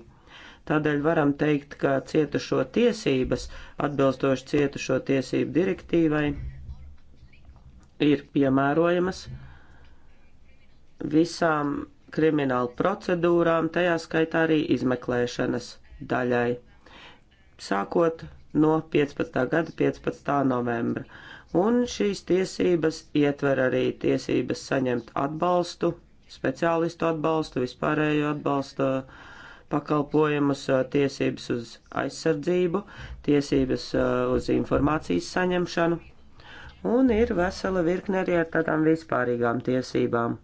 Tādēļ varam teikt, ka cietušo tiesības atbilstoši cietušo tiesību direktīvai ir piemērojamas visām kriminālu procedūrām, tajā skaitā arī izmeklēšanas daļai, sākot no 15. gada 15. novembra. Un šīs tiesības ietver arī tiesības saņemt atbalstu, speciālistu atbalstu, vispārējo atbalstu pakalpojumus, tiesības uz aizsardzību, tiesības uz informācijas saņemšanu, un ir vesela virkne arī ar tādām vispārīgām tiesībām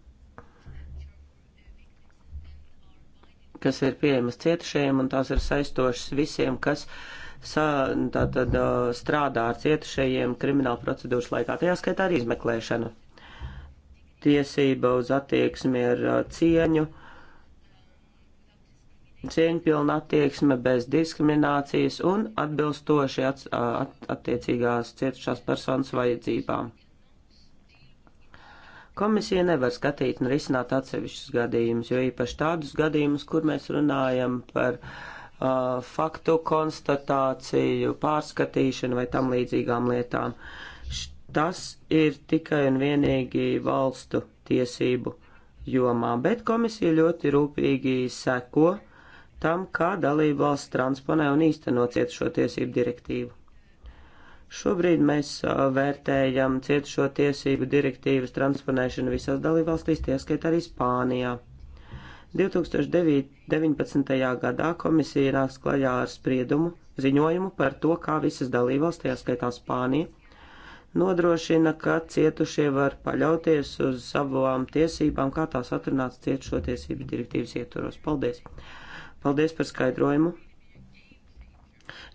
kas ir pieejamas cietušajiem, un tās ir saistošas visiem, kas sā, tātad, strādā ar cietušajiem krimināla procedūras laikā, tajā skaitā arī izmeklēšana. Tiesība uz attieksmi ar cieņu, cieņpilna attieksme bez diskriminācijas un atbilstoši at, at, attiecīgās cietušās personas vajadzībām. Komisija nevar skatīt un risināt atsevišķus gadījumus, jo īpaši tādus gadījumus, kur mēs runājam par uh, faktu konstatāciju, pārskatīšanu vai tam līdzīgām lietām. Tas ir tikai un vienīgi valstu tiesību jomā, bet komisija ļoti rūpīgi seko tam, kā dalība valsts transponē un īstenociet šo tiesību direktīvu. Šobrīd mēs vērtējam cietušo tiesību direktīvas transponēšanu visās dalībvalstīs, tieskaitā arī Spānijā. 2019. gadā komisija nāks klajā ar spriedumu ziņojumu par to, kā visas dalībvalstīs, tieskaitā Spānija, nodrošina, ka cietušie var paļauties uz savām tiesībām, kā tās atrunāts cietušo tiesību direktīvas ietvaros. Paldies! Paldies par skaidrojumu!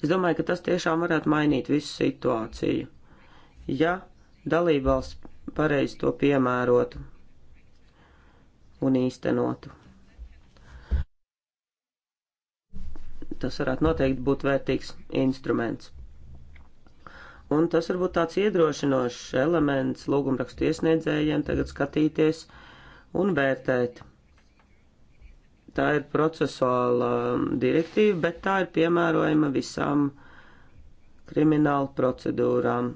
Es domāju, ka tas tiešām varētu mainīt visu situāciju, ja dalībvalsts pareizi to piemērotu un īstenotu. Tas varētu noteikti būt vērtīgs instruments. Un tas varbūt tāds iedrošinošs elements lūgumrakstu iesniedzējiem tagad skatīties un vērtēt tā ir procesuāla direktīva, bet tā ir piemērojama visām krimināla procedūrām.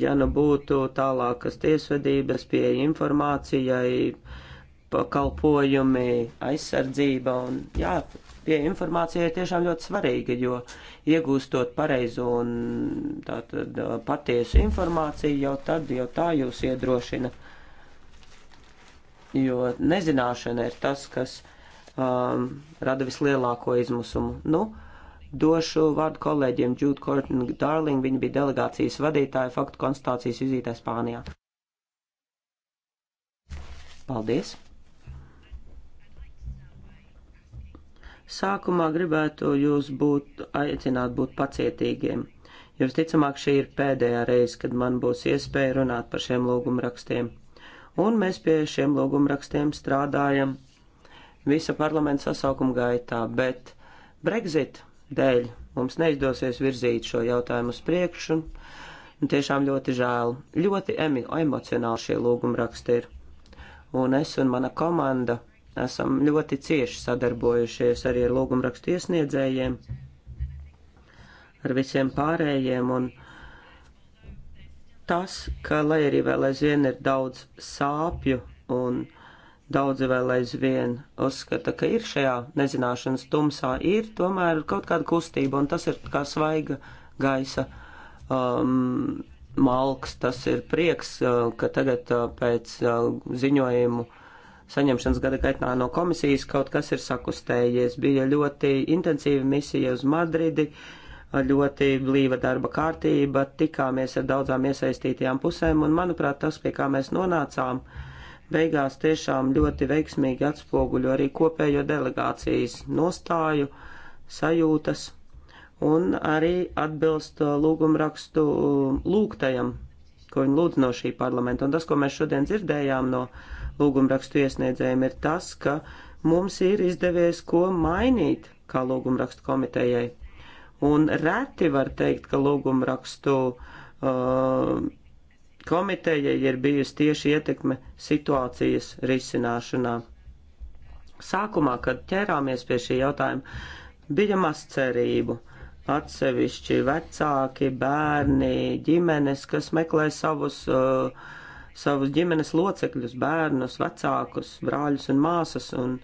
Ja nu būtu tālākas tiesvedības pie informācijai, pakalpojumi, aizsardzība un jā, pie informācijai ir tiešām ļoti svarīga, jo iegūstot pareizo un tātad uh, patiesu informāciju, jau tad jau tā jūs iedrošina jo nezināšana ir tas, kas um, rada vislielāko izmisumu. Nu, došu vārdu kolēģiem Jude Corton Darling, viņa bija delegācijas vadītāja faktu konstatācijas vizītē Spānijā. Paldies! Sākumā gribētu jūs būt, aicināt būt pacietīgiem. Jo visticamāk šī ir pēdējā reize, kad man būs iespēja runāt par šiem lūgumrakstiem. Un mēs pie šiem lūgumrakstiem strādājam visa parlamenta sasaukuma gaitā, bet Brexit dēļ mums neizdosies virzīt šo jautājumu uz priekšu. Un tiešām ļoti žēl. Ļoti emi emocionāli šie lūgumraksti ir. Un es un mana komanda esam ļoti cieši sadarbojušies arī ar lūgumrakstu iesniedzējiem, ar visiem pārējiem. Un tas, ka lai arī vēl aizvien ir daudz sāpju un Daudzi vēl aizvien uzskata, ka ir šajā nezināšanas tumsā, ir tomēr kaut kāda kustība, un tas ir kā svaiga gaisa um, malks, tas ir prieks, uh, ka tagad uh, pēc uh, ziņojumu saņemšanas gada gaitā no komisijas kaut kas ir sakustējies. Bija ļoti intensīva misija uz Madridi, ļoti blīva darba kārtība, tikāmies ar daudzām iesaistītajām pusēm, un manuprāt, tas, pie kā mēs nonācām, uh, beigās tiešām ļoti veiksmīgi atspoguļo arī kopējo delegācijas nostāju, sajūtas un arī atbilst uh, lūgumrakstu um, lūgtajam, ko viņi lūdz no šī parlamenta. Un tas, ko mēs šodien dzirdējām no lūgumrakstu iesniedzējiem, ir tas, ka mums ir izdevies ko mainīt kā lūgumrakstu komitejai. Un reti var teikt, ka lūgumrakstu uh, komitejai ir bijusi tieši ietekme situācijas risināšanā. Sākumā, kad ķērāmies pie šī jautājuma, bija maz cerību. Atsevišķi vecāki, bērni, ģimenes, kas meklē savus, uh, savus ģimenes locekļus, bērnus, vecākus, brāļus un māsas, un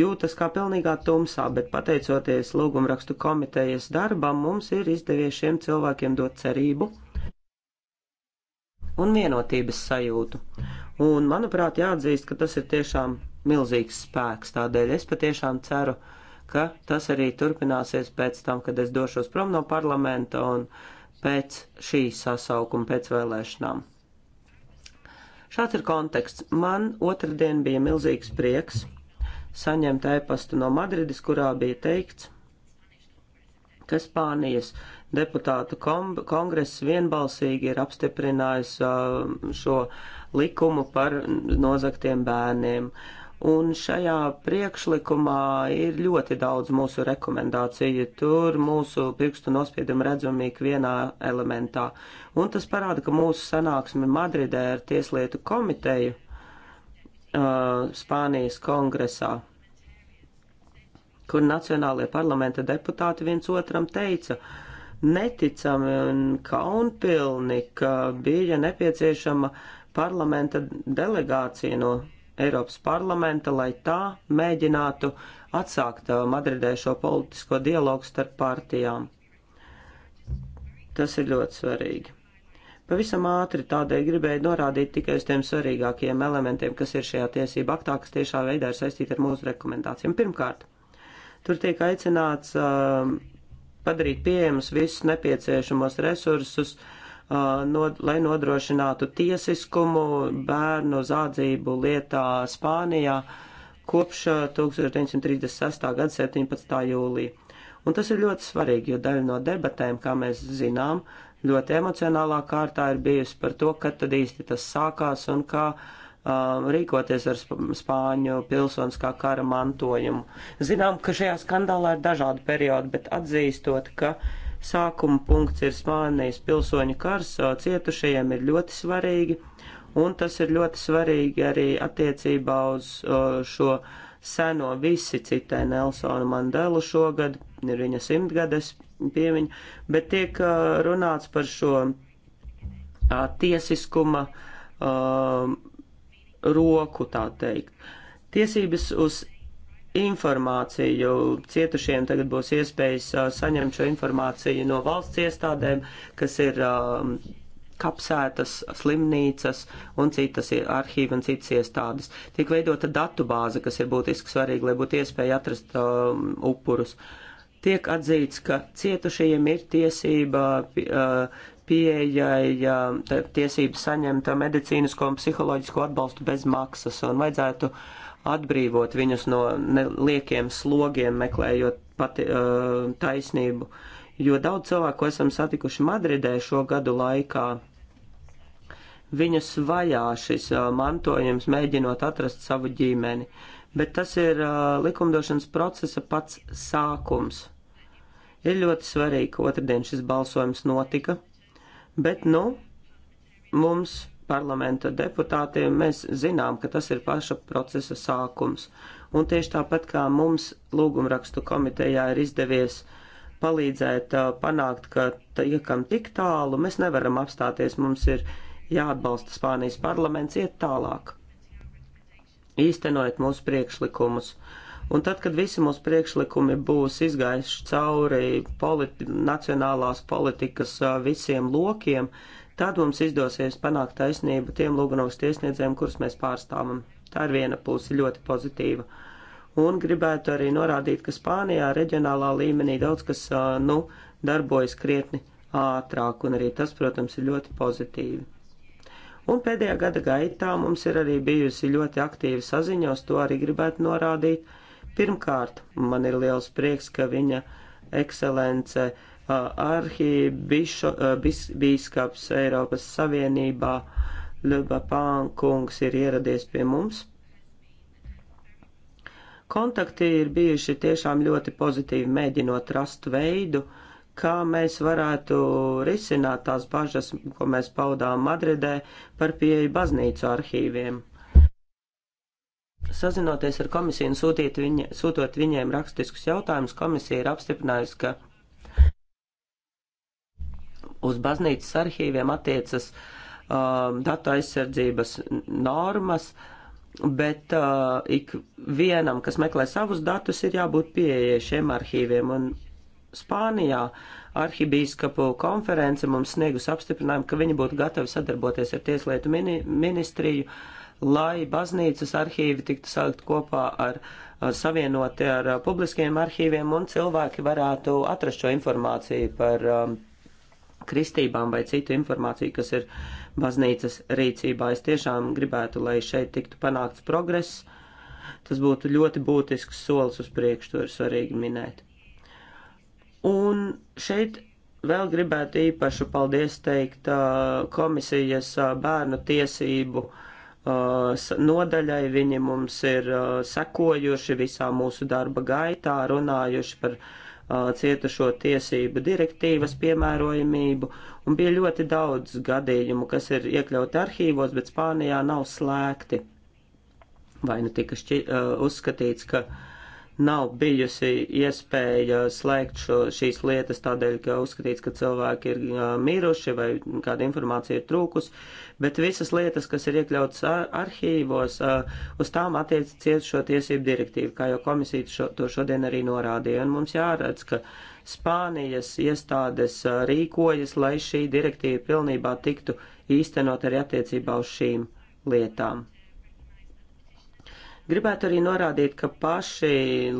jūtas kā pilnīgā tumsā, bet pateicoties lūgumrakstu komitejas darbam, mums ir izdevies šiem cilvēkiem dot cerību un vienotības sajūtu. Un, manuprāt, jāatzīst, ka tas ir tiešām milzīgs spēks. Tādēļ es patiešām ceru, ka tas arī turpināsies pēc tam, kad es došos prom no parlamenta un pēc šī sasaukuma, pēc vēlēšanām. Šāds ir konteksts. Man otrdien bija milzīgs prieks saņemt ēpastu no Madrides, kurā bija teikts, ka Spānijas deputātu kongress vienbalsīgi ir apstiprinājis uh, šo likumu par nozaktiem bērniem. Un šajā priekšlikumā ir ļoti daudz mūsu rekomendāciju. Tur mūsu pirkstu nospiedumi redzami ikvienā elementā. Un tas parāda, ka mūsu sanāksme Madridē ar Tieslietu komiteju uh, Spānijas kongresā kur nacionālajie parlamenta deputāti viens otram teica, neticami un kaunpilni, ka bija nepieciešama parlamenta delegācija no Eiropas parlamenta, lai tā mēģinātu atsākt uh, Madridē šo politisko dialogu starp partijām. Tas ir ļoti svarīgi. Pavisam ātri tādēļ gribēju norādīt tikai uz tiem svarīgākajiem elementiem, kas ir šajā tiesība aktā, kas tiešā veidā ir saistīti ar mūsu rekomendācijām. Pirmkārt, tur tiek aicināts uh, padarīt pieejamus visus nepieciešamos resursus, uh, nod, lai nodrošinātu tiesiskumu bērnu zādzību lietā Spānijā kopš 1936. Uh, gada 17. jūlija. Un tas ir ļoti svarīgi, jo daļa no debatēm, kā mēs zinām, ļoti emocionālā kārtā ir bijusi par to, kad tad īsti tas sākās un kā. Ka Uh, rīkoties ar spāņu pilsoniskā kara mantojumu. Zinām, ka šajā skandālā ir dažādi periodi, bet atzīstot, ka sākuma punkts ir Spānijas pilsoņu kars, uh, cietušajiem ir ļoti svarīgi, un tas ir ļoti svarīgi arī attiecībā uz uh, šo seno visi citai Nelsonu Mandelu šogad, ir viņa simtgades piemiņa, bet tiek runāts par šo tiesiskuma uh, roku, tā teikt. Tiesības uz informāciju. Cietušiem tagad būs iespējas uh, saņemt šo informāciju no valsts iestādēm, kas ir uh, kapsētas, slimnīcas un citas arhīva un citas iestādes. Tiek veidota datu bāze, kas ir būtiski svarīga, lai būtu iespēja atrast uh, upurus. Tiek atzīts, ka cietušajiem ir tiesība uh, pieejai tiesības saņemt medicīnisko un psiholoģisko atbalstu bez maksas un vajadzētu atbrīvot viņus no liekiem slogiem, meklējot pati, uh, taisnību. Jo daudz cilvēku esam satikuši Madridē šo gadu laikā. Viņus vajā šis uh, mantojums, mēģinot atrast savu ģimeni. Bet tas ir uh, likumdošanas procesa pats sākums. Ir ļoti svarīgi, ka otrdien šis balsojums notika. Bet, nu, mums, parlamenta deputātiem, mēs zinām, ka tas ir paša procesa sākums. Un tieši tāpat kā mums lūgumrakstu komitejā ir izdevies palīdzēt uh, panākt, ka tiekam tik tālu, mēs nevaram apstāties, mums ir jāatbalsta Spānijas parlaments iet tālāk. Īstenojot mūsu priekšlikumus. Uh, Un tad, kad visi mūsu priekšlikumi būs izgājuši cauri politi nacionālās politikas visiem lokiem, tad mums izdosies panākt taisnību tiem lūgunovstu iesniedzējiem, kurus mēs pārstāvam. Tā ir viena puse ļoti pozitīva. Un gribētu arī norādīt, ka Spānijā reģionālā līmenī daudz kas, nu, darbojas krietni ātrāk, un arī tas, protams, ir ļoti pozitīvi. Un pēdējā gada gaitā mums ir arī bijusi ļoti aktīva saziņa, uz to arī gribētu norādīt Pirmkārt, man ir liels prieks, ka viņa ekscelence arhibīskaps Eiropas Savienībā Ļubapānkungs ir ieradies pie mums. Kontakti ir bijuši tiešām ļoti pozitīvi, mēģinot rast veidu, kā mēs varētu risināt tās bažas, ko mēs paudām Madridē par pieeju baznīcu arhīviem. Sazinoties ar komisiju un sūtīt viņa, sūtot viņiem rakstiskus jautājumus, komisija ir apstiprinājusi, ka uz baznīcas arhīviem attiecas um, datu aizsardzības normas, bet uh, ik vienam, kas meklē savus datus, ir jābūt pieejai šiem arhīviem. Un Spānijā arhibīskapu konference mums sniegus apstiprinājumu, ka viņi būtu gatavi sadarboties ar Tieslietu mini ministriju. Uh, lai baznīcas arhīvi tiktu sākt kopā ar, ar savienoti ar publiskiem arhīviem un cilvēki varētu atrast šo informāciju par um, kristībām vai citu informāciju, kas ir baznīcas rīcībā. Es tiešām gribētu, lai šeit tiktu panākts progress. Tas būtu ļoti būtisks solis uz priekšu, to ir svarīgi minēt. Un šeit vēl gribētu īpašu paldies teikt uh, komisijas uh, bērnu tiesību uh, Uh, nodaļai. Viņi mums ir uh, sekojuši visā mūsu darba gaitā, runājuši par uh, cietušo tiesību direktīvas piemērojamību, un bija ļoti daudz gadījumu, kas ir iekļauti arhīvos, bet Spānijā nav slēgti. Vai nu tika šķi, uh, uzskatīts, ka uh, nav bijusi iespēja slēgt šo, šīs lietas tādēļ, ka uzskatīts, ka cilvēki ir miruši vai kāda informācija ir trūkus, bet visas lietas, kas ir iekļautas arhīvos, uz tām attiec ciet šo tiesību direktīvu, kā jau komisija šo, to šodien arī norādīja. Un mums jāredz, ka Spānijas iestādes rīkojas, lai šī direktīva pilnībā tiktu īstenot arī attiecībā uz šīm lietām. Gribētu arī norādīt, ka paši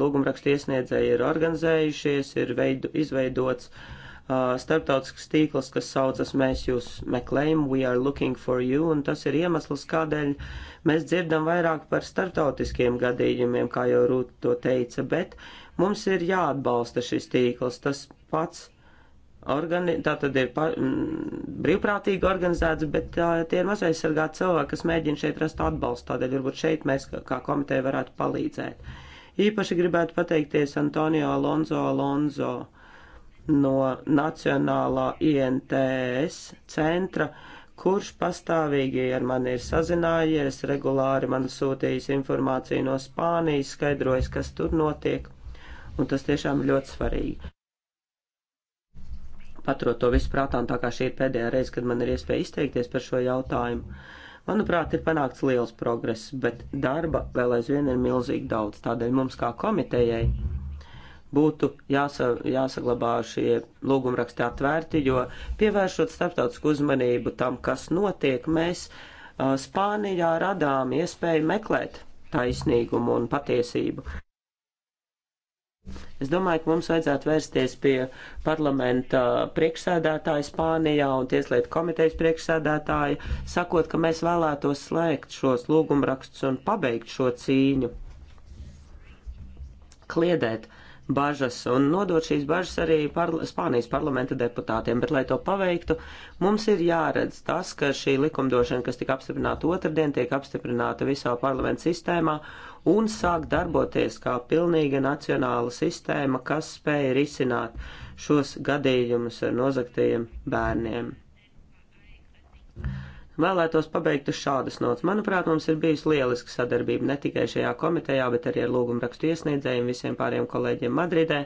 lūgumrakstu iesniedzēji ir organizējušies, ir veidu, izveidots uh, starptautisks tīkls, kas saucas Mēs jūs meklējam, We are looking for you, un tas ir iemesls, kādēļ mēs dzirdam vairāk par starptautiskiem gadījumiem, kā jau Rūt to teica, bet mums ir jāatbalsta šis tīkls. Tas pats organi tātad ir par, m, brīvprātīgi organizēts, bet tā, tie ir mazaizsargāti cilvēki, kas mēģina šeit rast atbalstu. Tādēļ varbūt šeit mēs kā, kā komiteja varētu palīdzēt. Īpaši gribētu pateikties Antonio Alonso Alonso no Nacionālā INTS centra, kurš pastāvīgi ar mani ir sazinājies, regulāri man sūtījis informāciju no Spānijas, skaidrojis, kas tur notiek. Un tas tiešām ļoti svarīgi paturot to visu prātā, un tā kā šī ir pēdējā reize, kad man ir iespēja izteikties par šo jautājumu, manuprāt, ir panākts liels progress, bet darba vēl aizvien ir milzīgi daudz. Tādēļ mums kā komitejai būtu jāsa, jāsaglabā šie lūgumraksti atvērti, jo pievēršot starptautisku uzmanību tam, kas notiek, mēs Spānijā radām iespēju meklēt taisnīgumu un patiesību. Es domāju, ka mums vajadzētu vērsties pie parlamenta priekšsēdētāja Spānijā un tieslietu komitejas priekšsēdētāja, sakot, ka mēs vēlētos slēgt šos lūgumrakstus un pabeigt šo cīņu. Kliedēt bažas un nodot šīs bažas arī par, Spānijas parlamenta deputātiem, bet, lai to paveiktu, mums ir jāredz tas, ka šī likumdošana, kas tika apstiprināta otrdien, tiek apstiprināta visā parlamenta sistēmā un sāk darboties kā pilnīga nacionāla sistēma, kas spēja risināt šos gadījumus ar nozaktajiem bērniem. Vēlētos pabeigt uz šādas nots. Manuprāt, mums ir bijusi lieliska sadarbība ne tikai šajā komitejā, bet arī ar lūgumrakstu iesniedzējiem, visiem pāriem kolēģiem Madridē.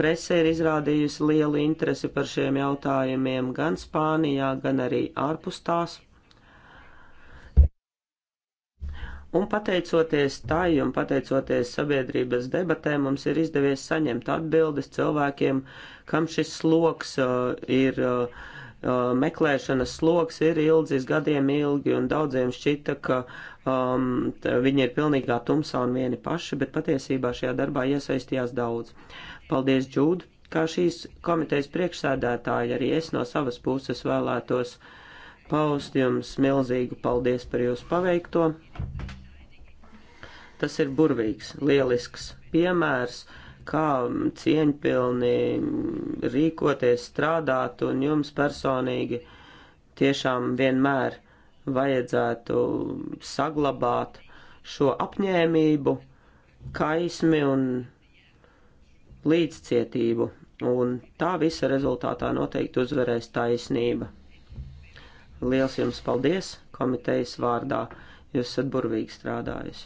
Presē ir izrādījusi lielu interesi par šiem jautājumiem gan Spānijā, gan arī ārpus tās. Un pateicoties tai un pateicoties sabiedrības debatēm, mums ir izdevies saņemt atbildes cilvēkiem, kam šis sloks uh, ir, uh, uh meklēšanas sloks ir ilgs, gadiem ilgi, un daudziem šķita, ka um, viņi ir pilnīgā tumsā un vieni paši, bet patiesībā šajā darbā iesaistījās daudz. Paldies, Džūd! Kā šīs komitejas priekšsēdētāji, arī es no savas puses vēlētos paust jums milzīgu paldies par jūsu paveikto. Tas ir burvīgs, lielisks piemērs, kā cieņpilni rīkoties, strādāt, un jums personīgi tiešām vienmēr vajadzētu saglabāt šo apņēmību, kaismi un līdzcietību, un tā visa rezultātā noteikti uzvarēs taisnība. Liels jums paldies komitejas vārdā, jūs esat burvīgi strādājis.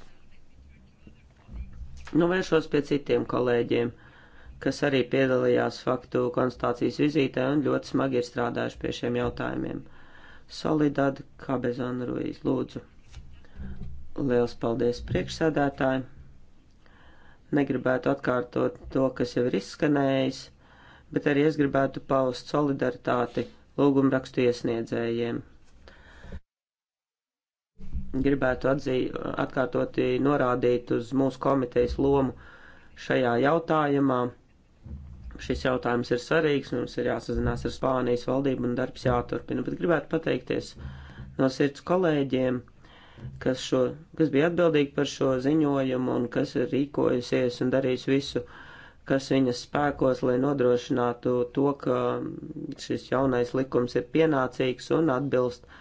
Nu, vēršos pie citiem kolēģiem, kas arī piedalījās faktu konstatācijas vizītē un ļoti smagi ir strādājuši pie šiem jautājumiem. Solidad Kabezona Ruiz, lūdzu. Liels paldies priekšsēdētāji. Negribētu atkārtot to, kas jau ir izskanējis, bet arī es gribētu paust solidaritāti lūgumrakstu iesniedzējiem gribētu atzī, atkārtoti norādīt uz mūsu komitejas lomu šajā jautājumā. Šis jautājums ir svarīgs, mums ir jāsazinās ar Spānijas valdību un darbs jāturpina, bet gribētu pateikties no sirds kolēģiem, kas, šo, kas bija atbildīgi par šo ziņojumu un kas ir rīkojusies un darījis visu, kas viņas spēkos, lai nodrošinātu to, ka šis jaunais likums ir pienācīgs un atbilst uh,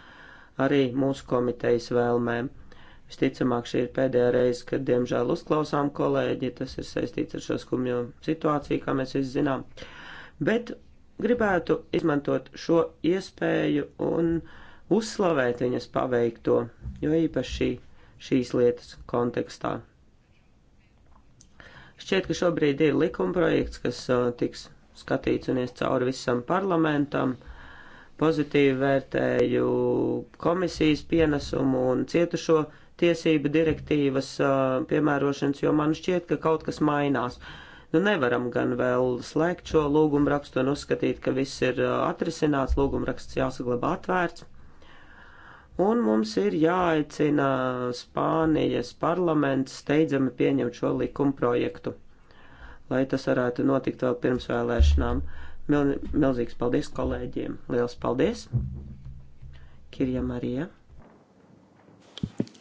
arī mūsu komitejas vēlmēm. Visticamāk, šī ir pēdējā reize, kad, diemžēl, uzklausām kolēģi, tas ir saistīts ar šo skumjo situāciju, kā mēs visi zinām. Bet gribētu izmantot šo iespēju un uzslavēt viņas paveikto, jo īpaši šīs lietas kontekstā. Šķiet, ka šobrīd ir likumprojekts, kas uh, tiks skatīts un ies cauri visam parlamentam. Uh, Pozitīvi vērtēju komisijas pienesumu un cietušo tiesību direktīvas piemērošanas, jo man šķiet, ka kaut kas mainās. Nu, nevaram gan vēl slēgt šo lūgumrakstu un uzskatīt, ka viss ir atrisināts, lūgumraksts jāsaglabā atvērts. Un mums ir jāaicina Spānijas parlaments steidzami pieņemt šo likuma projektu, lai tas varētu notikt vēl pirms vēlēšanām. Uh, Mil, milzīgs paldies kolēģiem. Liels paldies. Kirja Marija.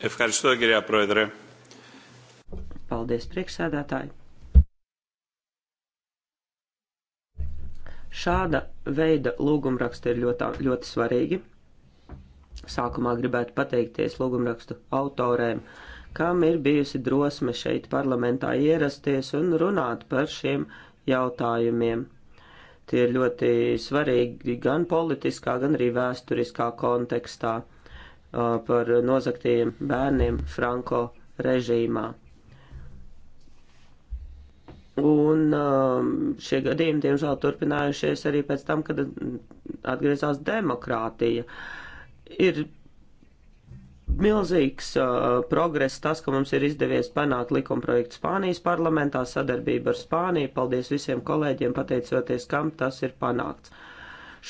Ευχαριστώ, κυρία Πρόεδρε. Paldies, priekšsēdētāji. Šāda veida lūgumraksti ir ļoti, ļoti svarīgi. Sākumā gribētu pateikties lūgumrakstu autorēm, kam ir bijusi drosme šeit parlamentā ierasties un runāt par šiem jautājumiem. Tie ir ļoti svarīgi gan politiskā, gan arī vēsturiskā kontekstā uh, par nozaktiem bērniem Franko režīmā. Un um, šie gadījumi, diemžēl, turpinājušies arī pēc tam, kad atgriezās demokrātija. Ir Milzīgs uh, progress tas, ka mums ir izdevies panākt likumprojektu Spānijas parlamentā, sadarbība ar Spāniju. Paldies visiem kolēģiem, pateicoties, kam tas ir panākts.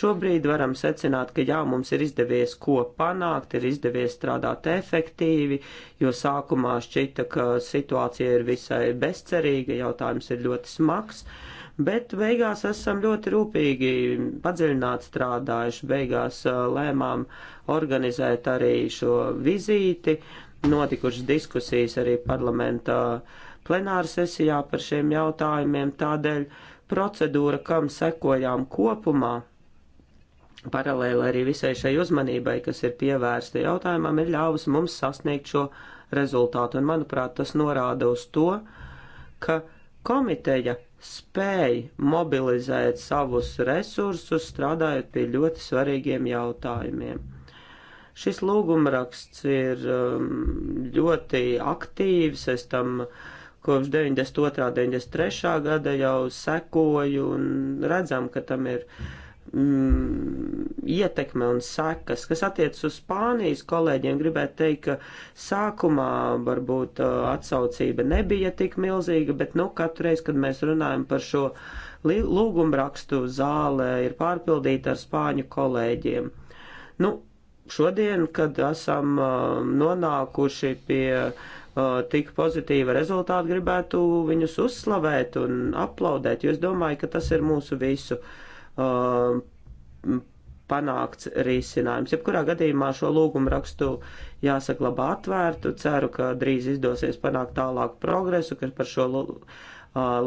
Šobrīd varam secināt, ka jā, mums ir izdevies ko panākt, ir izdevies strādāt efektīvi, jo sākumā šķita, ka situācija ir visai bezcerīga, jautājums ir ļoti smags. Uh, bet beigās esam ļoti rūpīgi padziļināt strādājuši. Beigās lēmām organizēt arī šo vizīti, notikušas diskusijas arī parlamentā plenāra sesijā par šiem jautājumiem. Tādēļ procedūra, kam sekojām kopumā, paralēli arī visai šai uzmanībai, kas ir pievērsta jautājumam, ir ļāvusi mums sasniegt šo rezultātu. Un, manuprāt, tas norāda uz to, ka komiteja spēj mobilizēt savus resursus, strādājot pie ļoti svarīgiem jautājumiem. Šis lūgumraksts ir um, ļoti aktīvs, es tam kopš 92. un 93. gada jau sekoju un redzam, ka tam ir mm, ietekme un sekas. Kas attiecas uz Spānijas kolēģiem, gribētu teikt, ka sākumā varbūt uh, atsaucība nebija tik milzīga, bet nu katru reizi, kad mēs runājam par šo lūgumrakstu zālē, ir pārpildīta ar spāņu kolēģiem. Nu, šodien, kad esam uh, nonākuši pie uh, tik pozitīva rezultāta, gribētu viņus uzslavēt un aplaudēt, jo es domāju, ka tas ir mūsu visu uh, uh, panākts risinājums. Jebkurā gadījumā šo lūgumu rakstu jāsaklabā atvērtu. Ceru, ka drīz izdosies panākt tālāku progresu, ka par šo uh,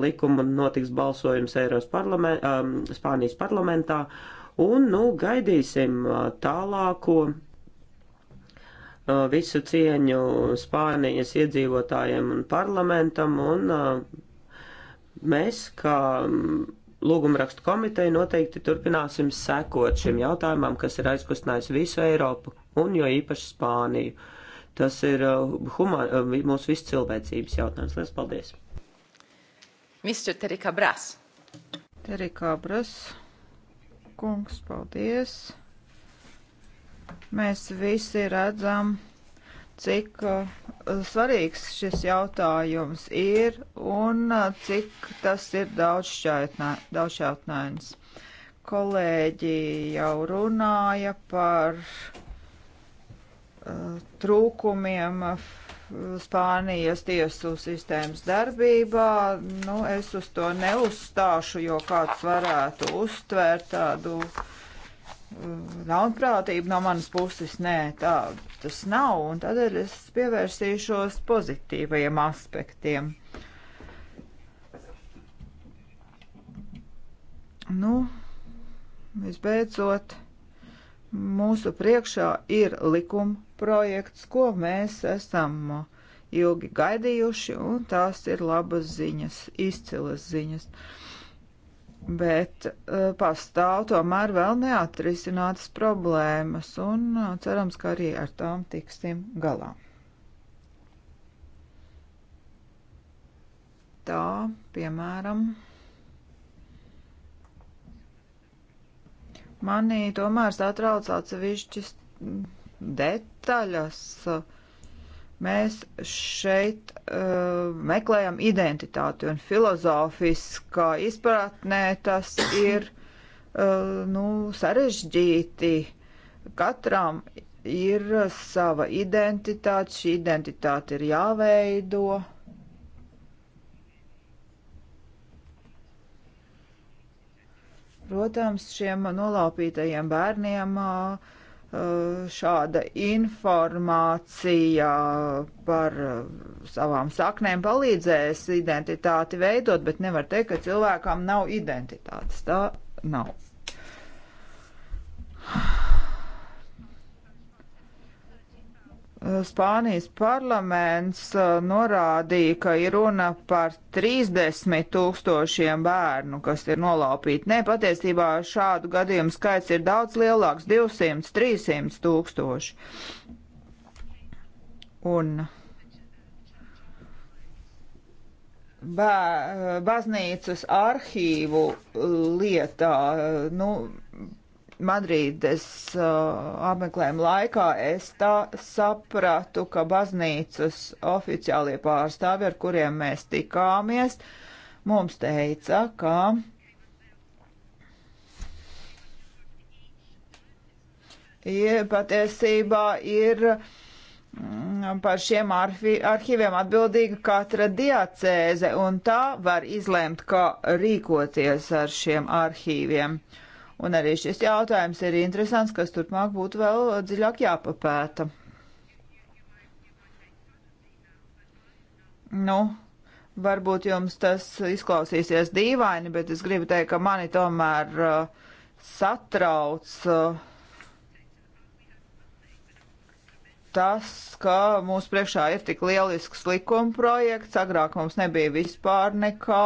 likumu notiks balsojums Eiros parlament, um, Spānijas parlamentā. Un, nu, gaidīsim uh, tālāko uh, visu cieņu Spānijas iedzīvotājiem un parlamentam. Un, uh, mēs, kā. Um, Lūgumrakstu komiteja noteikti turpināsim sekot šim jautājumam, kas ir aizkustinājis visu Eiropu un jo īpaši Spāniju. Tas ir uh, human, uh, mūsu visu cilvēcības jautājums. Lielas paldies! Mr. Terika Brās. Terika Brās. Kungs, paldies! Mēs visi redzam cik uh, svarīgs šis jautājums ir un uh, cik tas ir daudzšķautnēns. Kolēģi jau runāja par uh, trūkumiem Spānijas tiesu sistēmas darbībā. Nu, es uz to neuzstāšu, jo kāds varētu uztvērt tādu uh, ļaunprātība no manas puses, nē, tā tas nav, un tādēļ es pievērsīšos pozitīvajiem aspektiem. Nu, visbeidzot, mūsu priekšā ir likuma projekts, ko mēs esam ilgi gaidījuši, un tās ir labas ziņas, izcilas ziņas. Uh, bet uh, pastāv tomēr vēl neatrisinātas problēmas, un uh, cerams, ka arī ar tām tiksim galā. Tā, piemēram, manī tomēr satrauc atsevišķas mm, detaļas. Uh, Mēs šeit uh, meklējam identitāti un filozofiskā izpratnē tas ir uh, nu, sarežģīti. Katram ir sava identitāte, šī identitāte ir jāveido. Protams, šiem nolaupītajiem bērniem uh, Eh, šāda informācija par eh, savām saknēm palīdzēs identitāti veidot, bet nevar teikt, ka cilvēkam nav identitātes. Tā nav. Spānijas parlaments uh, norādīja, ka ir runa par 30 tūkstošiem bērnu, kas ir nolaupīti. Nē, patiesībā šādu gadījumu skaits ir daudz lielāks - 200, 300 tūkstoši. Un baznīcas arhīvu lietā, nu, Madrīdes uh, apmeklējuma laikā es tā sapratu, ka baznīcas oficiālie pārstāvi, ar kuriem mēs tikāmies, mums teica, ka ir, patiesībā ir mm, par šiem arhi, arhīviem atbildīga katra diacēze, un tā var izlēmt, kā rīkoties ar šiem arhīviem. Uh, Un arī šis jautājums ir interesants, kas turpmāk būtu vēl dziļāk jāpapēta. Nu, Varbūt jums tas izklausīsies dīvaini, bet es gribu teikt, ka mani tomēr uh, satrauc uh, tas, ka mūsu priekšā ir tik lielisks likuma projekts, agrāk mums nebija vispār nekā,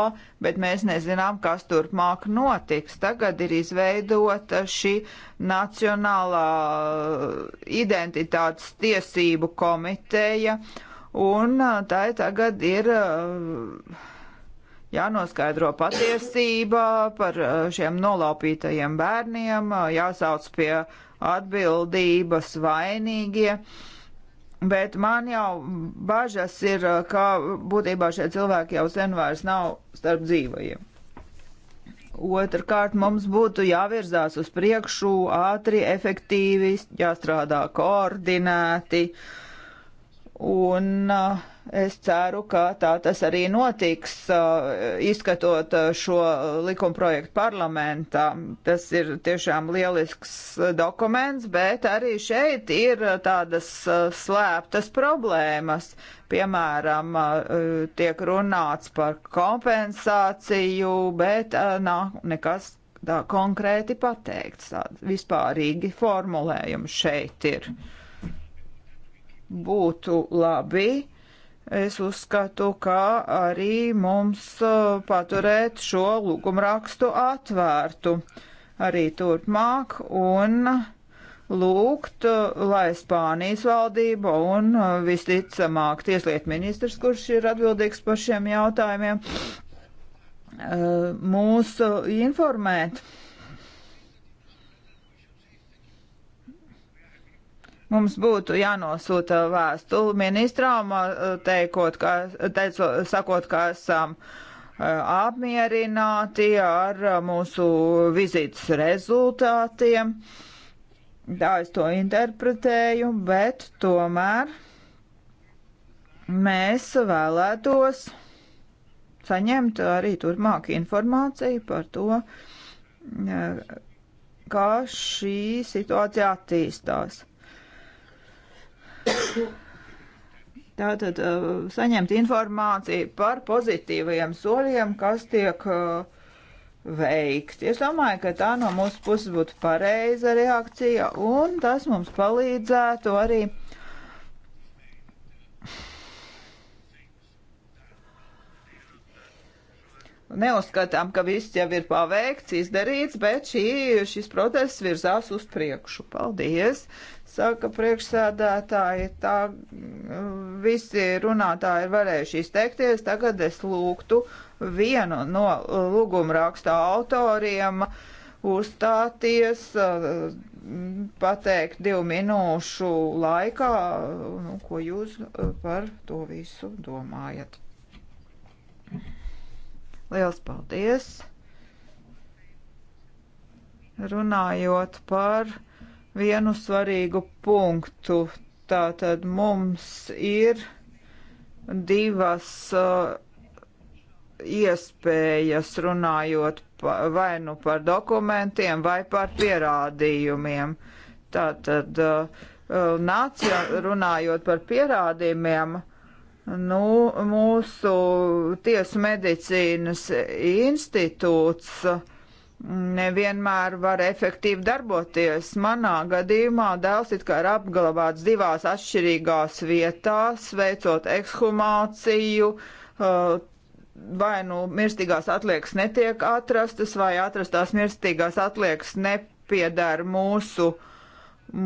bet mēs nezinām, kas turpmāk notiks. Tagad ir izveidota šī Nacionālā identitātes tiesību komiteja, un uh, tā tagad ir uh, jānoskaidro patiesība par uh, šiem nolaupītajiem bērniem, jāsauc pie atbildības vainīgie. Bet man jau bažas ir, eh, ka būtībā šie cilvēki jau sen vairs nav starp dzīvajiem. Otrkārt, mums būtu jāvirzās uz priekšu ātri, efektīvi, jāstrādā koordinēti. Un uh, es ceru, ka tā tas arī notiks, izskatot šo likumprojektu parlamentā. Tas ir tiešām lielisks dokuments, bet arī šeit ir tādas slēptas problēmas. Piemēram, tiek runāts par kompensāciju, bet nav nekas tā konkrēti pateikts. Tāda vispārīgi formulējumi šeit ir. Būtu labi, Es uzskatu, ka arī mums uh, paturēt šo lūgumrakstu atvērtu arī turpmāk un lūgt, uh, lai Spānijas valdība un uh, visticamāk tieslietu ministrs, kurš ir atbildīgs par šiem jautājumiem, mūs informēt Mums būtu jānosūta vēstuli ministrām, eh, teikot, ka, teico, sakot, ka esam eh, apmierināti ar eh, mūsu vizītes rezultātiem. Tā es to interpretēju, bet tomēr mēs vēlētos saņemt arī turpmāk informāciju par to, kā šī situācija attīstās. Tātad uh, saņemt informāciju par pozitīvajiem soļiem, kas tiek uh, veikti. Es domāju, ka tā no mūsu puses būtu pareiza reakcija, un tas mums palīdzētu arī neuzskatām, ka viss jau ir paveikts, izdarīts, bet šī, šis process virzās uz priekšu. Paldies! Saka priekšsēdētāji, tā mm, visi runātāji ir varējuši izteikties. Tagad es lūgtu vienu no lūgumraksta autoriem uzstāties, pateikt divu minūšu laikā, nu, ko jūs par to visu domājat. Liels paldies! Runājot par vienu svarīgu punktu. Tātad mums ir divas uh, iespējas runājot pa, vai nu par dokumentiem, vai par pierādījumiem. Tātad uh, uh nācija, runājot par pierādījumiem, nu, mūsu tiesu medicīnas institūts uh, nevienmēr var efektīvi darboties. Manā gadījumā dēls it kā ir apglabāts divās atšķirīgās vietās, veicot ekshumāciju, uh, vai nu mirstīgās atliekas netiek atrastas, vai atrastās mirstīgās atliekas nepiedara mūsu,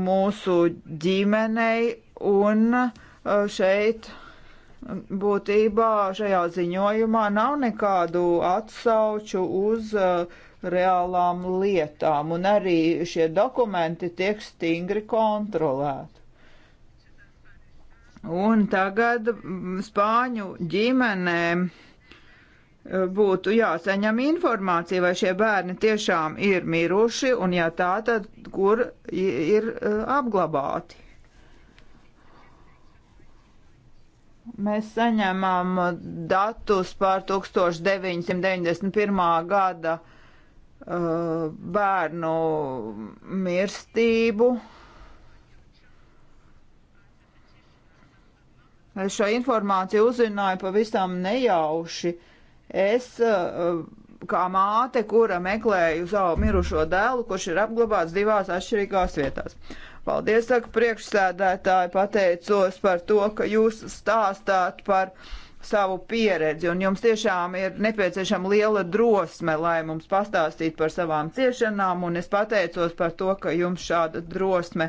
mūsu ģimenei, un uh, šeit būtībā šajā ziņojumā nav nekādu atsauču uz uh, reālām lietām, un arī šie dokumenti tiek stingri kontrolēti. Un tagad mm, spāņu ģimenēm eh, būtu jāsaņem informācija, vai šie bērni tiešām ir miruši, un ja tā, tad kur ir eh, apglabāti. Mēs saņemam datus par 1991. gada uh, Uh, bērnu mirstību. Es šo informāciju uzzināju pavisam nejauši. Es, uh, kā māte, kura meklēju savu mirušo dēlu, kurš ir apglabāts divās atšķirīgās vietās. Paldies, saka priekšsēdētāji, pateicos par to, ka jūs stāstāt par uh, savu pieredzi, un jums tiešām ir nepieciešama liela drosme, lai mums pastāstītu par savām ciešanām, un es pateicos par to, ka jums šāda drosme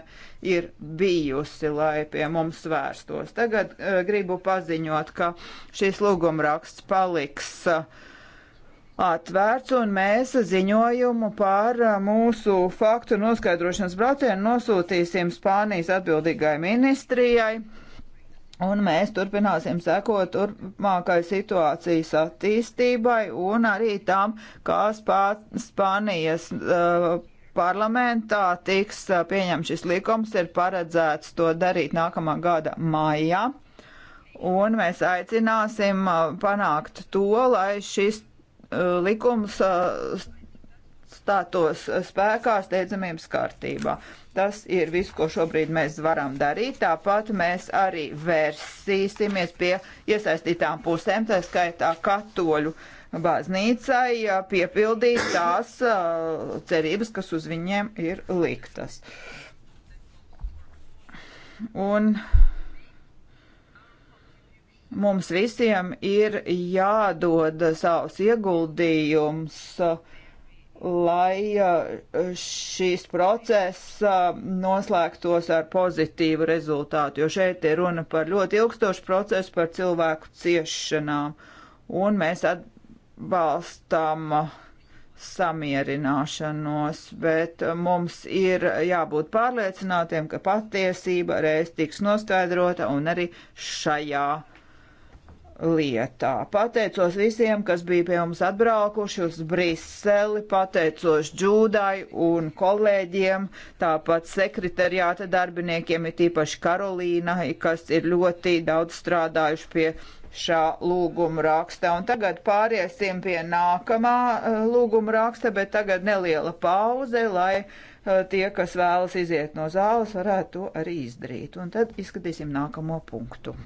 ir bijusi, lai pie mums vērstos. Tagad uh, gribu paziņot, ka šis lūgumraksts paliks uh, atvērts, un mēs ziņojumu par uh, mūsu faktu noskaidrošanas braucienu nosūtīsim Spānijas atbildīgai ministrijai Un mēs turpināsim sekot turpmākai situācijas attīstībai un arī tam, kā Spā Spānijas uh, parlamentā tiks uh, pieņemts šis likums, ir paredzēts to darīt nākamā gada maijā. Un mēs aicināsim uh, panākt to, lai šis uh, likums uh, stātos spēkā steidzamības kārtībā. Tas ir viss, ko šobrīd mēs varam darīt. Tāpat mēs arī vērsīsimies pie iesaistītām pusēm, tā skaitā katoļu baznīcai, piepildīt tās cerības, kas uz viņiem ir liktas. Un mums visiem ir jādod savs ieguldījums uh, lai šīs procesa noslēgtos ar pozitīvu rezultātu, jo šeit ir runa par ļoti ilgstošu procesu, par cilvēku ciešanām, un mēs atbalstām samierināšanos, bet mums ir jābūt pārliecinātiem, ka patiesība reiz tiks noskaidrota un arī šajā lietā. Pateicos visiem, kas bija pie mums atbraukuši uz Briseli, pateicos Džūdai un kolēģiem, tāpat sekretariāta darbiniekiem, ir tīpaši Karolīnai, kas ir ļoti daudz strādājuši pie šā lūguma raksta. Un tagad pāriesim pie nākamā eh, lūguma raksta, bet tagad neliela pauze, lai eh, tie, kas vēlas iziet no zāles, varētu to arī izdarīt. Un tad izskatīsim nākamo punktu.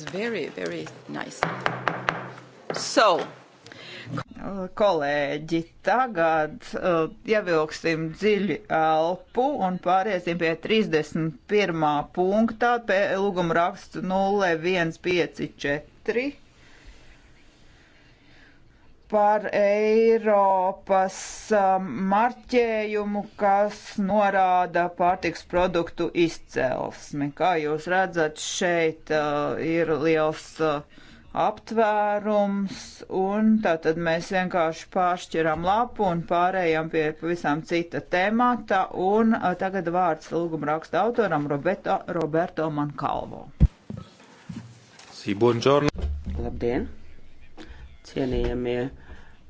is very, very nice. So. Kolēģi, tagad uh, ievilksim dziļi elpu un pāriesim pie 31. punktā, pie lūguma rakstu 0154 par Eiropas um, marķējumu, kas norāda pārtiks produktu izcelsmi. Kā jūs redzat, šeit uh, ir liels uh, aptvērums, un tātad mēs vienkārši pāršķiram lapu un pārējām pie pavisam cita temata, un uh, tagad vārds lūguma raksta autoram Roberto, Roberto Mankalvo. Sī, buongiorno. Labdien! cienījamie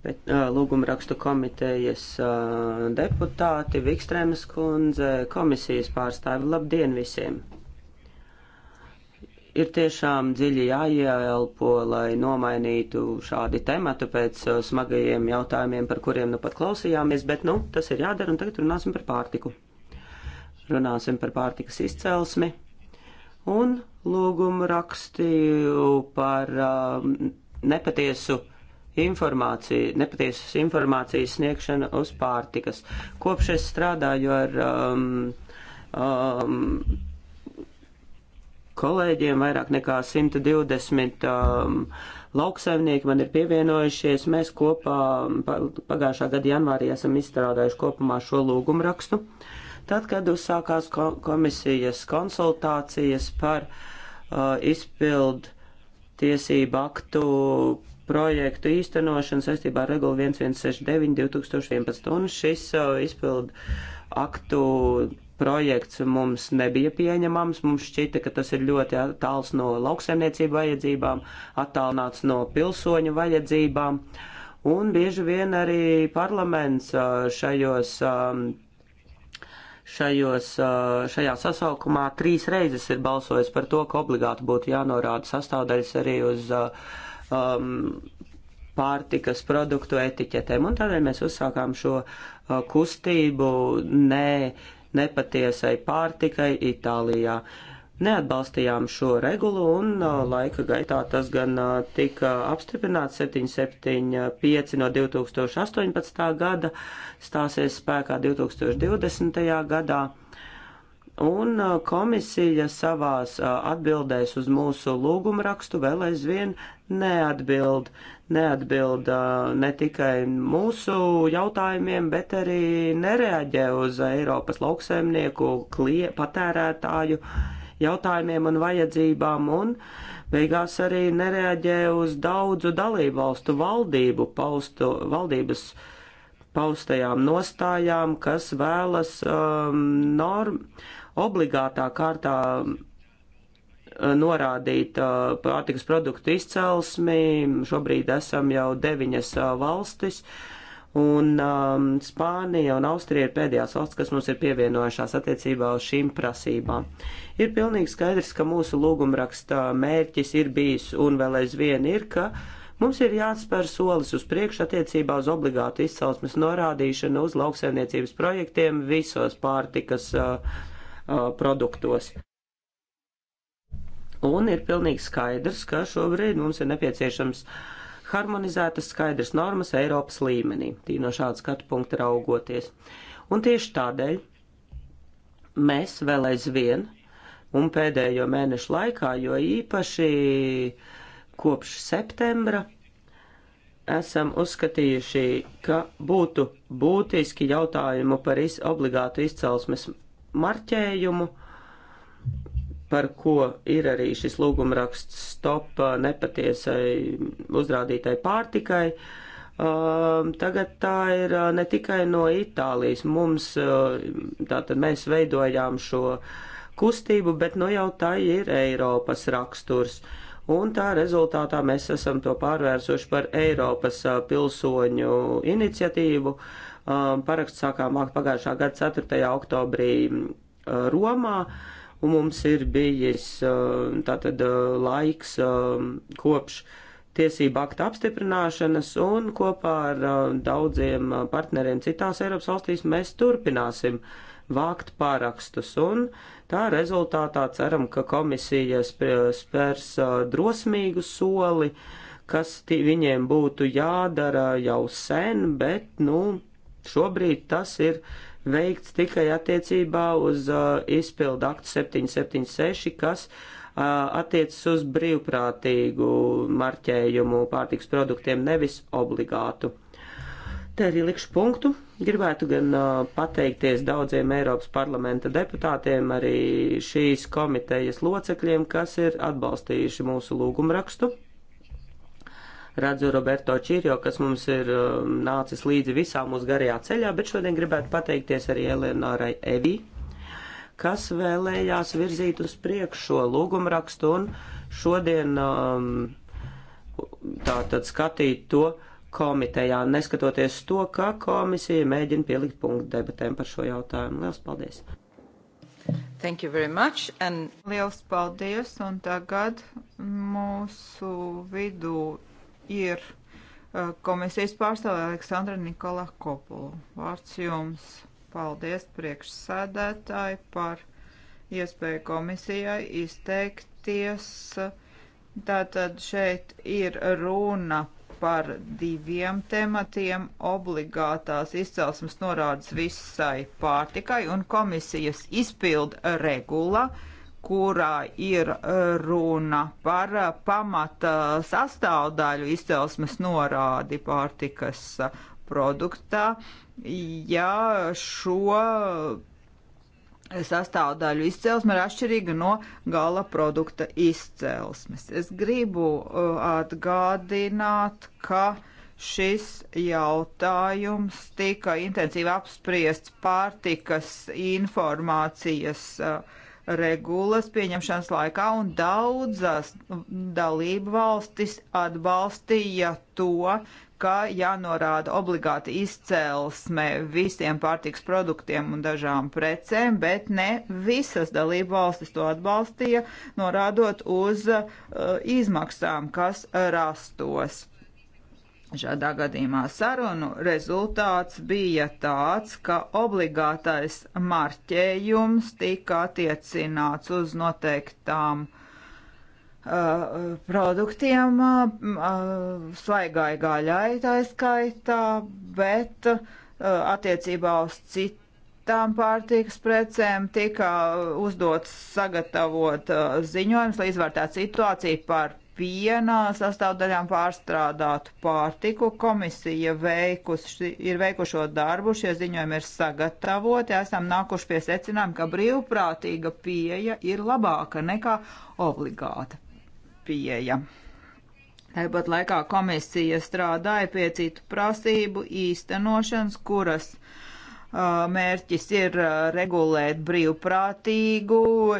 bet, uh, lūgumrakstu komitejas uh, deputāti, Vikstrēmas kundze, komisijas pārstāvi. Labdien visiem! Ir tiešām dziļi jāieelpo, lai nomainītu šādi tematu pēc uh, smagajiem jautājumiem, par kuriem nu pat klausījāmies, bet, nu, tas ir jādara, un tagad runāsim par pārtiku. Runāsim par pārtikas izcelsmi un lūgumu rakstīju par uh, nepatiesu informāciju, nepatiesas informācijas sniegšana uz pārtikas. Kopš es strādāju ar um, um, kolēģiem, vairāk nekā 120 um, lauksaimnieki man ir pievienojušies. Mēs kopā um, pagājušā gada janvārī esam izstrādājuši kopumā šo lūgumu rakstu. Tad, kad uzsākās komisijas konsultācijas par uh, izpildu tiesību aktu projektu īstenošanu saistībā ar regulu 1169 2011. Un šis uh, izpildu aktu projekts mums nebija pieņemams. Mums šķita, ka tas ir ļoti tāls no lauksaimniecību vajadzībām, attālināts no pilsoņu vajadzībām. Un bieži vien arī parlaments šajos šajos, šajā sasaukumā trīs reizes ir balsojis par to, ka obligāti būtu jānorāda sastāvdaļas arī uz um, pārtikas produktu etiķetēm. Un tādēļ mēs uzsākām šo uh, kustību ne, nepatiesai pārtikai Itālijā. Uh, neatbalstījām šo regulu un laika gaitā tas gan tika apstiprināts 775 no 2018. gada, stāsies spēkā 2020. gadā. Un komisija savās atbildēs uz mūsu lūgumu rakstu vēl aizvien neatbild. Neatbild ne tikai mūsu jautājumiem, bet arī nereaģē uz Eiropas lauksaimnieku, klie, patērētāju uh, jautājumiem un vajadzībām, un beigās arī nereaģē uz daudzu dalību valstu valdību paustu, valdības paustajām nostājām, kas vēlas um, norm, obligātā kārtā um, norādīt uh, pārtikas produktu izcelsmi. Šobrīd esam jau deviņas uh, valstis. Uh, Un um, Spānija un Austrija ir pēdējās valsts, kas mums ir pievienojušās attiecībā uz šīm prasībām. Ir pilnīgi skaidrs, ka mūsu lūgumraksta mērķis ir bijis un vēl aizvien ir, ka mums ir jāatspēr solis uz priekšu attiecībā uz obligātu izcelsmes norādīšanu uz lauksaimniecības projektiem visos pārtikas uh, uh, produktos. Un ir pilnīgi skaidrs, ka šobrīd mums ir nepieciešams uh, harmonizētas skaidras normas Eiropas līmenī, tī no šāda skatu punkta raugoties. Un tieši tādēļ mēs vēl aizvien un pēdējo mēnešu laikā, jo īpaši kopš septembra, esam uzskatījuši, ka būtu būtiski jautājumu par iz, obligātu izcelsmes marķējumu par ko ir arī šis lūgumraksts stop uh, nepatiesai uzrādītai pārtikai. Um, tagad tā ir uh, ne tikai no Itālijas. Mums, uh, tātad mēs veidojām šo kustību, bet no nu jau tā ir Eiropas raksturs. Un tā rezultātā mēs esam to pārvērsuši par Eiropas pilsoņu iniciatīvu. Um, paraksts sākām vākt pagājušā gada 4. oktobrī Romā. Uh, un mums ir bijis uh, tātad uh, laiks um, kopš tiesību akta apstiprināšanas, un kopā ar uh, daudziem partneriem citās Eiropas valstīs mēs turpināsim vākt pārakstus, un tā rezultātā ceram, ka komisija spērs drosmīgu soli, kas viņiem būtu jādara jau sen, bet, nu, šobrīd tas ir veikts tikai attiecībā uz uh, izpildu aktu 776, kas uh, attiecas uz brīvprātīgu marķējumu pārtiks produktiem, nevis obligātu. Te arī likšu punktu. Gribētu gan uh, pateikties daudziem Eiropas parlamenta deputātiem, arī šīs komitejas locekļiem, kas ir atbalstījuši mūsu lūgumrakstu redzu Roberto Čīrio, kas mums ir um, nācis līdzi visā mūsu garajā ceļā, bet šodien gribētu pateikties arī Eleonorai Evi, kas vēlējās virzīt uz priekšu šo lūgumrakstu un šodien um, tātad skatīt to komitejā, neskatoties to, ka komisija mēģina pielikt punktu debatēm par šo jautājumu. Lielas paldies! Thank you very much. And... Liels paldies, un tagad mūsu vidū ir uh, komisijas pārstāvja Aleksandra Nikola Kopulu. Vārds jums. Paldies priekšsēdētāji par iespēju komisijai izteikties. Tātad šeit ir runa par diviem tematiem - obligātās izcelsmes norādes visai pārtikai un komisijas izpildu regula. Uh, kurā ir uh, runa par uh, pamata sastāvdaļu izcelsmes norādi pārtikas uh, produktā, ja šo sastāvdaļu izcelsme ir atšķirīga no gala produkta izcelsmes. Es gribu atgādināt, ka šis jautājums tika intensīvi apspriests pārtikas informācijas uh, regulas pieņemšanas laikā, un daudzas dalību valstis atbalstīja to, ka jānorāda obligāti izcelsme visiem pārtiks produktiem un dažām precēm, bet ne visas dalību valstis to atbalstīja, norādot uz uh, izmaksām, kas rastos. Šādā gadījumā sarunu rezultāts bija tāds, ka obligātais marķējums tika attiecināts uz noteiktām uh, produktiem, uh, uh svaigai gaļai tā skaitā, bet uh, attiecībā uz citām pārtīkas precēm tika uzdots sagatavot uh, ziņojums, lai izvērtētu situāciju par piena sastāvdaļām pārstrādātu pārtiku. Komisija veikusi, ir veikušo darbu, šie ziņojumi ir sagatavoti. Esam nākuši pie secinājuma, ka brīvprātīga pieeja ir labāka nekā obligāta pieeja. Tāpat laikā komisija strādāja pie citu prasību īstenošanas, kuras uh, mērķis ir regulēt brīvprātīgu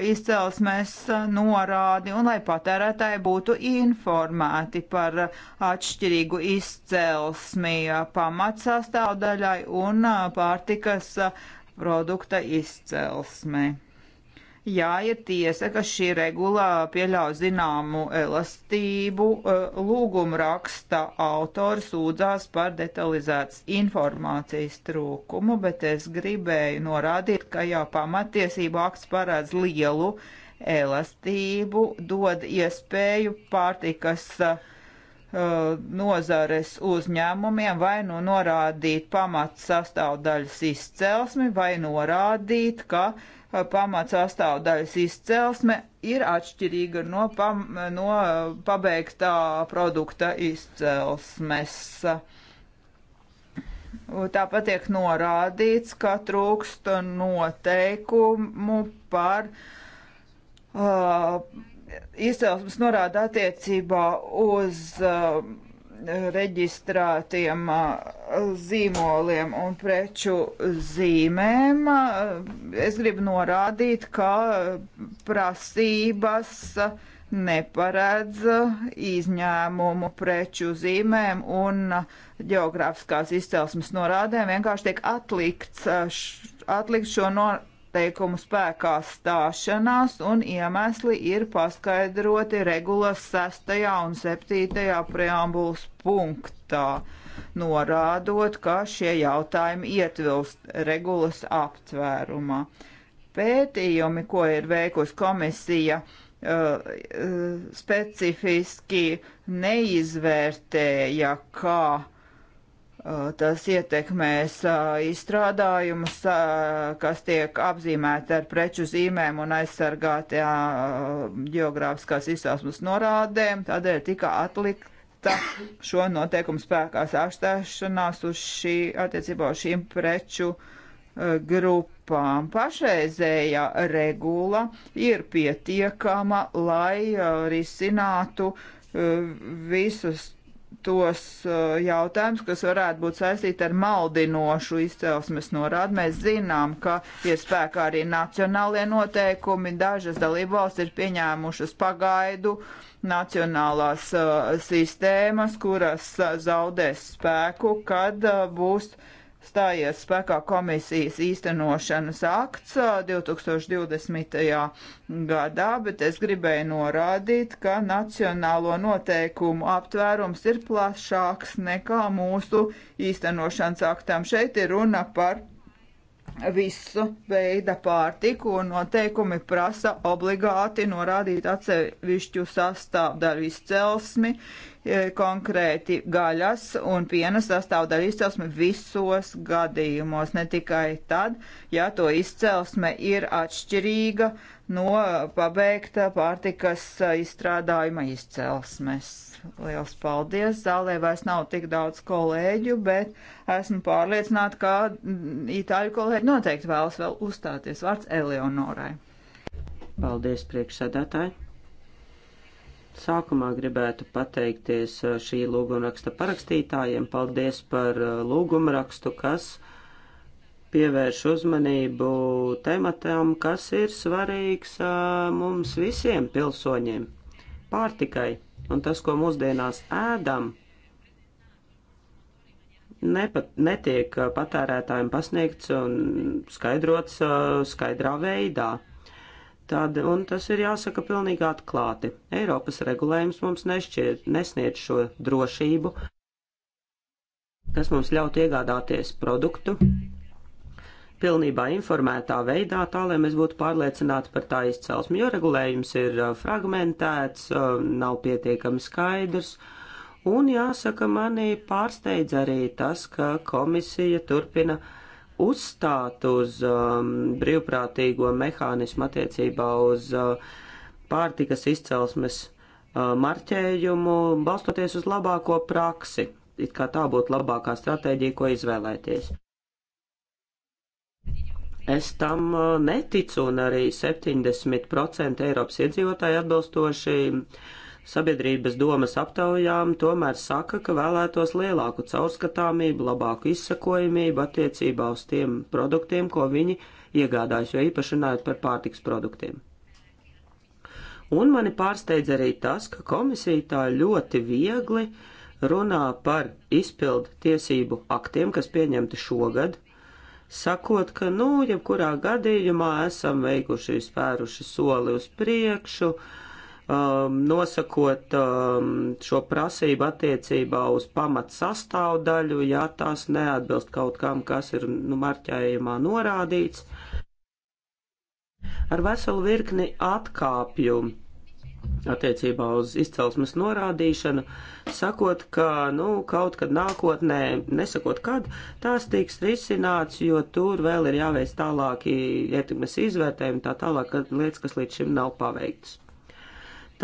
izcelsmes norādi un lai patērētāji būtu informēti par atšķirīgu izcelsmi pamatsastāvdaļai un pārtikas produkta izcelsmi jāiet tiesa, ka šī regulā pieļauj zināmu elastību. Eh, lūguma raksta autors sūdzās par detalizētas informācijas trūkumu, bet es gribēju norādīt, ka jau pamatiesība akts parāds lielu elastību, dod iespēju pārtikas eh, nozares uzņēmumiem vai nu norādīt pamats sastāvdaļas izcelsmi, vai norādīt, ka uh, pamatsastāvdaļas izcelsme ir atšķirīga no, pam, no pabeigtā produkta izcelsmes. Tāpat tiek norādīts, ka trūkst noteikumu par uh, izcelsmes norāda attiecībā uz uh, reģistrētiem zīmoliem un preču zīmēm, es gribu norādīt, ka prasības neparedz izņēmumu preču zīmēm un geogrāfiskās izcelsmes norādēm, vienkārši tiek atlikts, atlikt šo norādījumu noteikumu spēkā stāšanās un iemesli ir paskaidroti regulas 6. un 7. preambulas punktā, norādot, ka šie jautājumi ietvilst regulas aptvērumā. Pētījumi, ko ir veikusi komisija, uh, specifiski neizvērtēja, kā Eh, tas ietekmēs eh, izstrādājumus, eh, kas tiek apzīmēti ar preču zīmēm un aizsargāti geogrāfiskās izcelsmes norādēm. Tādēļ tika atlikta šo noteikumu spēkā sākstāšanās uz šī, attiecībā uz šīm preču grupām. Pašreizējā regula ir pietiekama, lai risinātu visus tos eh, jautājumus, kas varētu būt saistīti ar maldinošu izcelsmes norādi. Mēs zinām, ka ir spēkā arī nacionālie noteikumi. Dažas dalībvalsts ir pieņēmušas pagaidu nacionālās uh, sistēmas, kuras uh, zaudēs spēku, kad uh, būs uh, stājies spēkā komisijas īstenošanas akts 2020. gadā, bet es gribēju norādīt, ka nacionālo noteikumu aptvērums ir plašāks nekā mūsu īstenošanas aktām. Šeit ir runa par visu veidu pārtiku un noteikumi prasa obligāti norādīt atsevišķu sastāvdaļu izcelsmi, e, konkrēti gaļas un piena sastāvdaļu izcelsmi visos gadījumos, ne tikai tad, ja to izcelsme ir atšķirīga no pabeigta pārtikas e, izstrādājuma izcelsmes. Liels paldies! Zālē vairs nav tik daudz kolēģu, bet esmu pārliecināta, ka itāļu kolēģi noteikti vēlas vēl uzstāties. Vārds Eleonorai. Paldies, priekšsēdētāji! Sākumā gribētu pateikties uh, šī lūgumraksta parakstītājiem. Paldies par uh, lūgumrakstu, kas pievērš uzmanību tematam, kas ir svarīgs uh, mums visiem pilsoņiem - pārtikai Un tas, ko mūsdienās ēdam, nepat, netiek patērētājiem pasniegts un skaidrots skaidrā veidā. Tad, un tas ir jāsaka pilnīgi atklāti. Eiropas regulējums mums nešķiet, nesniedz šo drošību, kas mums ļaut iegādāties produktu, pilnībā informētā veidā, tā lai mēs būtu pārliecināti par tā izcelsmi, jo regulējums ir uh, fragmentēts, uh, nav pietiekami skaidrs. Un jāsaka, manī pārsteidz arī tas, ka komisija turpina uzstāt uz um, brīvprātīgo mehānismu attiecībā uz uh, pārtikas izcelsmes uh, marķējumu, balstoties uz labāko praksi. It kā tā būtu labākā stratēģija, ko izvēlēties. Es tam uh, neticu, un arī 70% Eiropas iedzīvotāji atbilstoši sabiedrības domas aptaujām tomēr saka, ka vēlētos lielāku caurskatāmību, labāku izsakojamību attiecībā uz tiem produktiem, ko viņi iegādājas, jo īpaši runājot par pārtiks produktiem. Un mani pārsteidz arī tas, ka komisija tā ļoti viegli runā par izpildu tiesību aktiem, kas pieņemti šogad, sakot, ka, nu, jebkurā gadījumā esam veikuši spēruši soli uz priekšu, um, nosakot um, šo prasību attiecībā uz pamat sastāvdaļu, ja tās neatbilst kaut kam, kas ir, nu, marķējumā norādīts ar veselu virkni atkāpju attiecībā uz izcelsmes norādīšanu, sakot, ka nu, kaut kad nākotnē, nesakot kad, tās tiks risināts, jo tur vēl ir jāveic tālāki ietekmes izvērtējumi, tā tālāk lietas, kas līdz šim nav paveikts.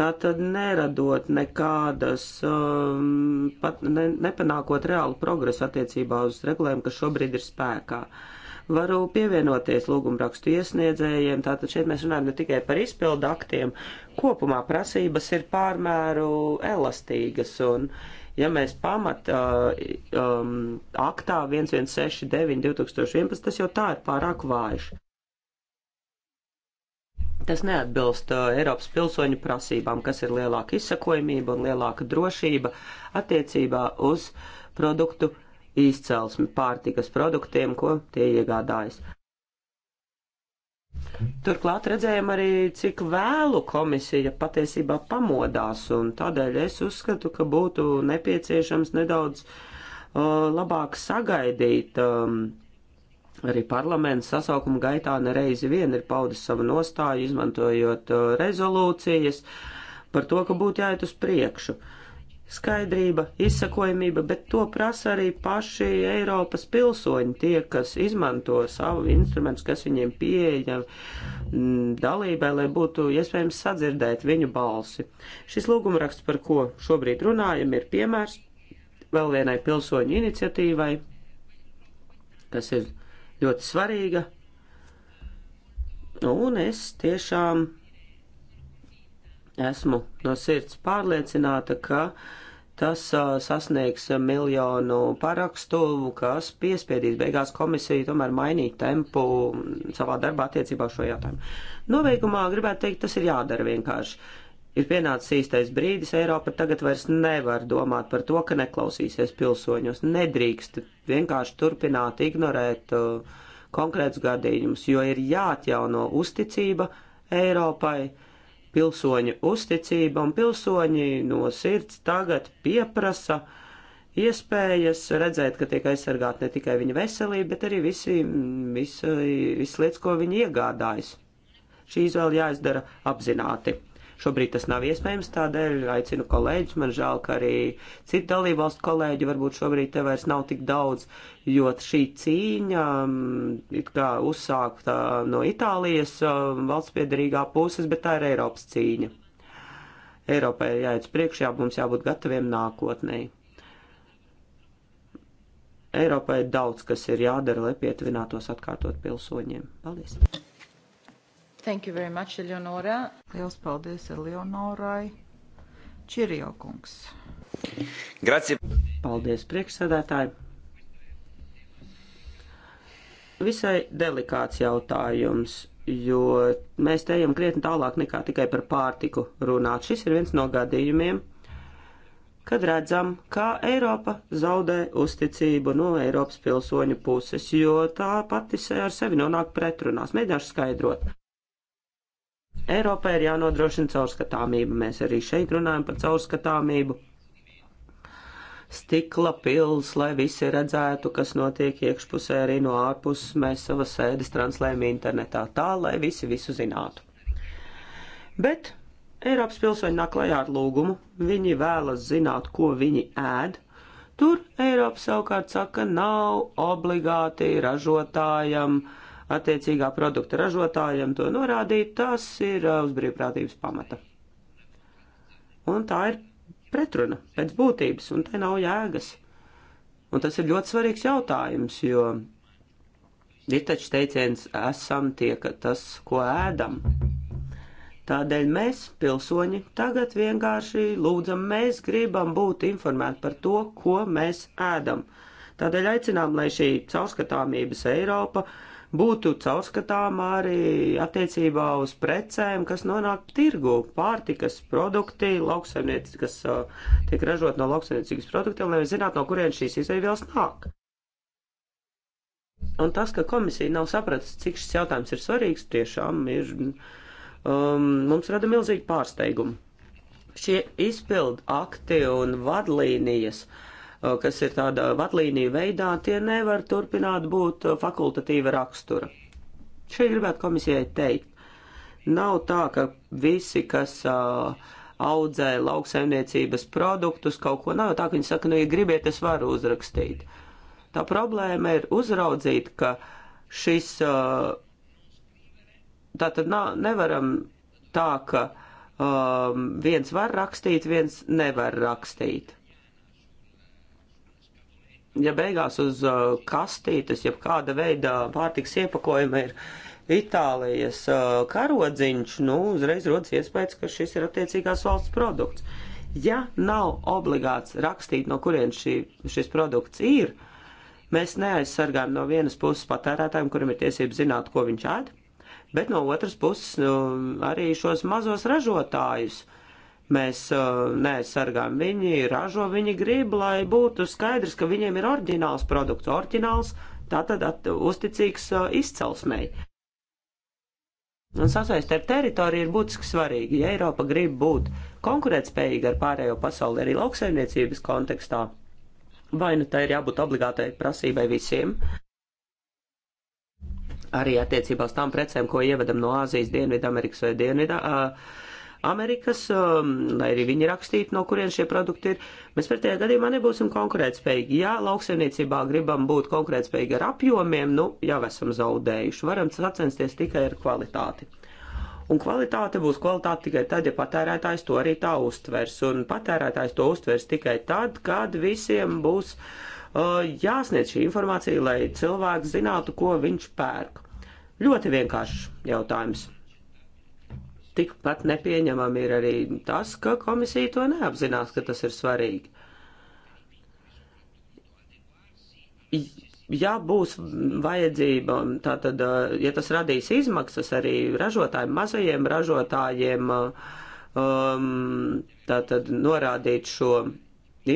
Tātad neradot nekādas, um, pat ne, nepanākot reālu progresu attiecībā uz regulējumu, kas šobrīd ir spēkā. Uh, varu pievienoties lūgumrakstu iesniedzējiem. Tātad šeit mēs runājam ne tikai par izpildu aktiem. Kopumā prasības ir pārmēru elastīgas un, ja mēs pamat uh, um, aktā 1169 2011, tas jau tā ir pārāk vājš. Tas neatbilst uh, Eiropas pilsoņu prasībām, kas ir lielāka izsakojamība un lielāka drošība attiecībā uz produktu uh, izcelsmi pārtikas produktiem, ko tie iegādājas. Turklāt redzējām arī, cik vēlu komisija patiesībā pamodās, un tādēļ es uzskatu, ka būtu nepieciešams nedaudz uh, labāk sagaidīt. Um, arī parlaments sasaukuma gaitā nereizi vien ir paudis savu nostāju, izmantojot uh, rezolūcijas par to, ka būtu jāiet uz priekšu. Uh, skaidrība, izsakojamība, bet to prasa arī paši Eiropas pilsoņi, tie, kas izmanto savu instrumentus, kas viņiem pieejam mm, dalībai, lai būtu iespējams sadzirdēt viņu balsi. Šis lūgumraksts, par ko šobrīd runājam, ir piemērs vēl vienai pilsoņu iniciatīvai, kas ir ļoti svarīga. Un es tiešām esmu no sirds pārliecināta, ka uh, Tas uh, sasniegs miljonu parakstu, kas piespiedīs beigās komisiju tomēr mainīt tempu savā darbā attiecībā uz šo jautājumu. Nobeigumā gribētu teikt, tas ir jādara vienkārši. Ir pienācis īstais brīdis, Eiropa tagad vairs nevar domāt par to, ka neklausīsies pilsoņos. Nedrīkst vienkārši turpināt ignorēt uh, konkrētus gadījumus, jo ir jāatjauno uzticība Eiropai. Uh, pilsoņu uzticība, un pilsoņi no sirds tagad pieprasa iespējas redzēt, ka tiek aizsargāta ne tikai viņa veselība, bet arī visi, visi, visas lietas, ko viņi iegādājas. Šī izvēle jāizdara apzināti. Šobrīd tas nav iespējams, tādēļ aicinu kolēģus. Man žēl, ka arī citu dalībvalstu kolēģi varbūt šobrīd te vairs nav tik daudz, jo šī cīņa mm, it kā uzsākta no Itālijas mm, valsts piedarīgā puses, bet tā ir Eiropas cīņa. Eiropai ir jāiet priekšā, jā, mums jābūt gataviem nākotnēji. Eiropai daudz, kas ir jādara, lai pietuvinātos atkārtot pilsoņiem. Paldies! Thank you very much, Eleonora. Liels paldies Eleonorai. Čirio kungs. Grazie. Paldies priekšsēdētāji. Visai delikāts jautājums jo mēs te ejam krietni tālāk nekā tikai par pārtiku runāt. Šis ir viens no gadījumiem, kad redzam, kā Eiropa zaudē uzticību no Eiropas pilsoņu puses, jo tā pati ar sevi nonāk pretrunās. Mēģināšu skaidrot. Eiropai ir jānodrošina caurskatāmība. Mēs arī šeit runājam par caurskatāmību. Stikla pils, lai visi redzētu, kas notiek iekšpusē, arī no ārpuses. Mēs savas sēdes translējam internetā tā, lai visi visu zinātu. Bet Eiropas pilsoņi nāk klajā ar lūgumu. Viņi vēlas zināt, ko viņi ēd. Tur Eiropa savukārt saka, nav obligāti ražotājam uh, attiecīgā produkta ražotājiem to norādīt, tas ir uh, uz brīvprātības pamata. Un tā ir pretruna pēc būtības, un tai nav jēgas. Un tas ir ļoti svarīgs jautājums, jo ir taču teiciens, esam tie, tas, ko ēdam. Tādēļ mēs, pilsoņi, tagad vienkārši lūdzam, mēs gribam būt informēti par to, ko mēs ēdam. Tādēļ aicinām, lai šī caurskatāmības Eiropa uh, būtu caurskatām arī attiecībā uz precēm, kas nonāk tirgu, pārtikas produkti, lauksaimniecības, kas uh, tiek ražot no lauksaimniecības produktiem, lai zinātu, no kurien šīs izēvielas nāk. Un tas, ka komisija nav sapratusi, cik šis jautājums ir svarīgs, tiešām ir, um, mums rada milzīgu pārsteigumu. Šie izpildu akti un vadlīnijas uh, kas ir tāda vadlīnija veidā, tie nevar turpināt būt fakultatīva rakstura. Šeit gribētu komisijai teikt, nav tā, ka visi, kas audzē lauksaimniecības produktus, kaut ko nav tā, ka viņi saka, nu, ja gribiet, es varu uzrakstīt. Tā problēma ir uzraudzīt, ka šis, tā tad nav, nevaram tā, ka um, viens var rakstīt, viens nevar rakstīt ja beigās uz uh, kastītes, jeb kāda veida pārtiks iepakojuma ir Itālijas uh, karodziņš, nu, uzreiz rodas iespējas, ka šis ir attiecīgās valsts produkts. Ja nav obligāts rakstīt, no kurienes šī, šis produkts ir, mēs neaizsargājam no vienas puses patērētājiem, kuram ir tiesības zināt, ko viņš ēd, bet no otras puses nu, arī šos mazos ražotājus. Uh, Mēs uh, neaizsargājam viņi, ražo viņi grib, lai būtu skaidrs, ka viņiem ir oriģināls produkts, oriģināls, tātad at, uzticīgs uh, izcelsmei. Un sasaist ar teritoriju ir būtiski svarīgi, ja Eiropa grib būt konkurētspējīga ar pārējo pasauli arī lauksaimniecības kontekstā. Vai nu tā ir jābūt obligātai prasībai visiem? Arī attiecībā uz tām precēm, ko ievedam no Āzijas, Dienvidamerikas vai Dienvidā, uh, Amerikas, um, lai arī viņi rakstītu, no kurien šie produkti ir. Mēs pretējā gadījumā nebūsim konkurētspējīgi. Ja lauksaimniecībā gribam būt konkurētspējīgi ar apjomiem, nu jau esam zaudējuši. Varam sacensties tikai ar kvalitāti. Un kvalitāte būs kvalitāte tikai tad, ja patērētājs to arī tā uztvers. Un patērētājs to uztvers tikai tad, kad visiem būs uh, jāsniedz šī informācija, lai cilvēks zinātu, ko viņš pērk. Ļoti vienkāršs jautājums. Tikpat nepieņemami ir arī tas, ka komisija to neapzinās, ka tas ir svarīgi. Ja būs vajadzība, tātad, ja tas radīs izmaksas arī ražotājiem, mazajiem ražotājiem, um, tātad norādīt šo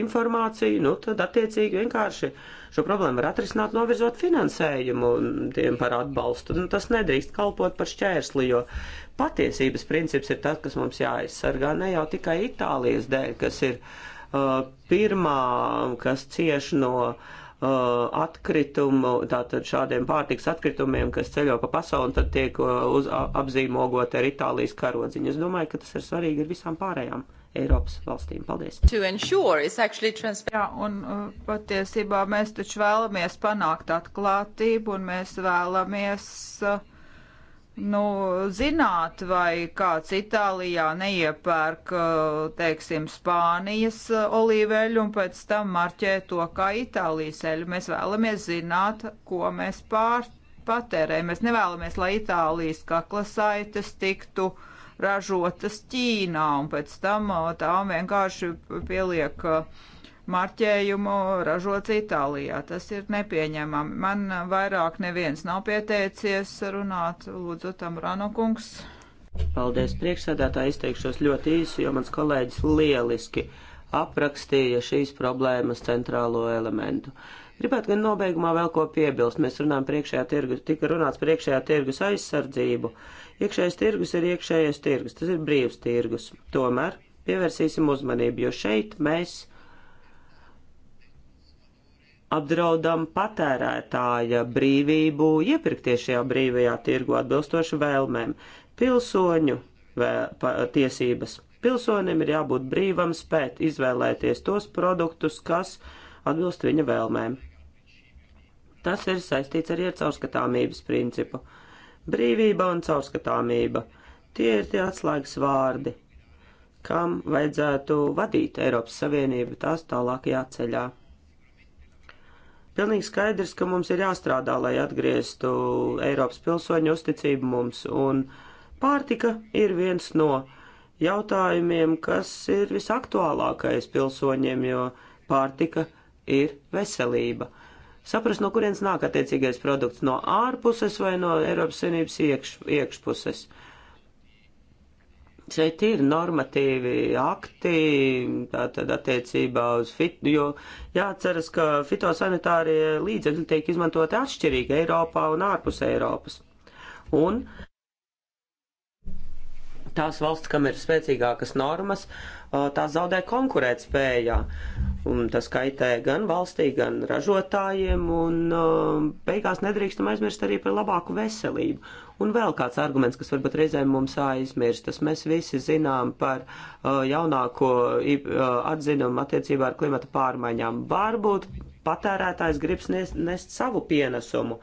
informāciju, nu tad attiecīgi vienkārši šo problēmu var atrisināt novirzot finansējumu tiem par atbalstu. Nu, tas nedrīkst kalpot par šķērsli, jo patiesības princips ir tas, kas mums jāaizsargā ne jau tikai Itālijas dēļ, kas ir uh, pirmā, kas cieš no uh, atkritumu, tātad šādiem pārtiks atkritumiem, kas ceļo pa pasauli un tad tiek uh, uz, apzīmogot ar Itālijas karodziņu. Es domāju, ka tas ir svarīgi ir visām pārējām Eiropas valstīm. Paldies! Jā, un uh, patiesībā mēs taču vēlamies panākt atklātību un mēs vēlamies uh, nu, zināt, vai kāds Itālijā neiepērk, eh, teiksim, Spānijas eh, olīveļu un pēc tam marķē to kā Itālijas eļu. Mēs vēlamies zināt, ko mēs pār, patērējam. Mēs nevēlamies, lai Itālijas kaklasaites tiktu ražotas Ķīnā un pēc tam eh, tām vienkārši pieliek uh, marķējumu ražots Itālijā. Tas ir nepieņemami. Man vairāk neviens nav pieteicies runāt. Lūdzu, tam Ranokungs. Paldies, priekšsēdētāji, izteikšos ļoti īsi, jo mans kolēģis lieliski aprakstīja šīs problēmas centrālo elementu. Gribētu gan nobeigumā vēl ko piebilst. Mēs runājam priekšējā tirgus, tika runāts priekšējā tirgus aizsardzību. Iekšējais tirgus ir iekšējais tirgus, tas ir brīvs tirgus. Tomēr pievērsīsim uzmanību, jo šeit mēs apdraudam patērētāja brīvību iepirkties šajā brīvajā tirgu atbilstoši vēlmēm. Pilsoņu vēl, pa, tiesības. Pilsonim ir jābūt brīvam spēt izvēlēties tos produktus, kas atbilst viņa vēlmēm. Tas ir saistīts arī ar caurskatāmības principu. Brīvība un caurskatāmība - tie ir tie atslēgas vārdi, kam vajadzētu vadīt Eiropas Savienību tās tālākajā ceļā. Pilnīgi skaidrs, ka mums ir jāstrādā, lai atgrieztu Eiropas pilsoņu uzticību mums, un pārtika ir viens no jautājumiem, kas ir visaktuālākais pilsoņiem, jo pārtika ir veselība. Saprast, no kurienes nāk attiecīgais produkts - no ārpuses vai no Eiropas Savienības iekš, iekšpuses. Uh, šeit ir normatīvi akti, tātad attiecībā uz fit, jo jāceras, ka fitosanitārie līdzekļi tiek izmantoti atšķirīgi Eiropā un ārpus Eiropas. Un tās valsts, kam ir spēcīgākas normas, uh, Uh, tās zaudē konkurētspējā. Tas kaitē gan valstī, gan ražotājiem, un uh, beigās nedrīkstam aizmirst arī par labāku veselību. Un vēl kāds arguments, kas varbūt reizēm mums aizmirstas, mēs visi zinām par uh, jaunāko uh, atzinumu attiecībā ar klimata pārmaiņām. Varbūt patērētājs grib nest, nest savu pienesumu.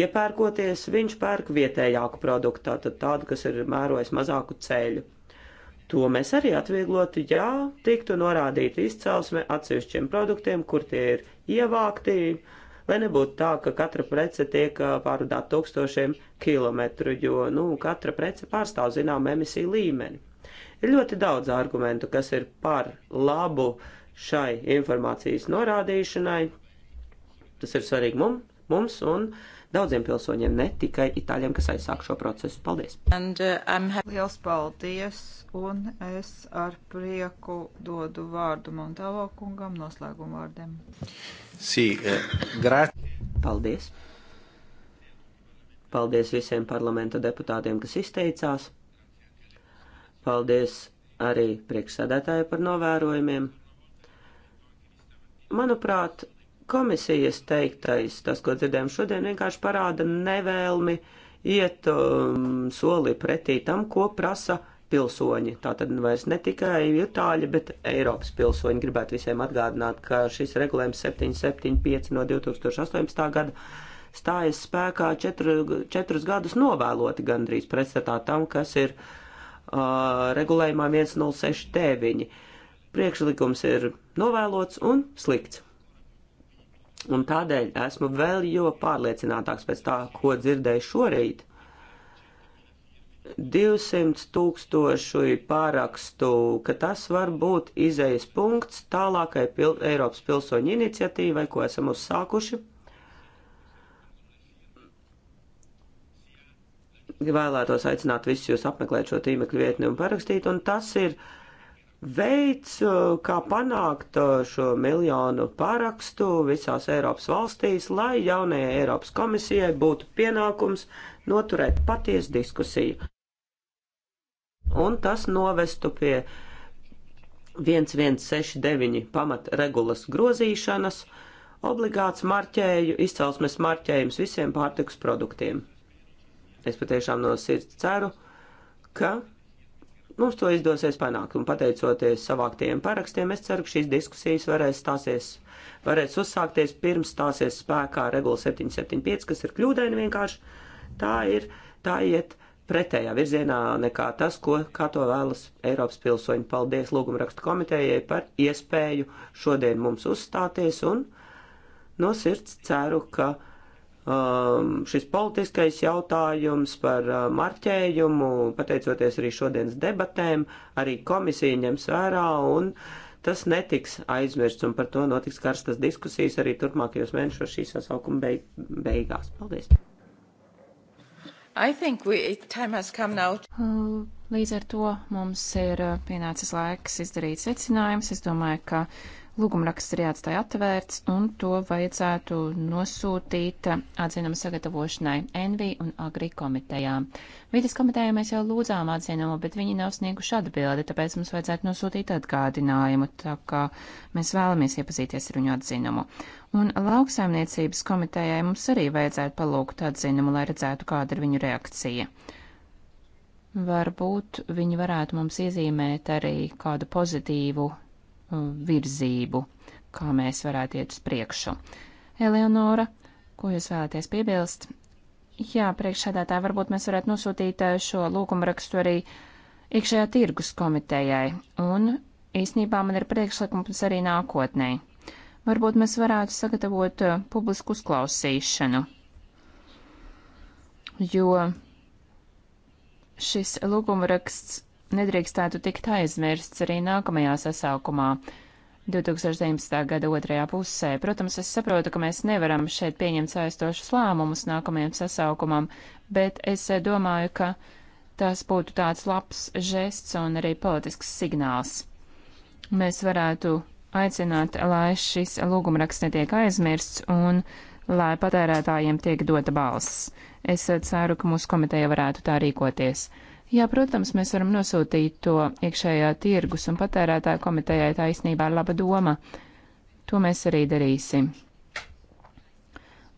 Iepērkoties, viņš pērk vietējāku produktu, tātad tādu, kas ir mērojis mazāku ceļu. To mēs arī atvieglotu, ja tiktu norādīta izcelsme atsevišķiem produktiem, kur tie ir ievākti, lai nebūtu tā, ka katra prece tiek pārvadāta tūkstošiem kilometru, jo nu, katra prece pārstāv zinām emisiju līmeni. Ir ļoti daudz argumentu, kas ir par labu šai informācijas norādīšanai. Tas ir svarīgi mums, mums un mums daudziem pilsoņiem, ne tikai itāļiem, kas aizsāk šo procesu. Paldies! And, uh, Liels paldies! Un es ar prieku dodu vārdu Montālo kungam noslēgumu vārdiem. Sī, uh, eh, grāt. Paldies! Paldies visiem parlamenta deputātiem, kas izteicās. Paldies arī priekšsēdētāju par novērojumiem. Manuprāt, Komisijas teiktais, tas, ko dzirdējām šodien, vienkārši parāda nevēlmi iet um, soli pretī tam, ko prasa pilsoņi. Tātad vairs ne tikai Itāļi, bet Eiropas pilsoņi gribētu visiem atgādināt, ka šis regulējums 775 no 2018. gada stājas spēkā četru, četrus gadus novēloti gandrīz pretstatā tam, kas ir uh, regulējumā 1069. Priekšlikums ir novēlots un slikts. Un tādēļ esmu vēl jo pārliecinātāks pēc tā, ko dzirdēju šorīt. 200 tūkstošu pārakstu, ka tas var būt izējas punkts tālākai pil Eiropas pilsoņu iniciatīvai, ko esam uzsākuši. Vēlētos aicināt visus jūs apmeklēt šo tīmekļu vietni un parakstīt, un tas ir uh, veids, eh, kā panākt eh, šo miljonu parakstu visās Eiropas valstīs, lai jaunajai Eiropas komisijai būtu pienākums noturēt patiesu diskusiju. Un tas novestu pie 1169 pamatregulas grozīšanas, obligāts marķēju, izcelsmes marķējums visiem pārtiks produktiem. Es patiešām no sirds ceru, ka Mums to izdosies panākt, un pateicoties savāktiem parakstiem, es ceru, ka šīs diskusijas varēs, stāsies, varēs uzsākties pirms stāsies spēkā regula 775, kas ir kļūdaini vienkārši. Tā ir, tā iet pretējā virzienā nekā tas, ko, kā to vēlas Eiropas pilsoņi. Paldies lūgumrakstu komitējai par iespēju šodien mums uzstāties un no sirds ceru, ka um, šis politiskais jautājums par uh, marķējumu, pateicoties arī šodienas debatēm, arī komisija ņems vērā un tas netiks aizmirsts un par to notiks karstas diskusijas arī turpmākajos mēnešos šī sasaukuma beig beigās. Paldies! We, uh, Līdz ar to mums ir uh, pienācis laiks izdarīt secinājumus. Es domāju, ka Lūgumraksts ir jāatstāj atvērts, un to vajadzētu nosūtīt atzinumu sagatavošanai NV un Agri komitejām. Vides komitejā mēs jau lūdzām atzinumu, bet viņi nav snieguši atbildi, tāpēc mums vajadzētu nosūtīt atgādinājumu, tā kā mēs vēlamies iepazīties ar viņu atzinumu. Un lauksaimniecības komitejai mums arī vajadzētu palūgt atzinumu, lai redzētu, kāda ir viņu reakcija. Varbūt viņi varētu mums iezīmēt arī kādu pozitīvu Um, virzību, kā mēs varētu iet uz priekšu. Eleonora, ko jūs vēlaties piebilst? Jā, priekšsēdētāji, varbūt mēs varētu nosūtīt uh, šo lūgumu rakstu arī iekšējā tirgus komitejai, un īsnībā man ir priekšlikums arī nākotnē. Varbūt mēs varētu sagatavot uh, publisku uzklausīšanu, jo šis lūgumu raksts nedrīkstētu tikt aizmirsts arī nākamajā sasaukumā. 2019. gada otrajā pusē. Protams, es saprotu, ka mēs nevaram šeit pieņemt saistošus lēmumus nākamajam sasaukumam, bet es domāju, ka tas būtu tāds labs žests un arī politisks signāls. Mēs varētu aicināt, lai šis lūgumraksts netiek aizmirsts un lai patērētājiem tiek dota balss. Es ceru, ka mūsu komiteja varētu tā rīkoties. Jā, protams, mēs varam nosūtīt to iekšējā tirgus un patērētāja komitejai tā īstenībā ir laba doma. To mēs arī darīsim.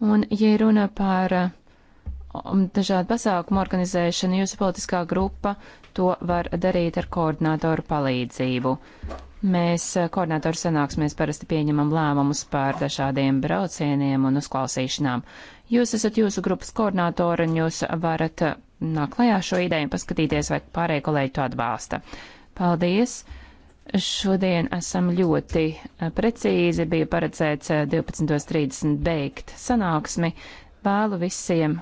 Un, ja runa par um, dažādu pasākumu organizēšanu, jūsu politiskā grupa to var darīt ar koordinātoru palīdzību. Mēs eh, koordinātoru sanāksmēs parasti pieņemam lēmumus par dažādiem braucieniem un uzklausīšanām. Jūs esat jūsu grupas koordinātori un jūs varat uh, nāk klajā šo ideju un paskatīties, vai pārējie kolēģi to atbalsta. Paldies! Šodien esam ļoti uh, precīzi, bija paredzēts 12.30 uh, beigt sanāksmi. Vēlu visiem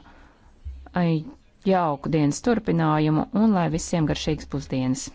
jauku dienas turpinājumu un lai visiem garšīgs pusdienas!